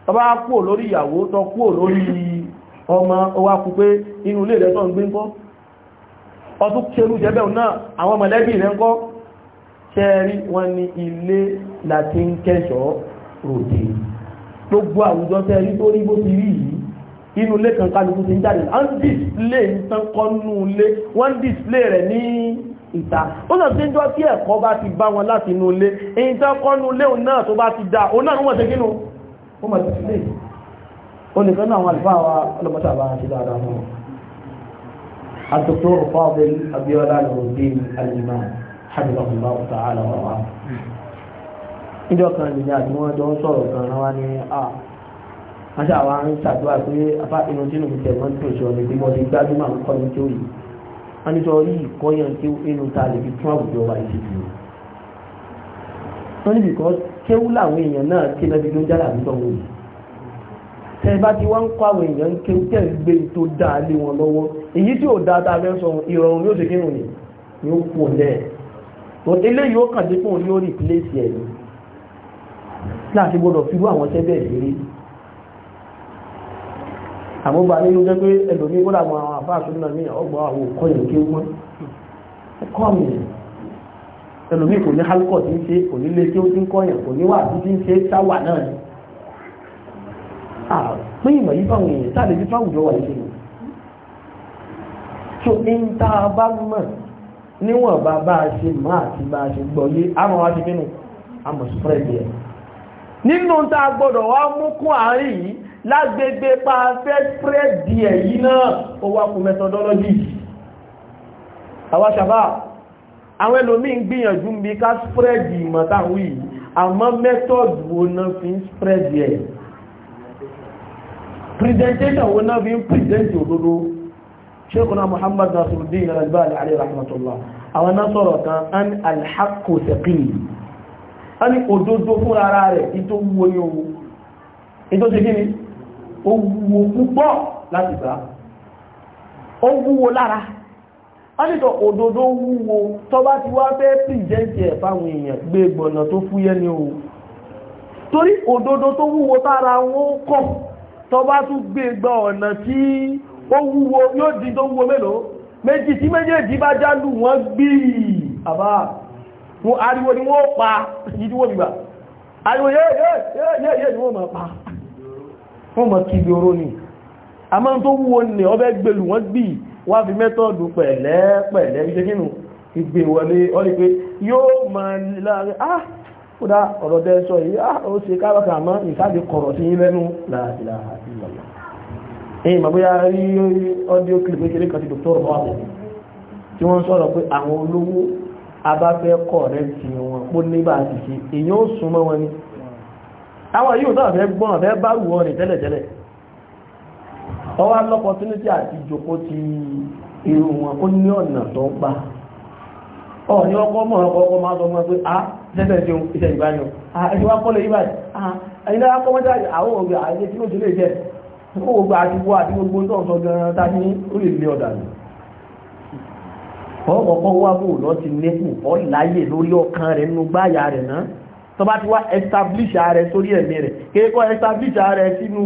tọba kúò lórí ìyàwó tọ kúò lórí ọmọ ọwá kú pé inú ilé rẹ̀ tọ́ ń gbé ń kọ́ ọdún kẹrù jẹ́bẹ̀ náà àwọn mọ̀lẹ́bí rẹ̀ ń kọ́ kẹrí wọn ni ilé láti ń kẹ́ṣọ́ ròdè gbogbo àwùjọ tẹ́ rí tó rí bó ti rí yìí inú ilé kan kálukú ti ń jáde wọ́n dìsílé nǹkan kọ́ nú ilé wọ́n dìsílé rẹ̀ ní ìta ó sọ sí ń jọ kí ẹ̀kọ́ bá ti bá wọn láti inú ilé èyí tán kọ́ nú ilé òun náà tó bá ti dá òun náà ń ó mọ̀ tẹ̀sílẹ̀ olùkọ́ náà àwọn àlùfáà wa ọlọ́mọta àbá àti dáadáa mọ́ الدكتور فاضل أبيولا نور الدين الإمام حفظه الله تعالى ورعاه ìjọ kan nìyà tí wọ́n jọ ń sọ̀rọ̀ kan náà wá ní à wọ́n ṣe àwọn arìn ṣàdúrà pé afá inú tínú ti tẹ̀wọ́n tó ṣọ ní pé mọ́tí gbájú máa ń kọ́ ní tí ó yìí wọ́n ní sọ yí ìkọ́yàn tí inú ta lè fi tún àwùjọ wa ìṣèlú kéwú làwọn èèyàn náà ké náà dídó jára àbí sọ̀rọ̀ yìí tẹ́ bá ti wá ń kọ́ àwọn èèyàn ń kéwú tẹ́ gbé tó dá lé wọn lọ́wọ́ èyí tí ò dá tá a fẹ́ sọ ìrọ̀rùn ni ó ṣe kéwù yìí ni ó kú ọ̀lẹ́ ẹ̀ eléyìí ó kàn dé fún òun yóò rìpléṣì ẹ̀ ní láti gbọ́dọ̀ fi rú àwọn tẹ́bẹ̀ ìrírí àmúgbà nínú jẹ́ pé ẹlòmí gbọ́dọ̀ àwọn àfáà tó náà ẹlòmíì kò ní hálùkọ̀ tí ń ṣe kò ní lé tí ó ti ń kọ́yàn kò ní wà tí ti ń ṣe sáwà náà ni. àpín ìmọ̀ yìí fáwọn èèyàn sáà lè fi fáwùjọ wà lóṣù ni. so ń tá bá mọ̀ níwọ̀n bá bá a ṣe mọ́ àti bá a ṣe gbọ́ yé àmọ́ wá ti nínú àmọ̀ spread yẹn. nínú tá gbọ́dọ̀ wá mú kún àárín yìí lágbègbè pa fẹ́ spread yẹn yìí náà ó wá kún methodology. àwa ṣàbá àwọn ẹlòmíì ń gbìyànjú ń bí ká spread ìmọ̀ táwọn àmọ́ method wo náà fi ń spread ẹ̀ presentation wo náà fi ń present òdodo ṣékùnà Muhammad Nasiruddin Al-Albani alayhi rahmatullah àwọn náà sọ̀rọ̀ kan an alhaqqu thaqil a ní òdodo fún ara rẹ̀ ìtò wúwo ni owó ìtò ṣe gíní ó wúwo púpọ̀ láti gbà ọ́nìtọ̀ òdòdó wúwo tó bá ti wá fẹ́ pìjẹ́ntì ẹ̀ fáwọn èèyàn gbé gbọ̀nà tó fúyẹ́ ní o torí òdòdó tó wúwo tára wọn kọ̀ tó bá tún gbé gbọ́ ọ̀nà tí ó wúwo yóò di tó wúwo mélòó méjì tí méjèèjì bá jálù wọ́n gbí ni wọ́n pa ìdíwọ́ gbígbà ariwo yẹ́ yẹ́ yẹ́ yẹ́ ni wọ́n mọ̀ pa wọ́n ni A àmọ́ tó wúwo ní ọbẹ̀ gbèlù wọ́n gbì wá fi mẹ́tọ́ọ̀dù pẹ̀lẹ́ pẹ̀lẹ́ ṣe kínú ìgbè wọlé ọlí pé yóò máa láàrin ah kódà ọ̀rọ̀ dẹ́ sọ yìí ah ó ṣe káàkà mọ́ ìsáàdì kọ̀rọ̀ sí yín lẹ́nu láàrínláà ẹ̀yìn màbúyá rí ọdíò clip kékeré kan ti dr ọ̀hún tí wọ́n sọ̀rọ̀ pé àwọn olówó abáfẹ́ kọ̀ rẹ̀ tí wọn kó níbà àti ṣe èyàn ó súnmọ́ wọn ni àwọn yìí ò tọ́ àfẹ́ gbọ́n àfẹ́ bá wù ọ ní tẹ́lẹ̀tẹ́lẹ̀ ọwọ́ alọ́pọ̀túnítì àti ìjòkó ti irú wọn ó ní ọ̀nà tó gbà ọ̀ní ọkọ̀ mọ̀ ọkọ̀ máa sọ mọ́ pé a ah, tẹ́tẹ̀ jẹun iṣẹ́ ìbáyọ̀ ẹni ah, wá kọ́lẹ̀ ìbáyì ah, ẹni wá kọ́mọ́tà àwọn ògbà àti tí ó ti lè jẹ́ ògbà àti wọ́ àti gbogbo tó ń sọ gan-an tá ní ó lè lé ọ̀dà nù ọkọ̀ọ̀kọ́ wá bò lọ ti lẹ́kù ọ láyè lórí ọkàn rẹ̀ nínú gbáyà rẹ̀ náà tó bá ti wá establish ààrẹ sórí ẹ̀mí rẹ̀ kéèkọ́ establish ààrẹ sínú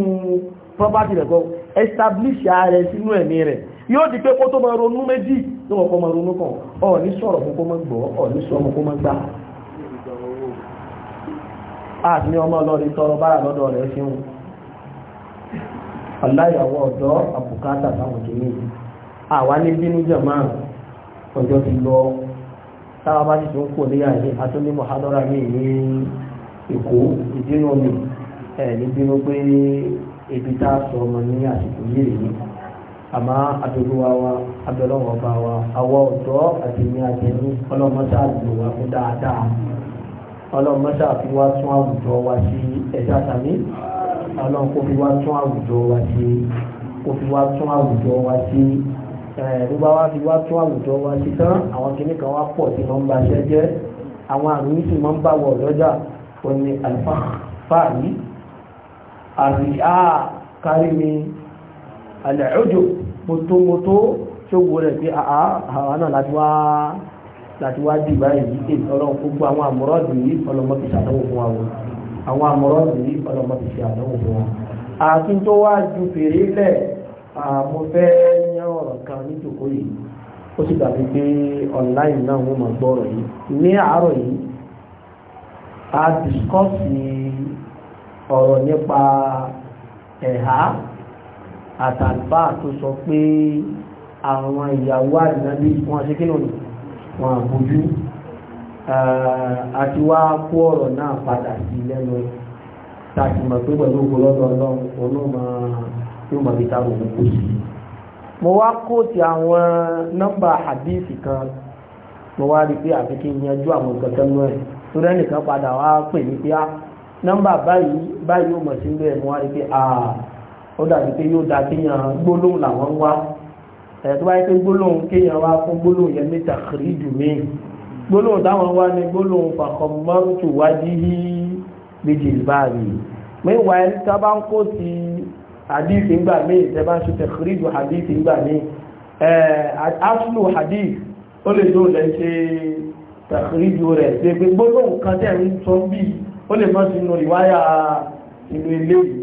property rẹ̀ kọ́ establish ààrẹ sínú ẹ̀mí rẹ̀ yóò di pé kó tó máa ronú méjì ní wọ́n kọ́ máa ronú kan ọ̀ ní sọ̀rọ̀ fún kó máa gbọ́ ọ̀ ní kó máa gbà àti ní ọmọ ọlọ́rin tọrọ bára lọ́dọ̀ rẹ̀ ṣeun aláyàwó ọ̀dọ́ àpùkátà táwọn ní ti lọ ibi tá a sọ ọmọ ní àsìkò yìí rèé àmọ́ abẹ́lúwa wa abẹ́lọ́wọ́ bá wa àwọ̀ ọ̀dọ́ àtẹ̀mí àtẹ̀mí ọlọ́mọṣà lò wá fún dáadáa ọlọ́mọṣà fi wá tún àwùjọ wa sí ẹ̀dá sàmí ọlọ́run kó fi wá tún àwùjọ wa sí kó fi wá tún àwùjọ wa sí ló bá wá fi wá tún àwùjọ wa sí tán àwọn kìnnì kan wá pọ̀ tí wọ́n ń ba iṣẹ́ àwọn àrùn yìí sì máa ń bá wọ̀ lọ́jà ó ní àlùfáà yìí àríyá kárí ni alẹ́ọ̀jọ́ mọ́tọ́mọ́tọ́ tí ó wọ́n rẹ̀ pé àwọn náà láti wá dì báyìí èyí ọlọ́run gbogbo àwọn àmọ́rọ́dù yìí ọlọ́mọ ti ṣàdánwò fún wa àwọn àmọ́rọ́dù yìí ọlọ́mọ ti ṣàdánwò fún wa àti tó wá ju fèrè lẹ̀ mo fẹ́ yán ọ̀rọ̀ kan nítòkó yìí ó sì pé online náà wọ́n máa gbọ́ ọ̀rọ̀ a discuss ọ̀rọ̀ nípa ẹ̀há àtàlùbá tó sọ pé àwọn ìyàwó àdínábí wọn ṣe kínú wọn àbójú àti wá kó ọ̀rọ̀ náà padà sí lẹ́nu tàbí mọ̀ pé pẹ̀lú ògbólọ́dọ̀ ọlọ́run olóòmọ yóò mọ̀ bí táwọn òun kò sí mo wá kan mo wá rí pé àfikún yanjú àwọn nǹkan tẹ́lú ẹ̀ tó rẹ́nìkan padà wá pè ní pé ah, nọ́mbà báyìí báyìí ó mọ̀ sí ilé ẹ̀mú wá rí pé àà ó dàbí pé yóò da kéèyàn gbólóhùn làwọn wá ẹ̀ tó báyìí pé gbólóhùn kéèyàn wá fún gbólóhùn yẹn mẹ́ta kiri jù mí gbólóhùn táwọn wá ní gbólóhùn fàkọ̀mọ́rùtù wájú yìí méjì báyìí mẹ́wàá ẹni tá bá ń kó ti hadith ńgbà míì tẹ́ bá ń ṣe tẹ̀kiri jù hadith ńgbà míì aslu hadith ó lè tó lẹ́ ṣe jù rẹ̀ ṣe gbólóhùn kan tẹ̀ ń sọ bíi ó lè mọ́ sínú ìwáyà ìlú ilé yìí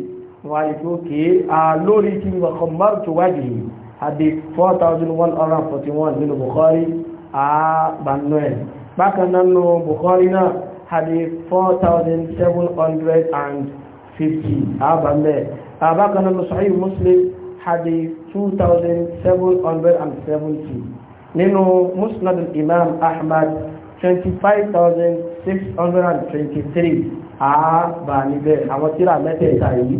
wà ìpé òkè lórí kí ní ọkọ̀ márùn tó wájì yìí àdé 4141 nínú Bukhari àbànúẹ̀ bákan náà nínú Bukhari náà àdé 4750 àbànúẹ̀ bákan náà nínú Sahih Muslim àdé 2770 nínú muslim al-Imam Ahmad 25000 623 ààbà níbẹ̀ àwọn tíra mẹ́tẹ̀ẹ̀ta yìí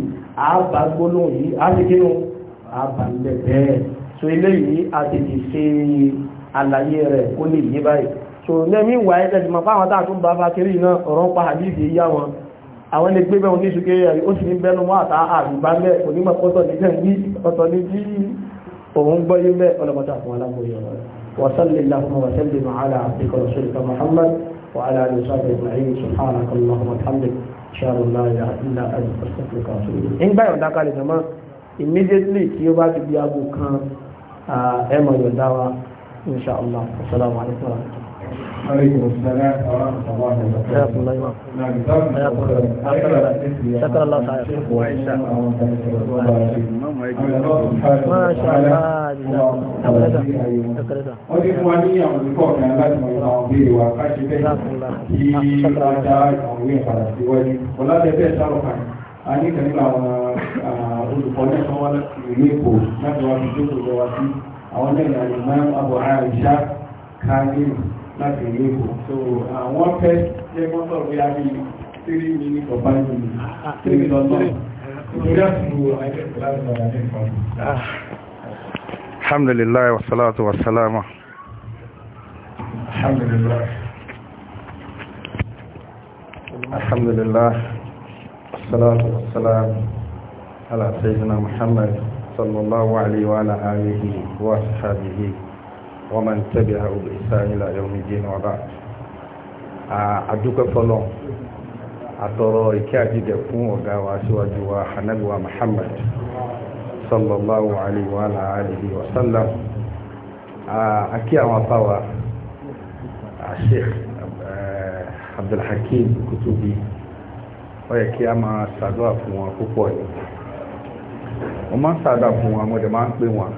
ààbà gbólóhùn yìí ààbìkínú ààbà níbẹ̀ bẹ́ẹ̀ so ilé yìí a ti lè ṣe àlàyé rẹ̀ ó lè yé báyìí so lẹ́mí ìwà ẹ̀ẹ́dẹ̀dì mọ̀ fáwọn tàà bá bá kiri iná ọ̀rọ̀ pa àdíjì yá wọn àwọn ilé gbé bẹ́ẹ̀ oníṣù kéré ó sì ní bẹ́nu mọ́ àtà àdùbá mẹ́ onímọ̀ pọ́tọ̀ ní jẹ́ ní ọ̀tọ̀ ní jí òun وعلى آله وصحبه أجمعين سبحانك اللهم وبحمدك أشهد أن لا إله إلا أنت أستغفرك وأتوب إليك. إن بايع ذاك الجماعة immediately tí ó bá ti كان aago kan إن شاء الله والسلام عليكم. Allah. Assalamu شكر الله تعالى ما شاء الله شكر الله وفي وانيا ونقول ان لازم نعبر وقاش به في رجاء وين على سوي ولا تبي تعرف ani kan ní àwọn olùkọ́ náà kan wá láti ìlú èkó láti wá fi jókòó lọ wá sí àwọn náà ní àlùmọ́ àbọ̀ àìsá káàkiri láti ìlú Èkó so àwọn fẹ́ jẹ́ mọ́tọ̀ bí a bí three minutes or five minutes three minutes or more. الحمد لله والصلاة والسلام الحمد لله الحمد لله والصلاة والسلام على سيدنا محمد صلى الله عليه وعلى آله وصحبه ومن تبعه بإحسان إلى يوم الدين وبعد adúpẹ́ fọ́lọ́ àtọ̀rọ̀ ìkẹ́ àjíjẹ fún ọ̀gá wa síwájú wa hanabuwa Muhammad sallallahu alaihi wa alihi wa sallam akí àwọn afáwa Sheikh Abdulhakim Kutubi ó yẹ kí a máa ṣàdúrà fún wọn púpọ̀ yìí wọ́n máa ń ṣàdúrà fún wọn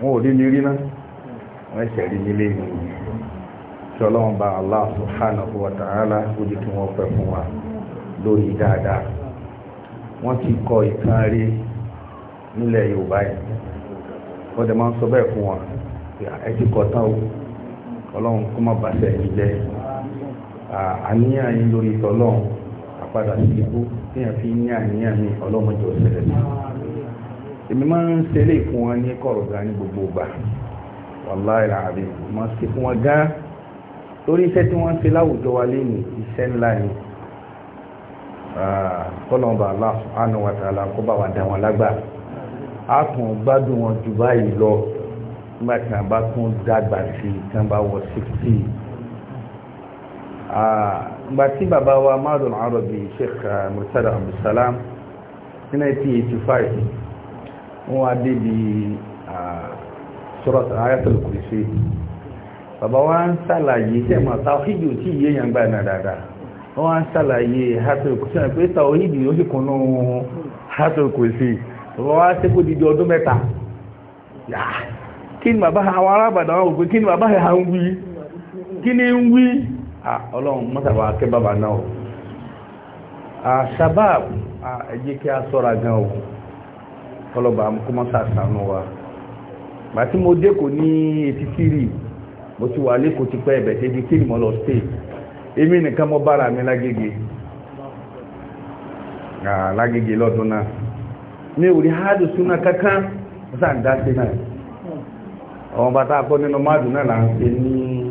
mo wọ́n ṣẹ̀ rí nílé mi tí ọlọ́run bá Allah subhanahu wa ta'ala tí wọ́n fẹ́ fún wa lórí dáadáa wọ́n ti kọ ìtàn rí nílẹ̀ Yorùbá yìí wọ́n dẹ̀ máa ń sọ bẹ́ẹ̀ fún wọn ẹ ti tán o ọlọ́run kó má àníyàn yín lórí tọ́lọ́run sí ibú téèyàn fi ní àníyàn mi èmi máa ń ṣe eléyìí fún ní kọ̀rọ̀gà ní gbogbo wàláì làbí mọ̀ sí fún wọn gan torí iṣẹ́ tí wọ́n ń ṣe láwùjọ wa lé ní iṣẹ́ ńlá ni ah, kọ́lọ́mbà Allah subhanahu wa ta'ala kó bá wa dá wọn lágbà á tún gbádùn wọn jù báyìí lọ nígbà tí wọn bá tún dàgbà sí i tí bá wọ sixty nígbà ah, tí bàbá wa Mahdul Arabi Sheikh ah, Murtada Abdulsalam ní 1985 wọn wá débi ayatul kursi bàbá wa ń sàlàyé tẹ́ mọ̀ tàwídì ò tí yé yàn gbà náà dáadáa wọ́n wá ń sàlàyé kursi bàbá wa ṣe kó didi ọdún ya kí bàbá àwọn arábàdàn wò pé kini bàbá yà ń wí kí a sọ́ra gan o ọlọ́ba àmukúmọ́sà màtí mo dé kò ní etí tírì mo ti wà lẹ́kọ̀ọ́ ti pẹ́ ẹ̀bẹ̀ tẹ́bi kí ni mo lọ stay èmi nìkan mo bára mi lágége lágége lọ́dún náà mi ò rí háàdù súná kankan sáà ń dá sí náà àwọn bàtà akọ nínú máàdù náà là ń ṣe ní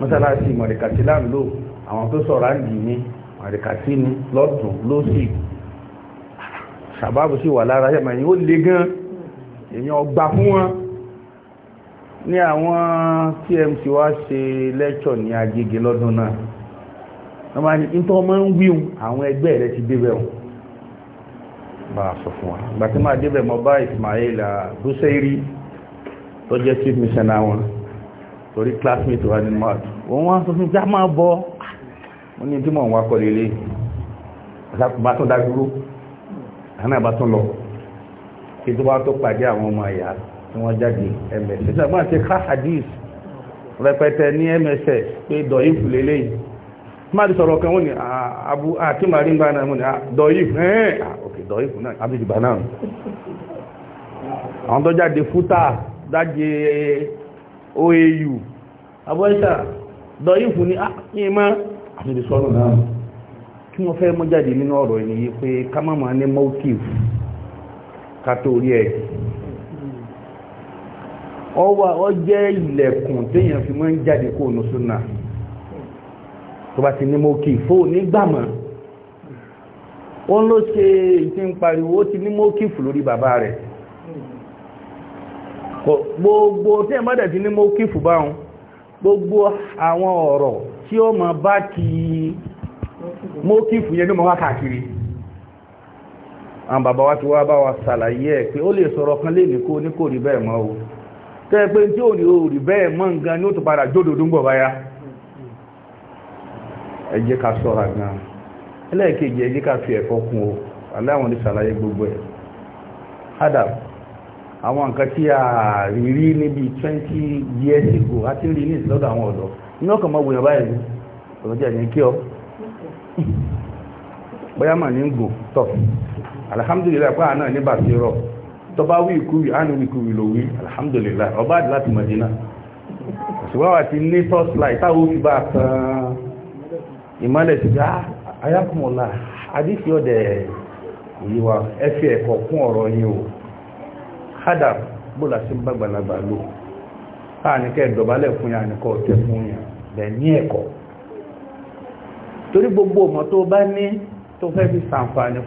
mọ́sálásí mọ̀rẹ̀kàtí láńlò àwọn tó sọ̀rọ̀ àǹdì ní mọ̀rẹ̀kàtí ní lọ́dún lọ́sì sàbábù sí wà lára ẹ̀mọ̀ ẹ̀yìn ó le gan èèyàn ọgbà fún wọn ní àwọn TMC wá ṣe lẹ́kṣọ̀ ní Agége lọ́dún náà wọ́n máa ní nítorí wọ́n máa ń wíwù àwọn ẹgbẹ́ rẹ ti débẹ̀ o bá a sọ fún wa ìgbà tí máa débẹ̀ mo bá Ismail Busairi tó jẹ́ chief missioner wọn torí classmate wa nínú àtò òun wá sọ fún mi pé a máa bọ́ mo ní tí mò ń wá kọ́ lélẹ̀ bá tún dá dúró àná bá tún lọ kí tó bá tó pàdé àwọn ọmọ ẹ̀yà rẹ̀ ni wọ́n jáde mss nígbà tí ká hadith rẹpẹtẹ ní mss pé dọ̀yìfù lélẹ́yìn máa ti sọ̀rọ̀ kan wọ́n ni àbú ah, àti ah, màrí ń bá náà wọ́n ni dọ̀yìfù ẹ́ẹ̀ ok dọ̀yìfù náà abidjan náà àwọn tó jáde fúta jáde oau abọ́ìṣà dọ̀yìfù ni ah ní ìmọ̀ àti ìsọ̀rọ̀ náà kí wọ́n fẹ́ mọ́ jáde nínú ọ̀rọ̀ yìí pé ká má máa ní mọ́kìf ká tó ẹ̀ ọwà ọ jẹ́ ilẹ̀kùn téèyàn fi mọ́ ń jáde kó nù súnà tó bá ti ní mo kì fó nígbàmọ̀ ó ló ṣe ìtí ń pariwo ó ti ní mo kì fù lórí bàbá rẹ̀ gbogbo tí ẹ̀ mọ́dẹ̀ ti ní mo kì fù báhùn gbogbo àwọn ọ̀rọ̀ tí ó mọ̀ bá kí mo kì fù yẹn ló mọ̀ wá káàkiri àwọn bàbá wa ti wá bá wa ṣàlàyé ẹ̀ pé ó lè sọ̀rọ̀ kan lè ní ní kò rí bẹ́ẹ̀ mọ́ o tẹ́ pé tí ò ní orí bẹ́ẹ̀ mọ́ nǹkan ní ó tó padà jódòdó ń bọ̀ báyá ẹ jẹ́ ká sọ́ra gan ẹlẹ́ẹ̀kejì ẹ jẹ́ ká fi ẹ̀fọ́ kún o aláwọn ní sàlàyé gbogbo ẹ̀ adam àwọn nǹkan tí a rí níbi 20 years ago a ti rí ní ìsìlọ́dọ̀ àwọn ọ̀dọ́ inú ọkàn mọ́ wòyàn báyìí ọ̀dọ́jẹ́ ẹ̀yìn kí ọ bóyá mà ní ń gùn tọ̀ alhamdulillah pé àná ní bàtí tó bá wí ìkúwì ánú ìkúwì ló wí alhamdulillah ọba àdì láti Madina ṣùgbọ́n àti ní táwọn bá tán ìmọ́lẹ̀ ti dá ayákùnmọ̀lá àdífi ọ̀dẹ̀ ìyíwa ẹfẹ́ ẹ̀kọ́ kún ọ̀rọ̀ yìí o hádà bóla sí gbàgbàlagbà lò káàníkẹ́ dọ̀bálẹ̀ fún yà ní kọ́ fún yà bẹ̀ ní ẹ̀kọ́ torí gbogbo ọmọ tó bá ní tó fẹ́ fi sàǹfààní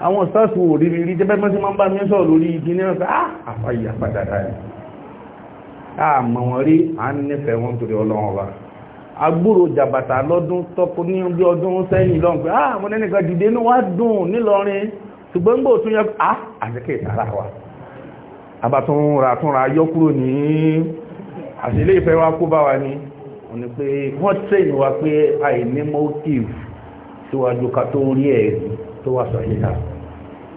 àwọn stars wo rí rí tẹ́fẹ́ mọ́ sí máa ń bá mi sọ̀rọ̀ lórí igi ní ọ̀sán àfàyè àpàdàdà rẹ̀ àmọ́ wọn rí à ń nífẹ̀ẹ́ wọn torí ọlọ́run ọba agbúrò ní bí ah mo nẹ́nìkan dìde inú wa dùn nílọrin ṣùgbọ́n ah àjẹ́kẹ́ ìtara wa ìfẹ́ wa kó bá wa ní wọ́n ní pé wọ́n tẹ̀yìn wa pé àìní motive síwájú ká tó rí ẹ̀rí tó wà sọ yíká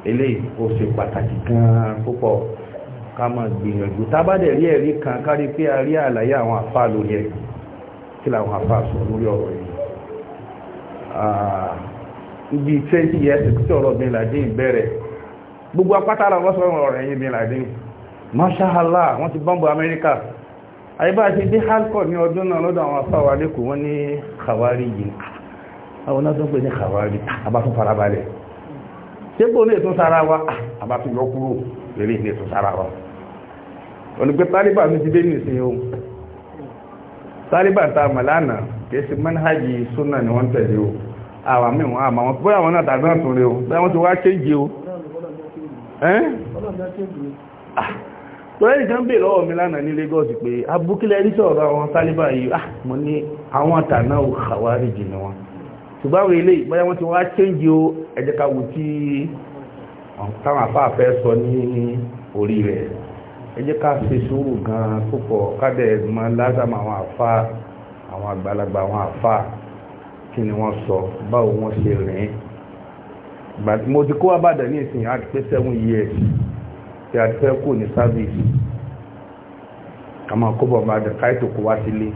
eléyìí ó ṣe pàtàkì gan-an púpọ̀ ká máa gbìyànjú tábàdẹ̀ rí ẹ̀rí kan kárí pé a rí àlàyé àwọn àfà lórí ẹ̀ kí làwọn àfà sọ lórí ọ̀rọ̀ yìí ibi twenty years tí ọ̀rọ̀ bin Laden bẹ̀rẹ̀ gbogbo apáta làwọn sọ̀rọ̀ ọ̀rọ̀ yìí bin Laden Masha Allah wọ́n ti bọ́m̀bù Amẹ́ríkà àyíbá ti dé halkọ̀ ní ọdún náà lọ́dọ̀ àwọn afáwà lẹ́kọ̀ọ́ wọn ní kàwárí yìí àwọn náà tó pè ní kàwárí àbá tún farabalẹ̀ tẹ́gbọ́n lè tún sára wa àbá ah, tún yọ kúrò lè lè tún sára wa olùgbé tálíbà mi ti dé ní ìsìn ohun tálíbà ta màlánà kìí sí manhaji súnà ni wọ́n tẹ̀lé o àwọn mìíràn àmà wọn bóyá wọn náà tàbí wọn tún rí o bóyá wọn ti wá kéjì o tọ́lẹ́nì ah, kan bèèrè lọ́wọ́ mi lánàá ní Lagos pé abúkílẹ̀ rí sọ̀rọ̀ àwọn tálíbà yìí ah, mo ní àwọn tànáà kàwárí jì ni wọn ṣùgbọ́n àwọn ilé ìgbọ́n wọn ti wá ṣéǹjì o ẹ̀jẹ̀ ká wù tí táwọn afáàfẹ́ sọ ní orí rẹ̀ ẹ̀jẹ̀ ká ṣe sùúrù gan-an púpọ̀ kádẹ́ ẹ̀gbọ́n lásàmù àwọn afá àwọn àgbàlagbà àwọn afá kí ni wọ́n sọ báwo wọ́n ṣe rìn mo ti kó abàdàn ní ìsìn àti pé seven years tí a ti fẹ́ ní service àmọ́ kó bọ̀ bá dẹ̀ káyìtò kó wá sílé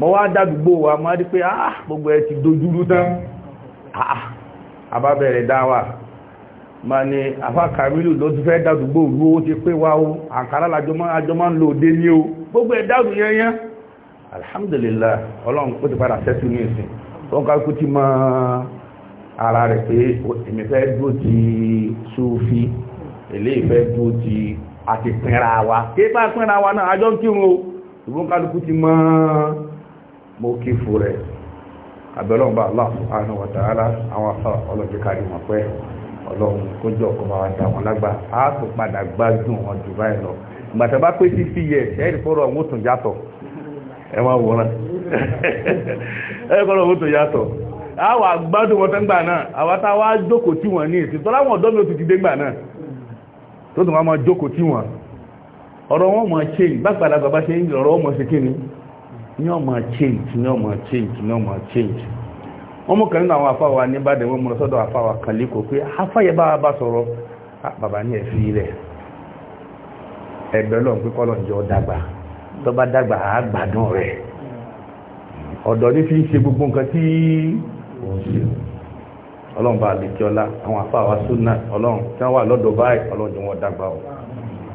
mọ́ wá dádùgbò wa máa rí pé ah gbogbo ẹ ti dojúrú tán ah àbábẹ̀rẹ̀ ah, dáwà ma ni àfá kàmílù ló ti fẹ́ dádùgbò rú ti pé wá o àǹkárá lájọ máa ń lò dé ní o gbogbo ẹ dádù yẹnyẹn alhamdulillah ọlọ́run ó ti padà sẹ́sù ní ìsìn wọ́n ká kú ti mọ́ ara rẹ̀ pé èmi fẹ́ dúró ti súfí eléyìí fẹ́ dúró ti àti pínra wa kí bá pínra wa náà àjọ ń kírun o ìwọ́n ti mọ́ mo kí fún rẹ̀ àbẹ̀lọ́mbà Allah subhanahu wa ta'ala àwọn afá ọlọ́jẹ́kárí wọn pẹ́ ọlọ́run kó jọ ọkọ̀ máa dà wọn lágbà á tó padà gbádùn wọn jù báyìí lọ gbàtà bá pé sí sí yẹ ẹ̀rì fọ́rọ̀ ọ̀hún tún yàtọ̀ ẹ máa wòran ẹ̀rì fọ́rọ̀ ọ̀hún tún yàtọ̀ àwọn àgbádùn wọn tán gbà náà àwọn táwa jókòó tí wọn ní ìsìn tọ́láwọn ọ̀dọ́ mi ò ti dé gbà náà tó tún wọn máa jókòó tí wọn ọ̀rọ̀ wọn mọ̀ ṣe ìgbàgbàlagbà bá ṣe ń ọ̀rọ̀ wọn mọ̀ ṣe kí ni ní ọmọ change ní ọmọ change ní ọmọ change wọ́n mú kan nínú àwọn afáwà ní bá dẹ̀wọ́n mú sọ́dọ̀ afáwà kan lẹ́kọ̀ọ́ pé afáyẹ bá bá sọ̀rọ̀ ah, bàbá ní ẹ̀fí rẹ̀ ẹ̀bẹ̀ lọ́n pé kọ́lọ̀ jọ dàgbà tó dàgbà á gbádùn rẹ̀ ọ̀dọ́ ní fi ń ṣe gbogbo nǹkan tí òun ṣe ọlọ́run bá àbíkíọ́lá àwọn afáwà súnà ọlọ́run tí wọ́n wà lọ́dọ̀ báyìí ọlọ́run jọ wọn dàgbà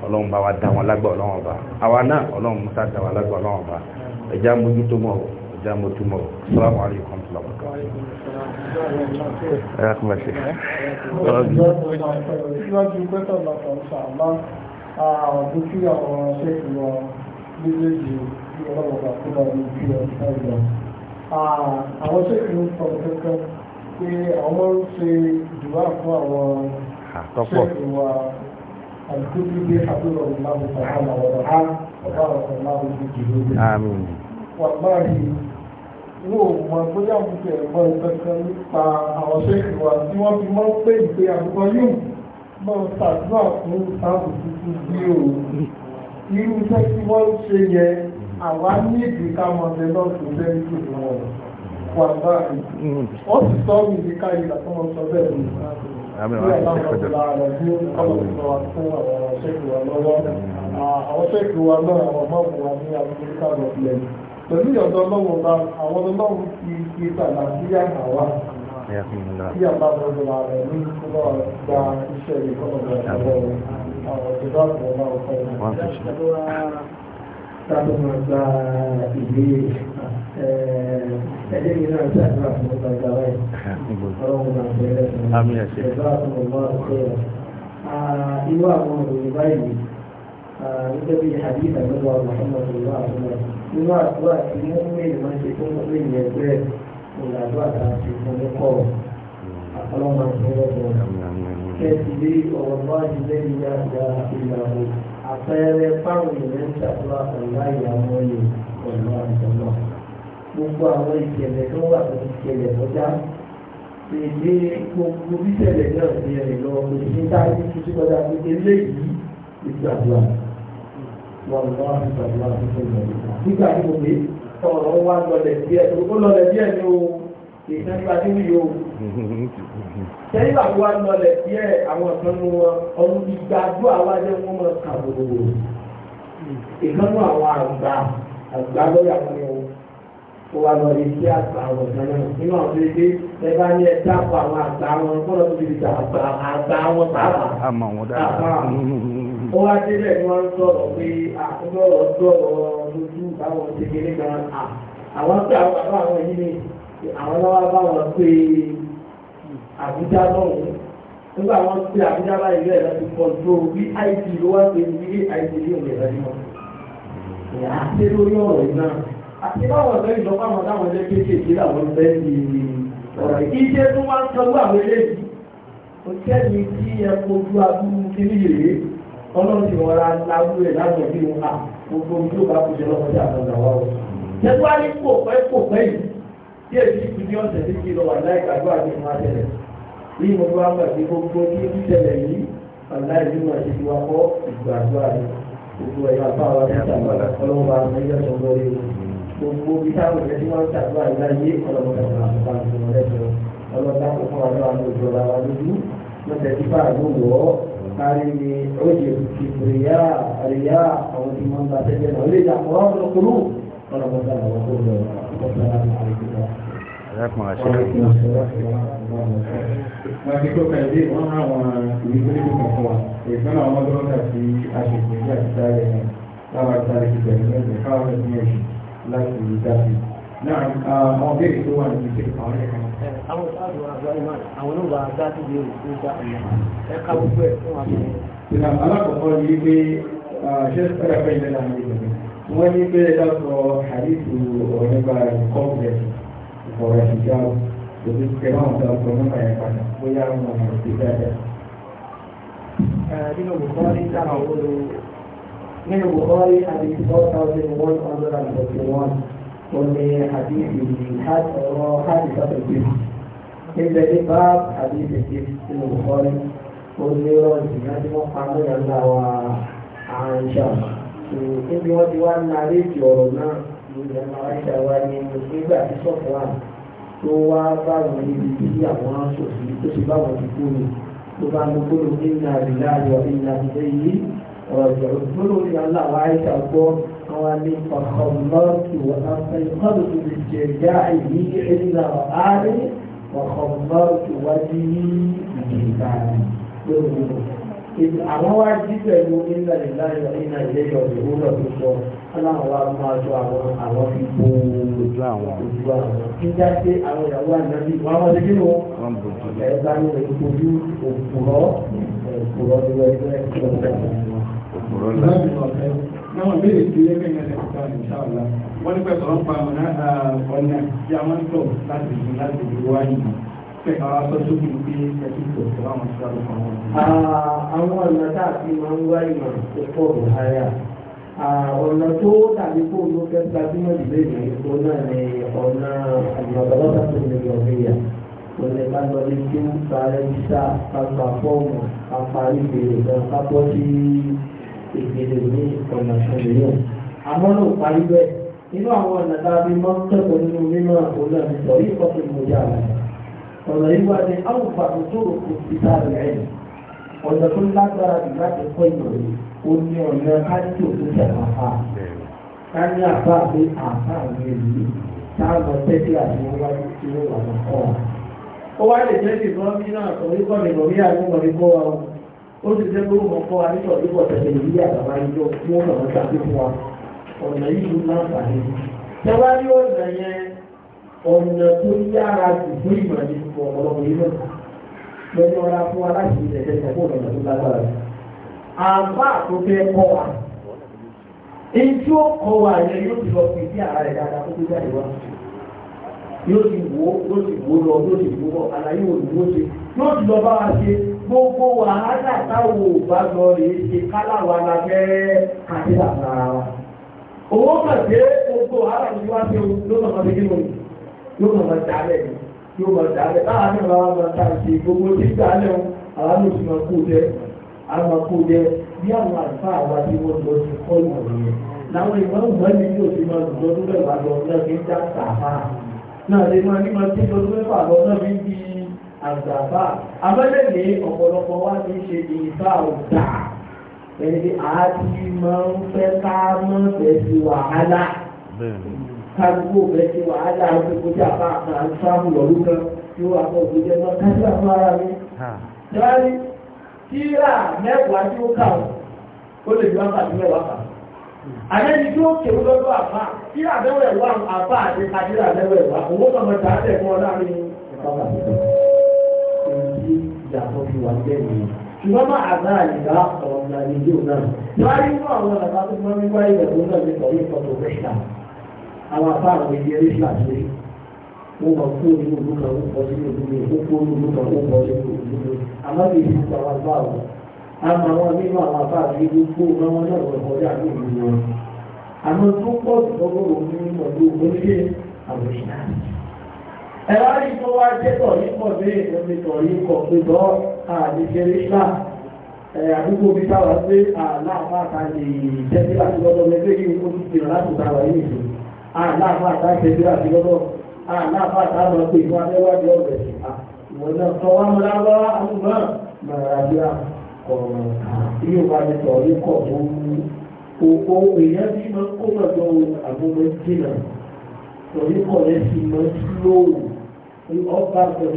ọlọ́run bá wa dá wọn lágbà ọlọ́run ọba àwa náà ọlọ́run mú sá dá lágbà ọlọ́run ọba ẹja mójútó mọ́ ẹja mójútó mọ́ salamu alaykum wa àwọn ṣèkìlú sọ̀rọ̀ kankan pé àwọn ń ṣe ìdúrà fún àwọn ṣèkìlú wa الكتب حفظه الله تعالى ورعاه وبارك الله في جهوده آمين والله wo mọ bóyá mo ti ẹ̀kọ́ ìtọ́kẹ́ nípa àwọn ṣẹ́ẹ̀kì wa tí wọ́n fi mọ́ pé ìpè yóò mọ́ ṣàdúrà fún ìsáàbù tuntun bí o irú iṣẹ́ tí wọ́n ń ṣe yẹ àwa ní ìdíkà mọ̀tẹ́ náà tó bẹ́ẹ̀ tó wọn wà báyìí wọ́n sì sọ mí ìdíkà yìí làtọ́ wọn sọ bẹ́ẹ̀ lónìí àmì àti ṣèkọjọ. àwọn ṣèkì wa náà àwọn ọmọ wa ní amẹ́ríkà lọ́pẹ́ pẹ̀lú ìyọ̀dọ̀ ọlọ́wọ́ bá àwọn ọlọ́wọ́ ti ṣe tàbí sí àkàwà tí àbá ọ̀dọ̀ rẹ̀ ní kúrò gba iṣẹ́ ìkọ́nà ọ̀dọ̀ ọ̀dọ̀ ọ̀dọ̀ ọ̀dọ̀ ọ̀dọ̀ sábà máa gba ìwé ẹ̀jẹ̀ mi náà ṣàdúrà fún ọgbà ìgbà báyìí ọlọ́run náà bẹ̀rẹ̀ fún ẹ̀gbá fún ọgbà ọ̀pẹ̀ irú àwọn òròyìn báyìí nígbà bíi hadith àgbẹ̀wò Muhammad ìwà àbúrò nínú àdúrà tí wọ́n mú èèyàn máa ṣe fún ọgbà ìyẹn ẹgbẹ́ ìlà àdúrà tá a ṣe fún ọkọ̀ ọlọ́run náà bẹ̀rẹ̀ fún ẹ̀ àpẹẹrẹ fáwọn èèyàn ń pẹ̀lú àyè àwọn olè pẹ̀lú àjọlọ gbogbo àwọn ìṣẹ̀lẹ̀ tó wà tó ti ṣẹlẹ̀ kọjá èdè gbogbo bíṣẹ̀lẹ̀ náà ti rìn lọ kò sí táyé tuntun kọjá pé eléyìí ìgbàdúrà wọn lọ ìgbàdúrà tó ṣe lọ nígbà tí mo pé ọ̀rọ̀ wa lọlẹ̀ díẹ̀ ó lọlẹ̀ díẹ̀ ní o ìṣẹ́ni bá dé mi yóò sẹ́yìn àwọn wa lọlẹ̀ díẹ̀ àwọn kan nu wọn ọ̀run ìgbàdú àwa jẹ́ wọ́n máa kà gbogbo ìkànnù àwọn àgbà àgbà lórí àwọn ẹ̀wọ̀n kó wa lọ lè ṣe àgbà àwọn kan náà nínú àwọn ilé dé ẹ bá ní ẹ dápọ̀ àwọn àgbà wọn kọ́nà tó ti di àgbà àgbà wọn pàápàá. àmọ́ wọn dáadáa. ó wá délẹ̀ ni wọ́n ń sọ̀rọ̀ pé àkúndọ̀rọ̀ dọ̀rọ̀ lójú báwọn ṣe kéré gan-an àwọn àgbà àwọn yìí ni àwọn lọ́wọ́ báwọn pé àbújá lọ́wọ́ nígbà wọn ti àbújá báyìí lẹ́yìn láti kọjú vip ló wá pé vip yóò lè rẹ́ mọ́ àti lórí ọ̀rọ̀ yìí náà àti báwọn ọ̀sẹ̀ táwọn ilé kéékèèké làwọn fẹ́ ti ọ̀rọ̀ yìí iṣẹ́ tó wá ń tọ́jú àwọn eléyìí tí ẹ kojú abúlé ọlọ́run ti bí bí mo bá wà sí gbogbo ní ìṣẹ̀lẹ̀ yìí àná ìlú wọn ti fi wá kọ́ ìgbàgbọ́ rẹ̀ gbogbo ẹ̀yà bá wa ní àtàwọn ọlọ́wọ́ bá wọn yẹ sọ lórí o gbogbo bí táwọn ìṣẹ́ tí wọ́n ń ṣàdúrà ìlà yé ọlọ́wọ́ bá wọn bá wọn lẹ́sọ̀rọ̀ ọlọ́wọ́ bá wọn fún wa lọ́wọ́ àwọn lójú ni ó ṣe ìpìrìyà àríyá àwọn tí wọ́n ń bá tẹ́lẹ̀ náà ó lè dà kọ́ ọ́ ọlọ́wọ́ bá wọn kó wọ́n ti tó kàìdé wọ́n rán àwọn ìwé tó níbi kan fún wa ìpínlẹ̀ àwọn ọmọdéwọ́ta sí aṣèkò ìdí àti sáré náà láwọn sáré ti bẹ̀rẹ̀ lẹ́sẹ̀ káwọn ẹ̀sìn oṣù láti dáfi. náà àwọn béèrè tó wà níbi tí àwọn ẹ̀ka náà. àwọn sáàdù àgbáyémán àwọn ló bá a dá sí ìbéèrè tó dá ẹ̀ka gbogbo ẹ̀ fún wa. ìlànà yìí pé ṣé fẹ́ ìlẹ́lẹ́ àwọn wọ́n ní pé dákọ̀ àdìsù ọ̀rẹ́gbà ìkọ́ọ̀bẹ̀ ìfọ̀rẹ̀ṣìṣẹ́ òbí tẹ náà ń sọ nípa ẹ̀ padà bóyá kita ò sí bẹ́ẹ̀. nínú bùkọ́rí táwọn olóró nínú bùkọ́rí àdìsí four thousand one hundred and forty one omi àdìsí ọ̀rọ̀ àdìsí ọ̀tọ̀tẹ̀ níbẹ̀ ní bá àdìsí ti nínú bùkọ́rí omi ọ̀sìn náà tí wọ́n pa mọ́yà ńlá wa àìsàn níbi wọ́n ti wá ń narí ìjọ̀rọ̀ náà lórí àwọn àìsàn wa ní tó wá báwọn níbi tí àwọn aṣòfin tó ṣe báwọn ti kú ni tó bá ní gbóló nínú àrílá ayọ̀ nínú àbílẹ̀ yìí ọ̀rọ̀ gbóló ní aláwọ̀ àìsà gbọ́ àwọn ní ọ̀kan mọ́ọ̀kì wọ́n á fẹ́ tó lè jẹ ìyá ìlú ìrìnà àárín ọ̀kan mọ́ọ̀kì wájú ní ìgbà gbóló nínú àwọn wá jí pẹ̀lú nílẹ̀ ìláyọ̀ nínú ìlẹ́yọ̀ ìwúlọ̀ tó sọ aláwọ̀ wá máa sọ àwọn àwọn fi bo ojú àwọn ojú àwọn kí já sí àwọn ìyàwó ànábì wọn wọn ti kí ló ẹ bá ní ojú òpùrọ́ òpùrọ́ ní wọn ẹgbẹ́ ìjọba òpùrọ́ ní wọn. náà bí èsì ẹgbẹ́ yẹn lè kúta ní sáwọ́lá wọ́n ní pẹ̀sọ̀rọ̀ pa ọ̀nà ọ̀nà tí a máa ń tọ̀ láti láti wáyé Àwọn ọ̀nà tá a fi máa ń wá ìmọ̀ tó pọ̀ bò háyà. Ọ̀nà tó tàbí kó ló fẹ́ gbajúmọ̀ ìlú èdè ìgbó náà ni ọ̀nà àgbàlagbà tó lè lọ bí yà. Kò lè ká lọ ní kí ń ta ẹ́jísà kápá fọ́ọ̀mù kápá ìbéèrè kan kápọ́ sí ìbéèrè ní ọ̀nà ìṣẹ̀lẹ̀. Àmọ́ ló parí bẹ́ẹ̀. Inú àwọn ọ̀nà tá a fi máa ń kẹ́kọ̀ọ́ nínú mímọ́ ọ̀nà ọ̀nà yìí wá ní àwùfà ìṣòro kò sí dáàbò rẹ̀ ọ̀nà tó lágbára jù láti kọ́ ìmọ̀ yìí ó ní ọ̀nà káàdì òkú tẹ̀ àfà ká ní àfà pé àfà mi yìí táwọn tẹ́tí àti wọn wá ní kí wọ́n wà ní kọ́ wa. ó wá lè jẹ́ kí ìfọ́n bí náà sọ wípọ́ ní àwọn ọmọ ọ̀nà tó yára jù fún ìmọ̀ ní ọ̀pọ̀lọpọ̀ yìí náà lẹ́nu ọ̀la fún wa láti ìdẹ̀jẹ̀ sọ fún ọ̀nà tó lágbára rẹ̀. àbá tó fẹ́ kọ́ wa èyí tí ó kọ́ wa yẹn yóò ti lọ pè sí ara rẹ̀ dáadáa tó tó jáde wá yóò ti wò ó yóò ti wò ó lọ yóò ti wò ó ṣe yóò ti lọ bá wa ṣe gbogbo é ṣe káláwa la fẹ́ kàdé làbára wa. òwò kàn yóò mọ̀ mọ̀ dálẹ̀ ni yóò mọ̀ dálẹ̀ báwa ní ọ̀la wa máa ta ṣe gbogbo tí dálẹ̀ o àwa ló ti máa kó jẹ àwọn máa kó jẹ bí àwọn àlùfáà àwa tí wọ́n lọ sí kọ́ ìmọ̀ nìyẹn làwọn ìmọ̀ ìmọ̀ ni yóò ti máa lọ tó bẹ̀ wá lọ náà fi ń dá sàfà náà lè máa ní máa tí lọ tó bẹ̀ wá lọ náà fi ń di àgbàfà abẹ́lẹ̀lẹ̀ ọ̀pọ̀lọpọ̀ wa ti ṣe ìfà ọ̀dà ẹni àti máa ń fẹ́ ká mọ́ tẹ̀sí wàhálà kágbó rẹ̀ ti wàhálà ìgbékojá bá àtàn àìsáàmù lọ́rú kan tí ó àpọ̀ òkújẹ́ náà kájúwà fún ara mi. Jọ́rí tíra mẹ́wàá tí ó kà ó lè ju wákàtí mẹ́wàá kà. Àdéjì tí ó kéwú lọ́dọ̀ àfà, tíra mẹ́wàá wà àfà àti kàdíra mẹ́wàá wà, owó tọmọ tà á tẹ̀ fún ọ láàrin wákàtí. Èyí àgbà àyíká ọ̀rọ̀ ìgbàlejò náà. Jọ́rí fún àwọn àgbà tó máa ń wáyé ìgbàlejò náà ní àwọn afá àwọn ilé ẹ̀rí ṣàṣẹ ó mọ kó inú ìlú kan ó kọ sínú ìlú mi ó kó inú ìlú kan ó kọ sínú ìlú mi àmọ́ kì í ṣe ìgbà wọn bá wọn àmọ́ àwọn nínú àwọn afá àti ìlú kó ọmọ náà lọ kọjá ní ìlú wọn àmọ́ tó pọ̀ jù lọ́wọ́ òun ní ọdún onílé àwọn ìṣẹ́ ẹ̀rọ àrí tó wá jẹ́ tọ̀rí pọ̀ sí ìpínlẹ̀ tọ̀rí kọ̀ pé tọ́ àdìjẹrí ṣá lè jẹ́ sí láti lọ́dọ̀ mẹ́fẹ́ yìí ó ti tèrò láti táwa yìí nìyí aláàfà àtàṣe bí àti lọ́dọ̀ aláàfà ìfún abẹ́wádìí ọ̀rẹ́ ìwọ̀n ọba sọ̀rọ̀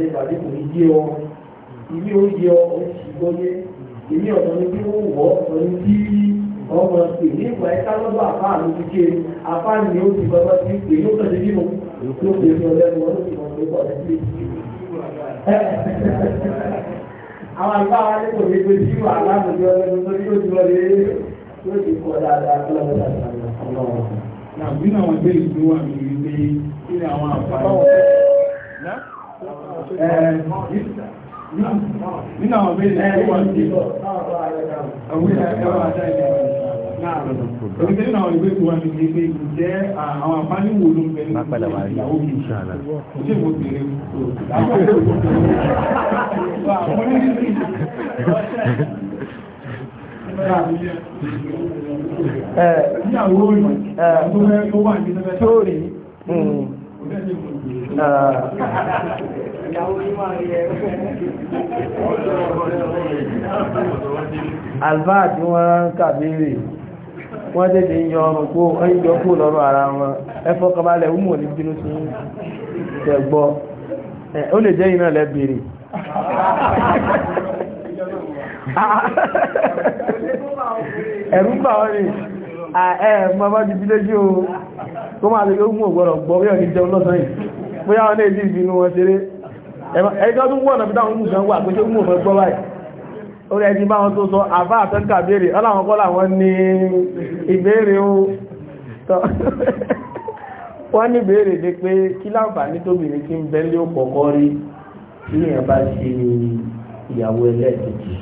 ìbàdí kò ní jẹ́ ọ ilé oúnjẹ ọ ìṣìgbọ́yé ilé ọ̀tọ̀ ni bí wọ́n wọ̀ ọ̀tọ̀ ni bí ọmọ pè ní ìgbà ẹ̀ka lọ́dọ̀ àfá àlọ́ ti ké afá ni ó ti bọ́bọ́ sí pé yóò kàn sí nínú yóò pè ní ọlẹ́nu ọdún tí wọ́n ti bọ̀ sí. àwọn àgbà wa ní kò ní pé sí wà láàbùjọ ọlẹ́nu tó ní ó ti wọlé yóò ti kọ́ dáadáa lọ́wọ́ dáadáa lọ́wọ́. Nàbí àwọn ẹgbẹ́ ìlú wà ní ilé kí ni àwọn àǹfààní nínú àwọn bẹ́ẹ̀ náà wọ́n ti àwọn ẹ̀kọ́ àdáyé náà lọ́dún nínú àwọn ìwé ní ilé jẹ́ àwọn àǹfààní wo ló ń bẹ nínú ìyàwó mi ṣe mo bèrè àwọn oníṣẹ́ ìyàwó mi tó wà ní ẹgbẹ́ alfáà tí wọ́n kàbírì wọ́n tètè ń yọ ọrùn kó ẹjọ́ kó lọ́rọ̀ ara wọn ẹfọ́ kọbalẹ̀ umu ní bínú sí tẹ̀gbọ́ ó lè jẹ́ iná lẹ́bìrì ẹ̀rù bà wọ́n rí ẹ̀ẹ̀mọ́ bá jù bí lójú o kó máa lè yóò mú ògbọ́rọ̀ gbọ́ yọ̀ ní jẹun lọ́sàn pé àwọn náà ìdí ìbínú wọn ṣeré ẹjọ́ tún wọ́n náà fi dáwọn mùsùn wà pé ṣe mú òfin gbọ́ báyìí orí ẹni bá wọn tó sọ àbá àtẹ́ǹkà béèrè ọláwọn kọ́ làwọn ní ìbéèrè wọ́n ní béèrè dé pé kí láǹfààní tóbìnrin tí ń bẹ́lé òkọ̀ọ̀kọ́ rí tí èèyàn bá ìyàwó ẹlẹ́ẹ̀kejì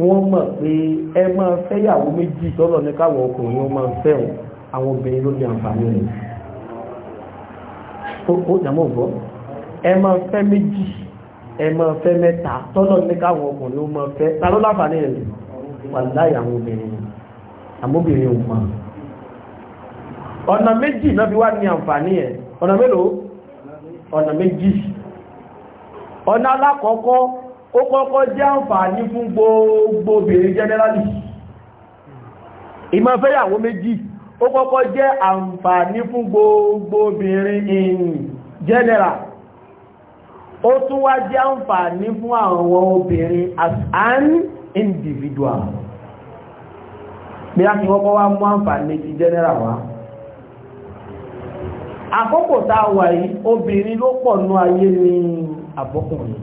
wọ́n mọ̀ pé ẹ máa fẹ́yàwó méjì tọ́lọ̀ ní káwọn ọkùnrin wọn máa fẹ́ wọn àwọn obìnrin ló ní àǹfààní rẹ̀ ó jàmọ́ bọ́ ẹ máa fẹ́ méjì ẹ máa fẹ́ mẹ́ta tọ́lọ̀ ní káwọn ọkùnrin wọn máa fẹ́ ta ló láǹfààní rẹ̀ wà láì àwọn obìnrin àmóbìnrin ò mọ̀ ọ̀nà méjì náà fi wá ní àǹfààní ẹ̀ ọ̀nà mélòó ọ̀nà méjì ọ̀nà alákọ̀ọ́kọ́ ó kọ́kọ́ jẹ́ àǹfààní fún gbogbo obìnrin generally ìmọ̀ fẹ́yàwó méjì ó kọ́kọ́ jẹ́ àǹfààní fún gbogbo obìnrin in general ó tún wá jẹ́ àǹfààní fún àwọn obìnrin as an individual bí a ti kọ́kọ́ wá mú àǹfààní ti general wá àkókò tá a wà yìí obìnrin ló pọ̀ nú ayé ní àbọ́kùnrin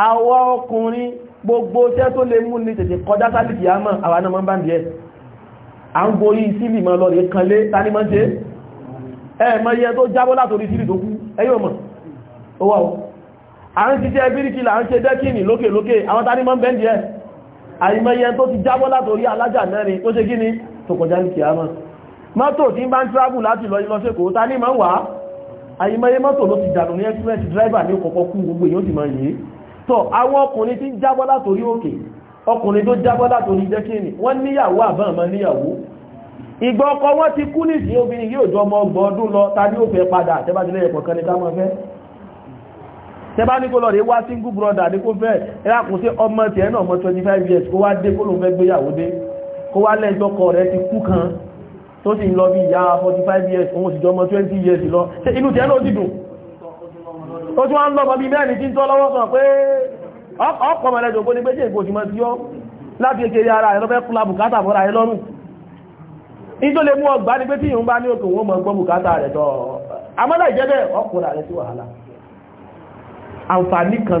àwa ọkùnrin gbogbo iṣẹ́ tó lè mú ní tètè kọjá sálìkì àmà àwa náà máa ń bá ń bí ẹ̀ à ń gorí sílì mọ́ lọ rèé kanlé tani máa ń ṣe ẹ̀ mọ́ iye tó jábọ́ látòrí sílì tó kú ẹyọ́ mọ̀ ó wà ó à ń ṣiṣẹ́ bíríkìlà à ń ṣe dẹ́kìnì tani máa ń bẹ́ndì ẹ̀ àìmọye tó mọ́tò ló ti dànù ní express driver ní òkọ̀kọ́ kú gbogbo èyí ó máa yìí tọ́ àwọn ọkùnrin tí jábọ́ látorí òkè ọkùnrin tó jábọ́ látorí jẹ́kíni wọ́n níyàwó àbáàmọ́ níyàwó ìgbà ọkọ wọn ti kú nìsí obìnrin yóò jọ ọmọ ọgbọ̀n ọdún lọ ta ní ó fẹ́ padà tẹ́bájúlẹ̀ ẹ̀kọ̀ kan ní ká máa fẹ́ tẹ́bá ní kó lọ rí wá single brother ní kó fẹ́ ẹ̀rákùn sí ọmọ tiẹ̀ náà ọmọ 25 years kó wá dé kó ló fẹ́ gbéyàwó dé kó wá lẹ́jọ́kọ rẹ̀ ti kú kan tó sì ń lọ bí ìyá 45 years òun sì jọ ọmọ 20 years lọ inú tiẹ̀ náà dìdùn ó tún wá ń lọ́mọ bí mẹ́rin tí ń tọ́ lọ́wọ́ sàn pé ọkọ̀ mẹ́rẹ́ jòkó ní pé tí èkó ti sí láti èkèrè ara rẹ̀ lọ́fẹ́ kúlá bùkátà fọ́ra rẹ̀ lọ́rùn ní tó lè mú ọgbà ní pé tí ìhun bá ní òkè wọ́n mọ̀ gbọ́ bùkátà wàhálà tó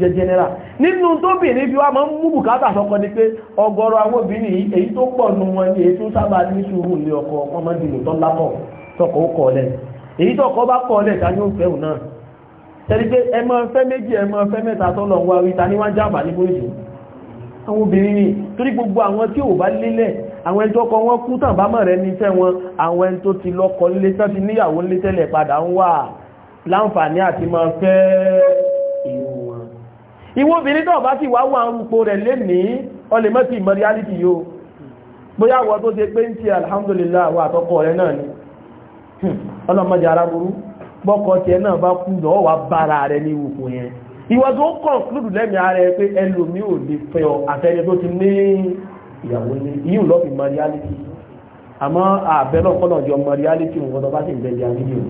jẹ́ jẹ́nẹ́rà nínú tó bìnrin bí wá mú bùkátà ni pé ọ̀gọ̀rọ̀ àwọn obìnrin èyí tó pọ̀ nù wọn èyí ọkọ ọmọdé ó tẹ́lí pé ẹ máa fẹ́ méjì ẹ máa fẹ́ mẹ́ta tọ́lọ̀ wá ríta ní wọ́n jàmbá ní bóyìí àwọn obìnrin ni torí gbogbo àwọn tí ò bá lélẹ̀ àwọn ẹjọ́ kan wọ́n kú tàn bá mọ̀ rẹ nífẹ́ wọn àwọn ẹni tó ti lọ́kọ lé tán ti níyàwó lé tẹ́lẹ̀ padà ń wà láǹfààní àti máa fẹ́ ìwọ̀n ìwọ obìnrin náà bá ti wá wà ń rúpo rẹ̀ lénìí ọlẹ̀ mọ́tí ìmọ̀ reality yóò bóyá wọ́n tó ṣe pé ń ti alhamdulillah wà ọlọ́mọdé aráburú bọ́kọ̀ tí ẹ náà bá kú lọ wà bára rẹ ní ìwòkò yẹn ìwọ tó kọ̀nkúrù lẹ́mìí ara ẹ pé ẹlòmí ò lè fẹ́ ọ àfẹ́ni tó ti ní ìyàwó ní yíò lọ́fì mọ reality àmọ́ àbẹ́lọ̀ kọ́nà jọ mọ reality nǹkan tó bá sì gbẹ̀ jà nílò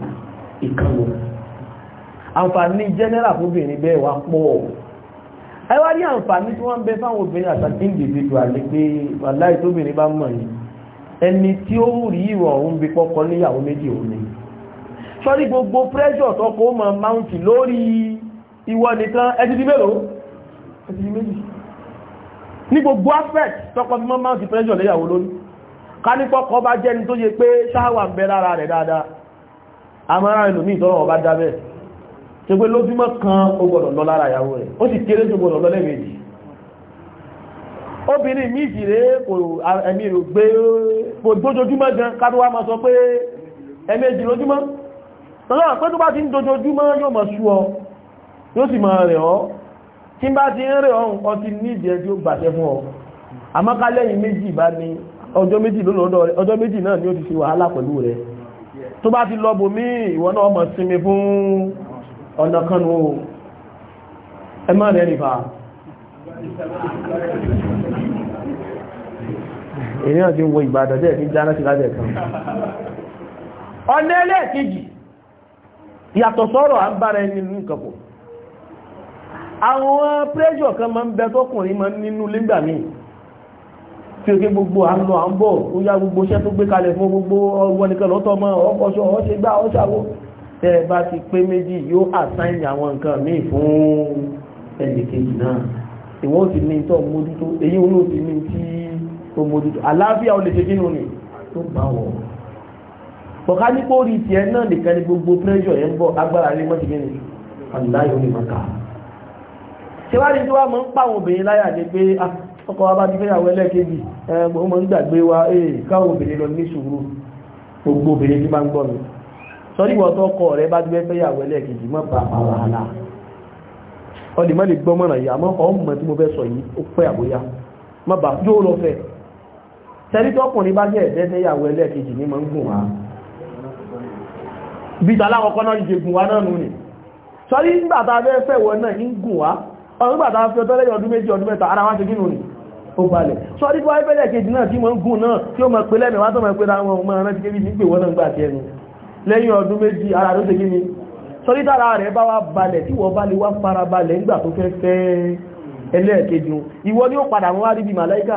ìkànnì àǹfààní general fóbìnrin bẹ́ẹ̀ wá pọ̀ ẹ wá ní àǹfààní tí wọ́n ń bẹ fáwọn obìnrin àtàkì individual ni pé wàláì tóbìnrin bá mọ̀ yìí ẹni tí ó rí ìwọ̀ òun bí kọ́kọ́ níyàwó méjì òun ni sọ́rí gbogbo pressure tọkọ ma mountain. lórí ìwọ nìkan ẹtì di mélòó ẹtì di méjì ní gbogbo aspect tọkọ fi mọ́ mount pressure léyàwó lórí ká ní pọ́kọ bá jẹ́ni tó yẹ pé ṣáwà ń bẹ lára rẹ̀ dáadáa àmọ́ra ẹlòmí ìtọ́rọ̀ ọba dábẹ́ tó pé lójúmọ́ kan ó gbọ́dọ̀ lọ lára ìyàwó rẹ̀ ó sì kéré ẹ̀mí rò gbé gbójójúmọ́ gan kádọ́wà máa sọ pé ẹ̀mẹ́jì lójúmọ́ tọ́lọ́wọ́ pé tó bá ti ń dojojúmọ́ yóò mọ̀ sú ọ yóò sì mọ̀ rẹ̀ ọ́ tí bá ti ń rẹ̀ ọ́n ọ ti ní ìdíẹ̀ tí ó gbàṣẹ fún ọ àmọ́kálẹ́yìn méjì bá ní ọjọ́ méjì lọ́lọ́dọ̀ rẹ̀ ọjọ́ méjì náà ni ó ti ṣe wàhálà pẹ̀lú rẹ̀ tó bá ti lọ́bù mí ìwọ náà mọ̀ sinmi fún ọ̀nà sí lájẹ̀ kan ọ̀nà ẹlẹ́ẹ̀kejì yàtọ̀ sọ́rọ̀ à ń bára ẹni nínú ìkàpọ̀ àwọn prẹ́jọ̀ kan ma ń bẹ tọ́kùnrin ma nínú lẹ́gbà míì tí ó ké gbogbo à ń lọ à ń bọ̀ ó yá gbogbo iṣẹ́ tó gbé kalẹ̀ fún gbogbo ọgbọ́n nìkan lọ́tọ́ mọ́ ọkọ̀ṣọ́ ọṣẹ́ gbá ọṣàwó tẹ́ ẹ bá ti pé ọ̀ká ní kó rí tiẹ̀ náà nìkan ní gbogbo pressure yẹn ń bọ̀ agbára rí mọ́ ṣìgbẹ́ni aláì omi maka ṣíwájú tí wá mọ́ ń pàwọn obìnrin láyà ní pé ah, ọkọ wa bá ti fẹ́yàwó ẹlẹ́ẹ̀kejì ẹgbọ́n mọ́ ń gbàgbé wa ee káwọn obìnrin lọ ní sùúrù gbogbo obìnrin tí bá ń gbọ́ mi sọ́rí ìwọ̀n tó kọ rẹ bá ti fẹ́ fẹ́yàwó ẹlẹ́ẹ̀kejì mọ́ bá bá wàhálà ọdì má lè gbọ́ mọ́ràn yìí àmọ́ ọmọ tí bí tàlákọ̀ọ́kọ́ náà ìjẹgùn wa náà nù ní sọ́rí nígbàtà fẹ́ fẹ́wọ̀ náà ń gùn wá ọdún gbàtà fẹ́ tọ́lẹ̀ ọdún méjì ọdún mẹ́ta ara wá ṣe gínú ní ó balẹ̀ sọ́rí tó wáyé kejì náà tí wọ́n gùn náà tí ó mọ̀ pé lẹ́mẹ̀wá tó mọ̀ pé ra wọn mọ̀ rántí kébí nígbè wọ́n náà gbà tí ẹnu lẹ́yìn ọdún méjì ara ló ṣe gíní sọ́rí tára rẹ̀ bá wá balẹ̀ tí wọ́n bá lè wá fara balẹ̀ nígbà tó fẹ́ fẹ́ ẹlẹ́ẹ̀kejì ìwọ ni ó padà wọn wá rí bí màláìkà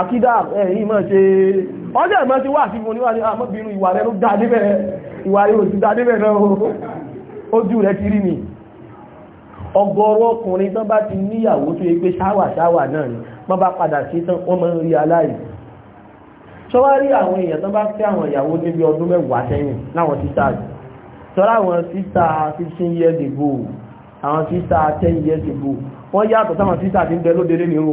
àkídà ẹ̀yìn mọ́ ṣe ọjọ́ ìmọ́ ti wà sí fún níwájú àmọ́bìnú ah, ìwà rẹ̀ ló dádébẹ̀ ìwà rẹ̀ ò sí dádébẹ̀ náà ojú rẹ̀ ti rí mi ọgọ́rọ̀ ọkùnrin tán bá ti níyàwó tó yẹ pé ṣáwà ṣáwà náà ni wọ́n bá padà sí tán wọ́n mọ́ ń rí aláì ṣọ́wárí àwọn èèyàn tán bá fẹ́ àwọn ìyàwó níbi ọdún mẹ́wàá sẹ́yìn láwọn títà tọ́lá àwọn títà 15 years ago àwọn títà 10 years ago wọ́n yàtọ̀ sáwọn títà ti ń bẹ lóde lé nínú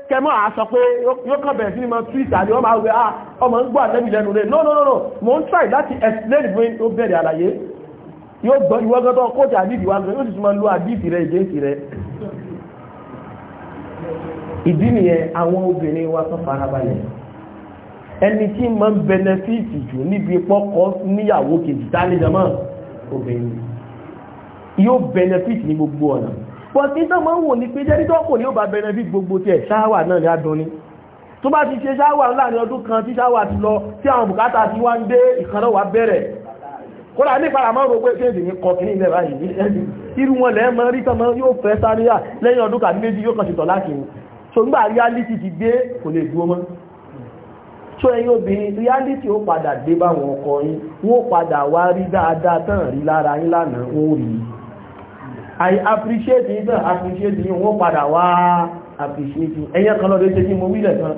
kẹmọ́ àásọ pé yóò kàn bẹ̀rẹ̀ sí ni máa twitter àti ọmọ àwẹ̀ à ọmọ ń gbọ́ àtẹ́bì lẹ́nu rẹ̀ no no no no mo ń try láti explain fún ó bẹ̀rẹ̀ àlàyé yóò gbọ́ ìwọ́gán tó kóòtù àdìdì wa gan yóò sì tún máa lo àdìdì rẹ̀ ìdẹ́sì rẹ̀ ìdí nìyẹn àwọn obìnrin wa tó farabalẹ̀ ẹni tí máa ń benefit jù níbi pọ́kọ́ níyàwó kejì tálẹ́jọ́mọ́ obìnrin yóò benefit ní gbogbo ọ̀nà pọ̀tí tó mọ́ ń wò ní pé jẹ́ nítorí kò ní ó bá bẹ̀rẹ̀ bí gbogbo tí ẹ̀ ṣáwà náà ní adùnni tó bá ti ṣe ṣáwà láàrin ọdún kan tí ṣáwà ti lọ tí àwọn bùkátà ti wá ń dé ìkanáà wá bẹ̀rẹ̀ kódà ní ìparamọ́ so nígbà reality ti dé kò lè dúró obìnrin reality ó padà dé báwọn ọkọ yín wọ́n padà wá rí dáadáa tán rí lára yín lánàá ó rí i i appreciate yìí náà appreciate yìí wọ́n padà wá appreciate yìí ẹ̀yẹ́ kan lọ́dọ̀ ṣe kí mo wílẹ̀ kan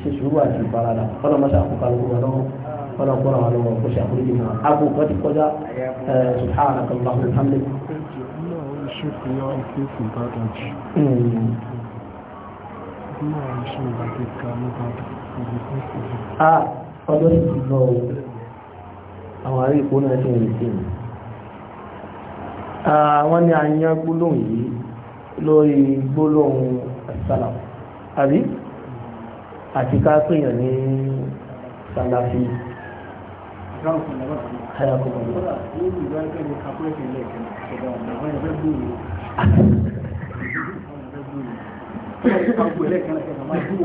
ṣe sùúrù àti ìfaradà ọlọ́mọṣà àkókò ولا قرى ولا وقش أخرجنا أبو قد قضى سبحانك اللهم وبحمدك Ah, ọdún ìgbọ̀ àwọn àríkò náà ṣe àwọn ah, ni àyàn gbólóhùn yìí lórí gbólóhùn sálà àbí àti ká pèèyàn ní sàlàfí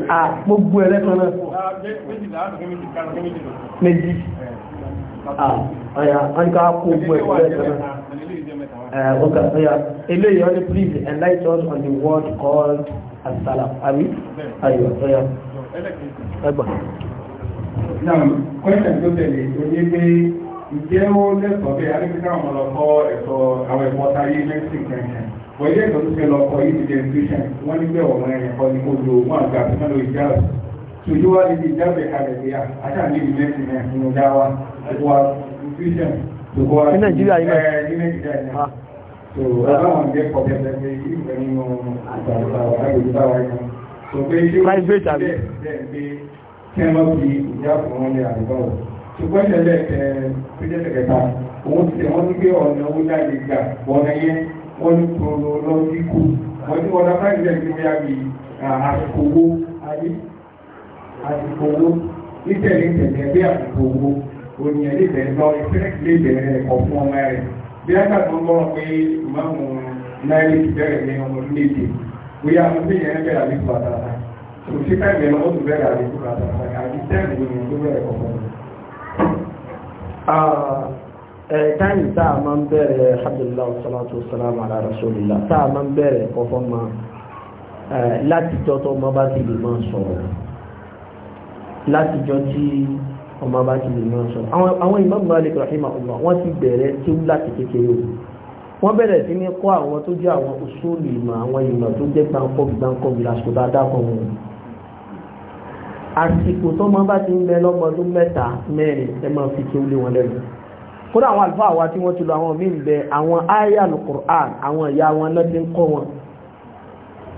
ah, gbogbo ẹlẹ́kan náà méjì ah, ọ̀yà ọ̀yà kó gbogbo ẹlẹ́kan náà uh, okay, so yeah. Eléyìí, only please enlighten us on the word called As-Salam. Abi? Ayo, so yeah. Ẹgbà. Náà, kọ́ńtà tó tẹ̀lé tó yé pé ìjẹ́ ó lẹ́sọ̀ọ́ bẹ́ẹ̀ Adébíkà ọmọ lọ kọ́ ẹ̀sọ́ àwọn ẹ̀kọ́ táyé Mexico kẹ̀kẹ́. Wọ́n yẹ́ ìtọ́jú fẹ́ lọ kọ́ yìí ti dẹ̀ tuition. Wọ́n ní pé ọ̀rọ̀ ẹ̀yẹ̀ kọ́ ni kò lo wọn àgbà tó mẹ́lò ìjà. Tòjú wá níbi ìjábẹ̀ kalẹ̀ bí i àṣà níbi Mexico náà fún ọjà wa. Ẹ̀kọ́ tuition ní nàìjíríà yìí náà ah. so ọlọ́run jẹ́ pọ̀tẹ́tẹ́ pé ìgbẹ̀ nínú àtàràtàwà agbègbètàwà ẹ̀kan so pé tí ó gbé tàbí pé kí ẹmọ́ fi ìjà fún wọn ní àdúgbò ṣùgbọ́n ìṣẹ̀lẹ̀ pẹ́jẹ́tẹ̀kẹta òun ti wọ́n ti gbé ọ̀nà owó jáde gbà ọ̀nà yẹn wọ́n ní kòrò lọ sí kú wọ́n ní ọ̀nà fáìlì jẹ́ kí wọ́n bí àsìkò owó ayé àsìkò owó nítẹ̀lé tẹ̀lé bí àsìkò owó òyìn ẹ̀lẹ́ ìbẹ̀rẹ̀ lọ ìfẹ́rẹ́kì lè bẹ̀rẹ̀ ẹ̀kọ́ fún ọmọ rẹ̀ bí a gbàgbọ́ ń gbọ́rọ̀ pé ìmáàmù náírà ti bẹ̀rẹ̀ ní ọmọ orílẹ̀-èdè bóyá àwọn tí ìyẹn bẹ̀rẹ̀ àlékù àtàtà kò sí káàkiri lọ́wọ́ ah, eh, a máa ń bẹ̀rẹ̀ alhamdulilayi salatu salam eh, tó ọmọ bá ti lè máa sọ̀rọ̀ látijọ́ tí ọmọ bá ti lè mọ́ sọ àwọn Imam Malik rahimahullah wọ́n ti bẹ̀rẹ̀ tí ó láti kékeré o wọ́n bẹ̀rẹ̀ sí ní kọ́ àwọn tó jẹ́ àwọn usulu ìmọ̀ àwọn ìmọ̀ tó jẹ́ gbáǹkọ́bì gbáǹkọ́bì lásìkò tó adákan wọn àsìkò tó máa bá ti ń bẹ lọ́gbọ̀dún mẹ́ta mẹ́rin ẹ máa fi kí ó lé wọn lẹ́nu kódà àwọn àlùfáà wa tí wọ́n ti lọ àwọn míì bẹ àwọn ayé al-Qur'an àwọn ìyá wọn lọ́dún kọ́ wọn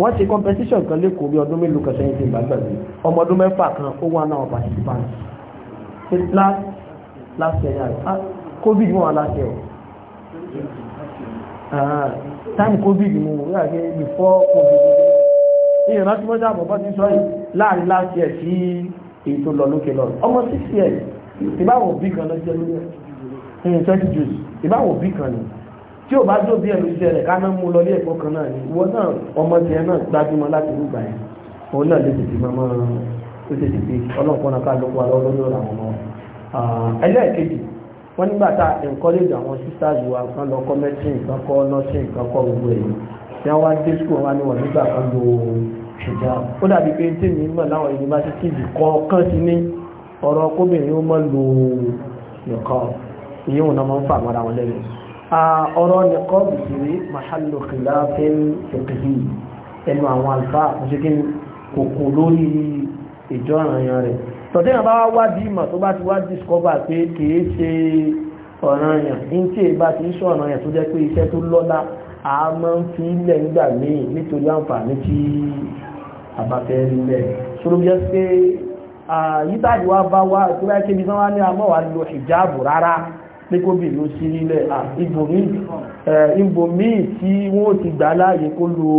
wọ́n ti competition kan lẹ́kọ̀ọ́ bí ọdún mélòó kan sẹ́yìn tí ìgbà gbàgbé ọmọ ọdún mẹ́fà kan ó wà náà participants last last year yàrá ah, covid wọ́n wà last year Ah, time covid mu wíwà pé before covid ní ìrántí mọ́jà àbọ̀bọ́ ti sọ yìí láàrin last year sí èyí tó lọ lókè lọ ọmọ six years ìbáwọ̀ bí kan lọ jẹ́ lórí ẹ̀ ìyẹn twenty juice ìbáwọ̀ bí kan ni tí ò bá jó bí ẹ̀lú iṣẹ́ rẹ̀ káná mú lọ ní ẹ̀kọ́ kan náà ni ìwọ náà ọmọ tiẹ̀ náà gbajúmọ̀ láti rúgbà yẹn òun náà lè tètè máa máa ó tètè pé ọlọ́pọ̀nà ká ló wà lọ́wọ́ lórí àwọn ọmọ ẹlẹ́ẹ̀kejì wọ́n nígbà tá encourage àwọn sisters wa kan lọ kọ́ medicine kan kọ́ nursing kan kọ́ gbogbo èyí tí wọ́n wá dé school wa ni wọ́n nígbà kan lo ṣùgbọ́n ó dàbí pé tí mọ̀ láwọn universities kọ̀ọ̀kan ti ní ọ̀rọ̀ kóbìnrin ó mọ̀ lo nìkan ìyẹn òun náà máa ń fà mọ́ra wọn lẹ́yìn ọ̀rọ̀ nìkan bìsìrí mahallu khilafin fiqhi ẹnu àwọn alfa mùsùlùmí kòkò lórí ìjọ àràyàn rẹ̀ tọ̀tí náà bá wá bí ìmọ̀ tó bá ti wá discover pé kìí ṣe ọ̀ranyàn ní tí èyí ti ń ṣe ọ̀ranyàn tó jẹ́ pé iṣẹ́ tó lọ́lá a máa ń fi ilẹ̀ nígbà míì nítorí àǹfààní tí a bá fẹ́ rí bẹ́ẹ̀ ṣòro bí ẹ pé yítáàdì wa bá wá ìpínlẹ̀ kébí tán wá ní amọ́wàá lo ìjáàbù rárá pé kóbì ló sí nílẹ̀ ìbòmí tí wọ́n ti gbà láàyè kó lo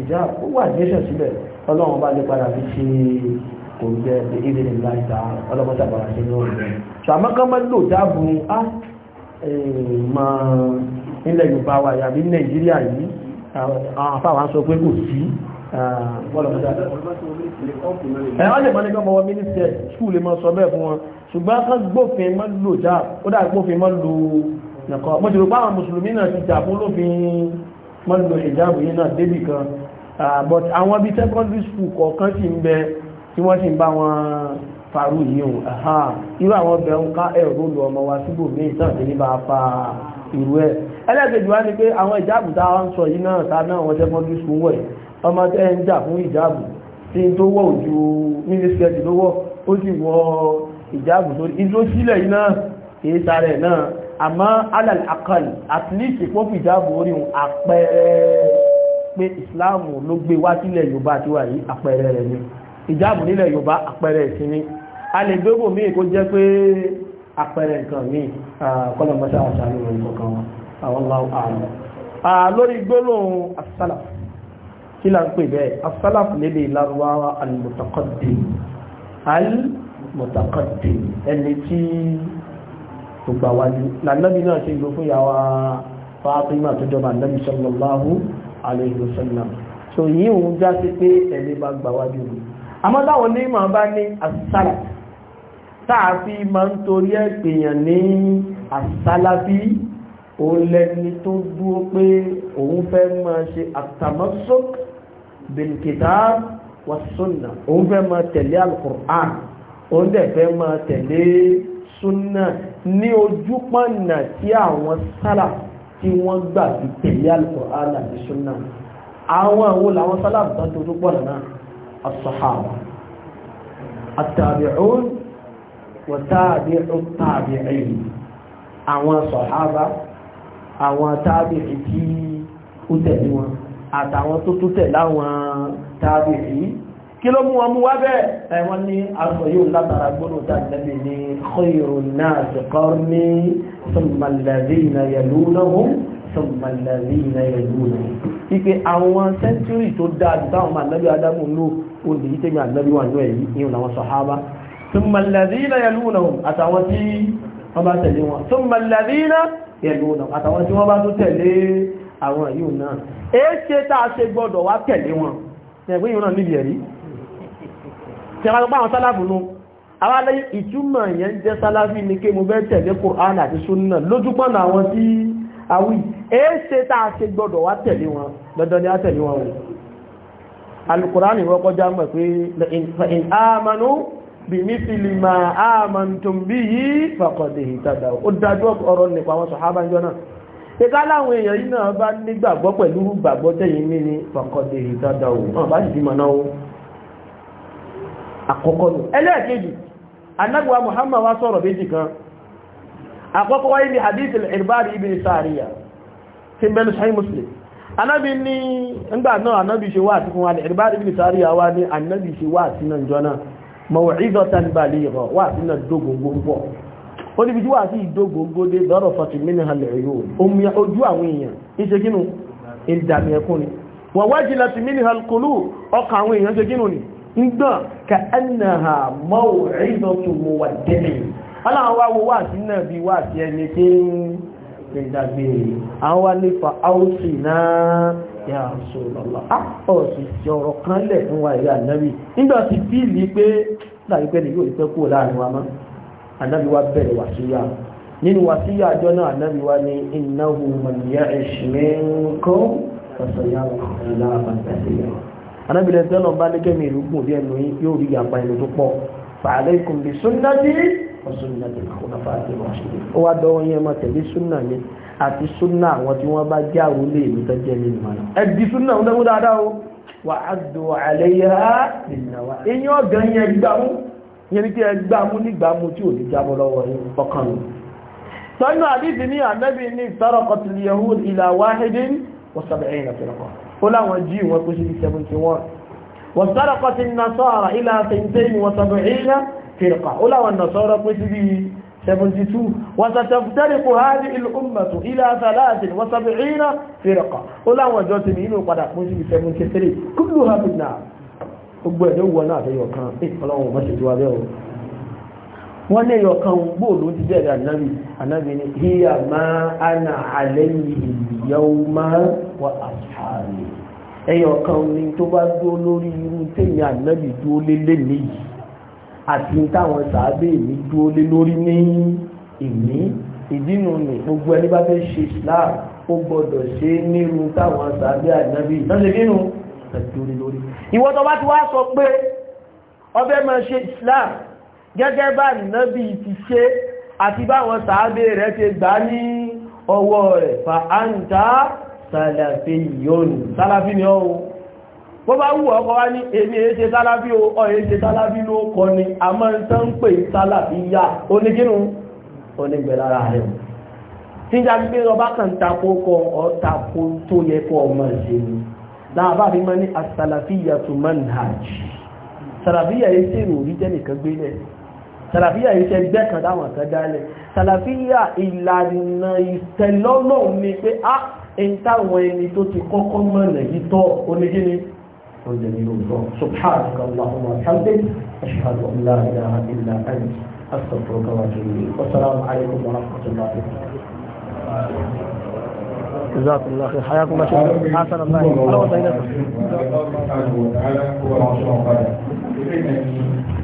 ìjà ó wà jésù sílẹ̀ ọlọ́run bá lè padà fi ṣe kò jẹ́ ìdí ní láìta ọlọ́pàá tàbàrà sí lórí rẹ̀ ṣàmọ́kánmọ́ lò dábùn á mọ̀ nílẹ̀ Yorùbá wa yàbí Nàìjíríà yìí àwọn àfáwà ń sọ pé kò sí ṣùgbọ́n kan gbófin mọ́ lò já ó dà gbófin mọ́ lò nìkan mo ti rò pé náà ti jà fún lófin mọ́ lò ìjáàbù yìí náà débì kan but àwọn bíi secondary school kọ̀ọ̀kan sì ń bẹ tí wọ́n sì ń bá wọn farú yìí o irú wa síbò mí ìtàn sí ní bá a fa irú ẹ̀ ẹlẹ́gbẹ̀jù wá ní pé àwọn ìjáàbù tá a ń sọ yìí náà ta náà wọ́n secondary school wọ̀ yìí ọmọ tẹ́ ń jà fún ìjáàbù tí n tó wọ̀ ojú mínísítẹ́ẹ̀tì ló wọ̀ ó sì wọ̀ ìjáàbù tó ìdúró sílẹ̀ iná kìí sáré náà àmọ́ alal akal at least ìpọ́pù ìjáàbù orí un àpẹẹrẹ pé ìsìláàmù ló gbé wá sílẹ̀ yorùbá àti wà yìí àpẹẹrẹ rẹ̀ ni ìjáàbù nílẹ̀ yorùbá àpẹẹrẹ ìsinmi a lè gbégbò míì kó jẹ́ pé àpẹẹrẹ nǹkan míì kọ́lọ̀mọ́sá àṣàlù rẹ̀ kọ̀ọ̀kan wọn àwọn láwọn àrùn lórí gbólóhùn asálàf kí là ń mọ̀tàkọ́tì ẹni tí gbogbo àwájú lànàbí náà ṣe ìlú fún ìyàwó Fátímà tó jọba ànàbí sallallahu alayhi so yìí òun já sí pé ẹni bá gbàwájú rẹ̀ àmọ́ táwọn ní ma bá ní asálà tààfi ma ń torí ẹ̀pèyàn ní bil kitab was sunnah òun fẹ́ máa tẹ̀lé al-Qur'an òun dẹ̀ fẹ́ máa tẹ̀lé súnà ní ojúpọ̀nà tí àwọn sálà tí wọ́n gbà fi tẹ̀lé Al-Qur'an àti súnà àwọn àwọn làwọn sálà bá tó tó pọ̀ lọ́nà as-sahaba at-tabi'un wa àwọn sahaba àwọn tabi'i kí ló mú wọn mú wá bẹ́ẹ̀ ẹ wọ́n ní aṣọ yóò látara gbọ́dọ̀ tá nẹ́bí ní khayru nasi qarni thumma alladhina yalunahum thumma alladhina yalunahum ipe àwọn sẹ́ńtúrì tó dáa ju táwọn ní ẹ̀yí ìhùn àwọn sàhábà thumma alladhina yalunahum àtàwọn tí wọ́n bá tẹ̀lé wọn thumma alladhina yalunahum àtàwọn tí wọ́n bá tó tí wọ́n gbá àwọn sálàfù nù àwọn alẹ́ ìtumọ̀ yẹn jẹ́ sálàfì ní kí mo bẹ́ tẹ̀lé Kùránì àti súnà lójúpọ̀nà àwọn tí àwí èéṣe tá a ṣe gbọ́dọ̀ wá tẹ̀lé wọn dandan ni a pé in amanu bí mísìlì ma amantum bihi faqad ihtada ó dájú ọ̀rọ̀ nípa àwọn sàhábà jọ náà ìká láwọn èèyàn yìí náà bá nígbàgbọ́ pẹ̀lú gbàgbọ́ tẹ̀yìn mí ni faqad ihtada ó àkọ́kọ́ nù ẹlẹ́ẹ̀kejì anábùwà muhammad wá sọ̀rọ̀ méjì kan àkọ́kọ́ wáyé ní hadith al-irbari ibn sariya tí bẹ́ẹ̀ sahih muslim anábi ní ńgbà náà anábi ṣe wá àti fún al-irbari ibn sariya wá ní anábi ṣe wá àti náà jọ náà maw'izatan baligha wá àti náà dógóngó pọ̀ ni wa wajilat minha al-qulub ọkàn àwọn ni nígbà ka annaha maw'izatu muwaddi' aláwọ̀ wá wo wáàsí náà bí sí ẹni tí ń ìdàgbèrè àwọn wá nípa áùsì náà yà sọ́lọ́lá àpọ̀sì tí ọ̀rọ̀ kan lẹ̀ ni anábìlẹ̀ tẹ́lọ̀ bá ní kẹ́mi ìrúgbùn bí ẹnu yóò rí yàgbá ìlú tó pọ̀ fa'alaykum bí súnná bí ọ̀sùnná bí kòlàfà àti ìrọ̀ṣẹ̀lẹ̀ ó wá dọ́wọ́ yẹn máa tẹ̀lé súnná mi àti súnná àwọn tí wọ́n bá jẹ́ àwọn olè mi tọ́jẹ́ mi nìmọ̀ náà ẹbí súnná ń dẹ́kun dáadáa o wà á do àlẹ́ ó láwọn jí wọn kó sí bí 71 wọ̀sárakọ́tí nasara ilá tẹ́ntẹ́ni wọ́sàbẹ̀ ilá fèrèkà ó láwọn nasara kó sí bí 72 وستفترق هذه الأمة إلى 73 فرقة ولا وجدت منه قد أقوم ب 73 كلها في النار أبو جوانا في وكان إيه الله ما شجوا wọ́n lè yọkan gbò ló ti bẹ̀rẹ̀ ànábì ànábì ni híyà máa ánà àlẹ́yìn ìyàwó máa wà àṣàrí ẹyọkan ni tó bá dó lórí irú tèyàn ànábì dúó lé lẹ́nìí àti táwọn sàábé mi dúó lé lórí ní ìní ìdínú ni gbogbo ẹni bá fẹ́ ṣe islam ó gbọ́dọ̀ ṣe nírú táwọn sàábé ànábì lọ́sẹ̀ nínú ìwọ́n tó bá ti wá sọ pé ọbẹ̀ máa ṣe islam gẹ́gẹ́ bá nìnábí ti ṣe àti báwọn sàábé rẹ̀ ṣe gbà ní ọwọ́ rẹ̀ fa áńtà sàlàfí yónù sàlàfí ni ọ́wọ́ bó bá wù ọkọ̀ wá ní èmi èé ṣe sàlàfí o ọ̀ èé ṣe sàlàfí ló kọ ni a máa ń tán pè sàlàfí yá onígínú onígbẹ̀lára rẹ̀ sàlàfíà iṣẹ́ ẹgbẹ́ kan dáwọn kan dálẹ̀ sàlàfíà ìlànà ìtẹ̀lọ́nà ni pé á ń táwọn ẹni tó ti kọ́kọ́ mọ̀nà yìí tọ́ onígíní ọjọ́ni olùtọ́ subhanaka allahumma hamdik ashhadu an la ilaha illa anta astaghfiruka wa atubu ilayk wassalamu alaykum wa rahmatullahi wa barakatuh جزاكم الله خير حياكم الله شكرا حسن الله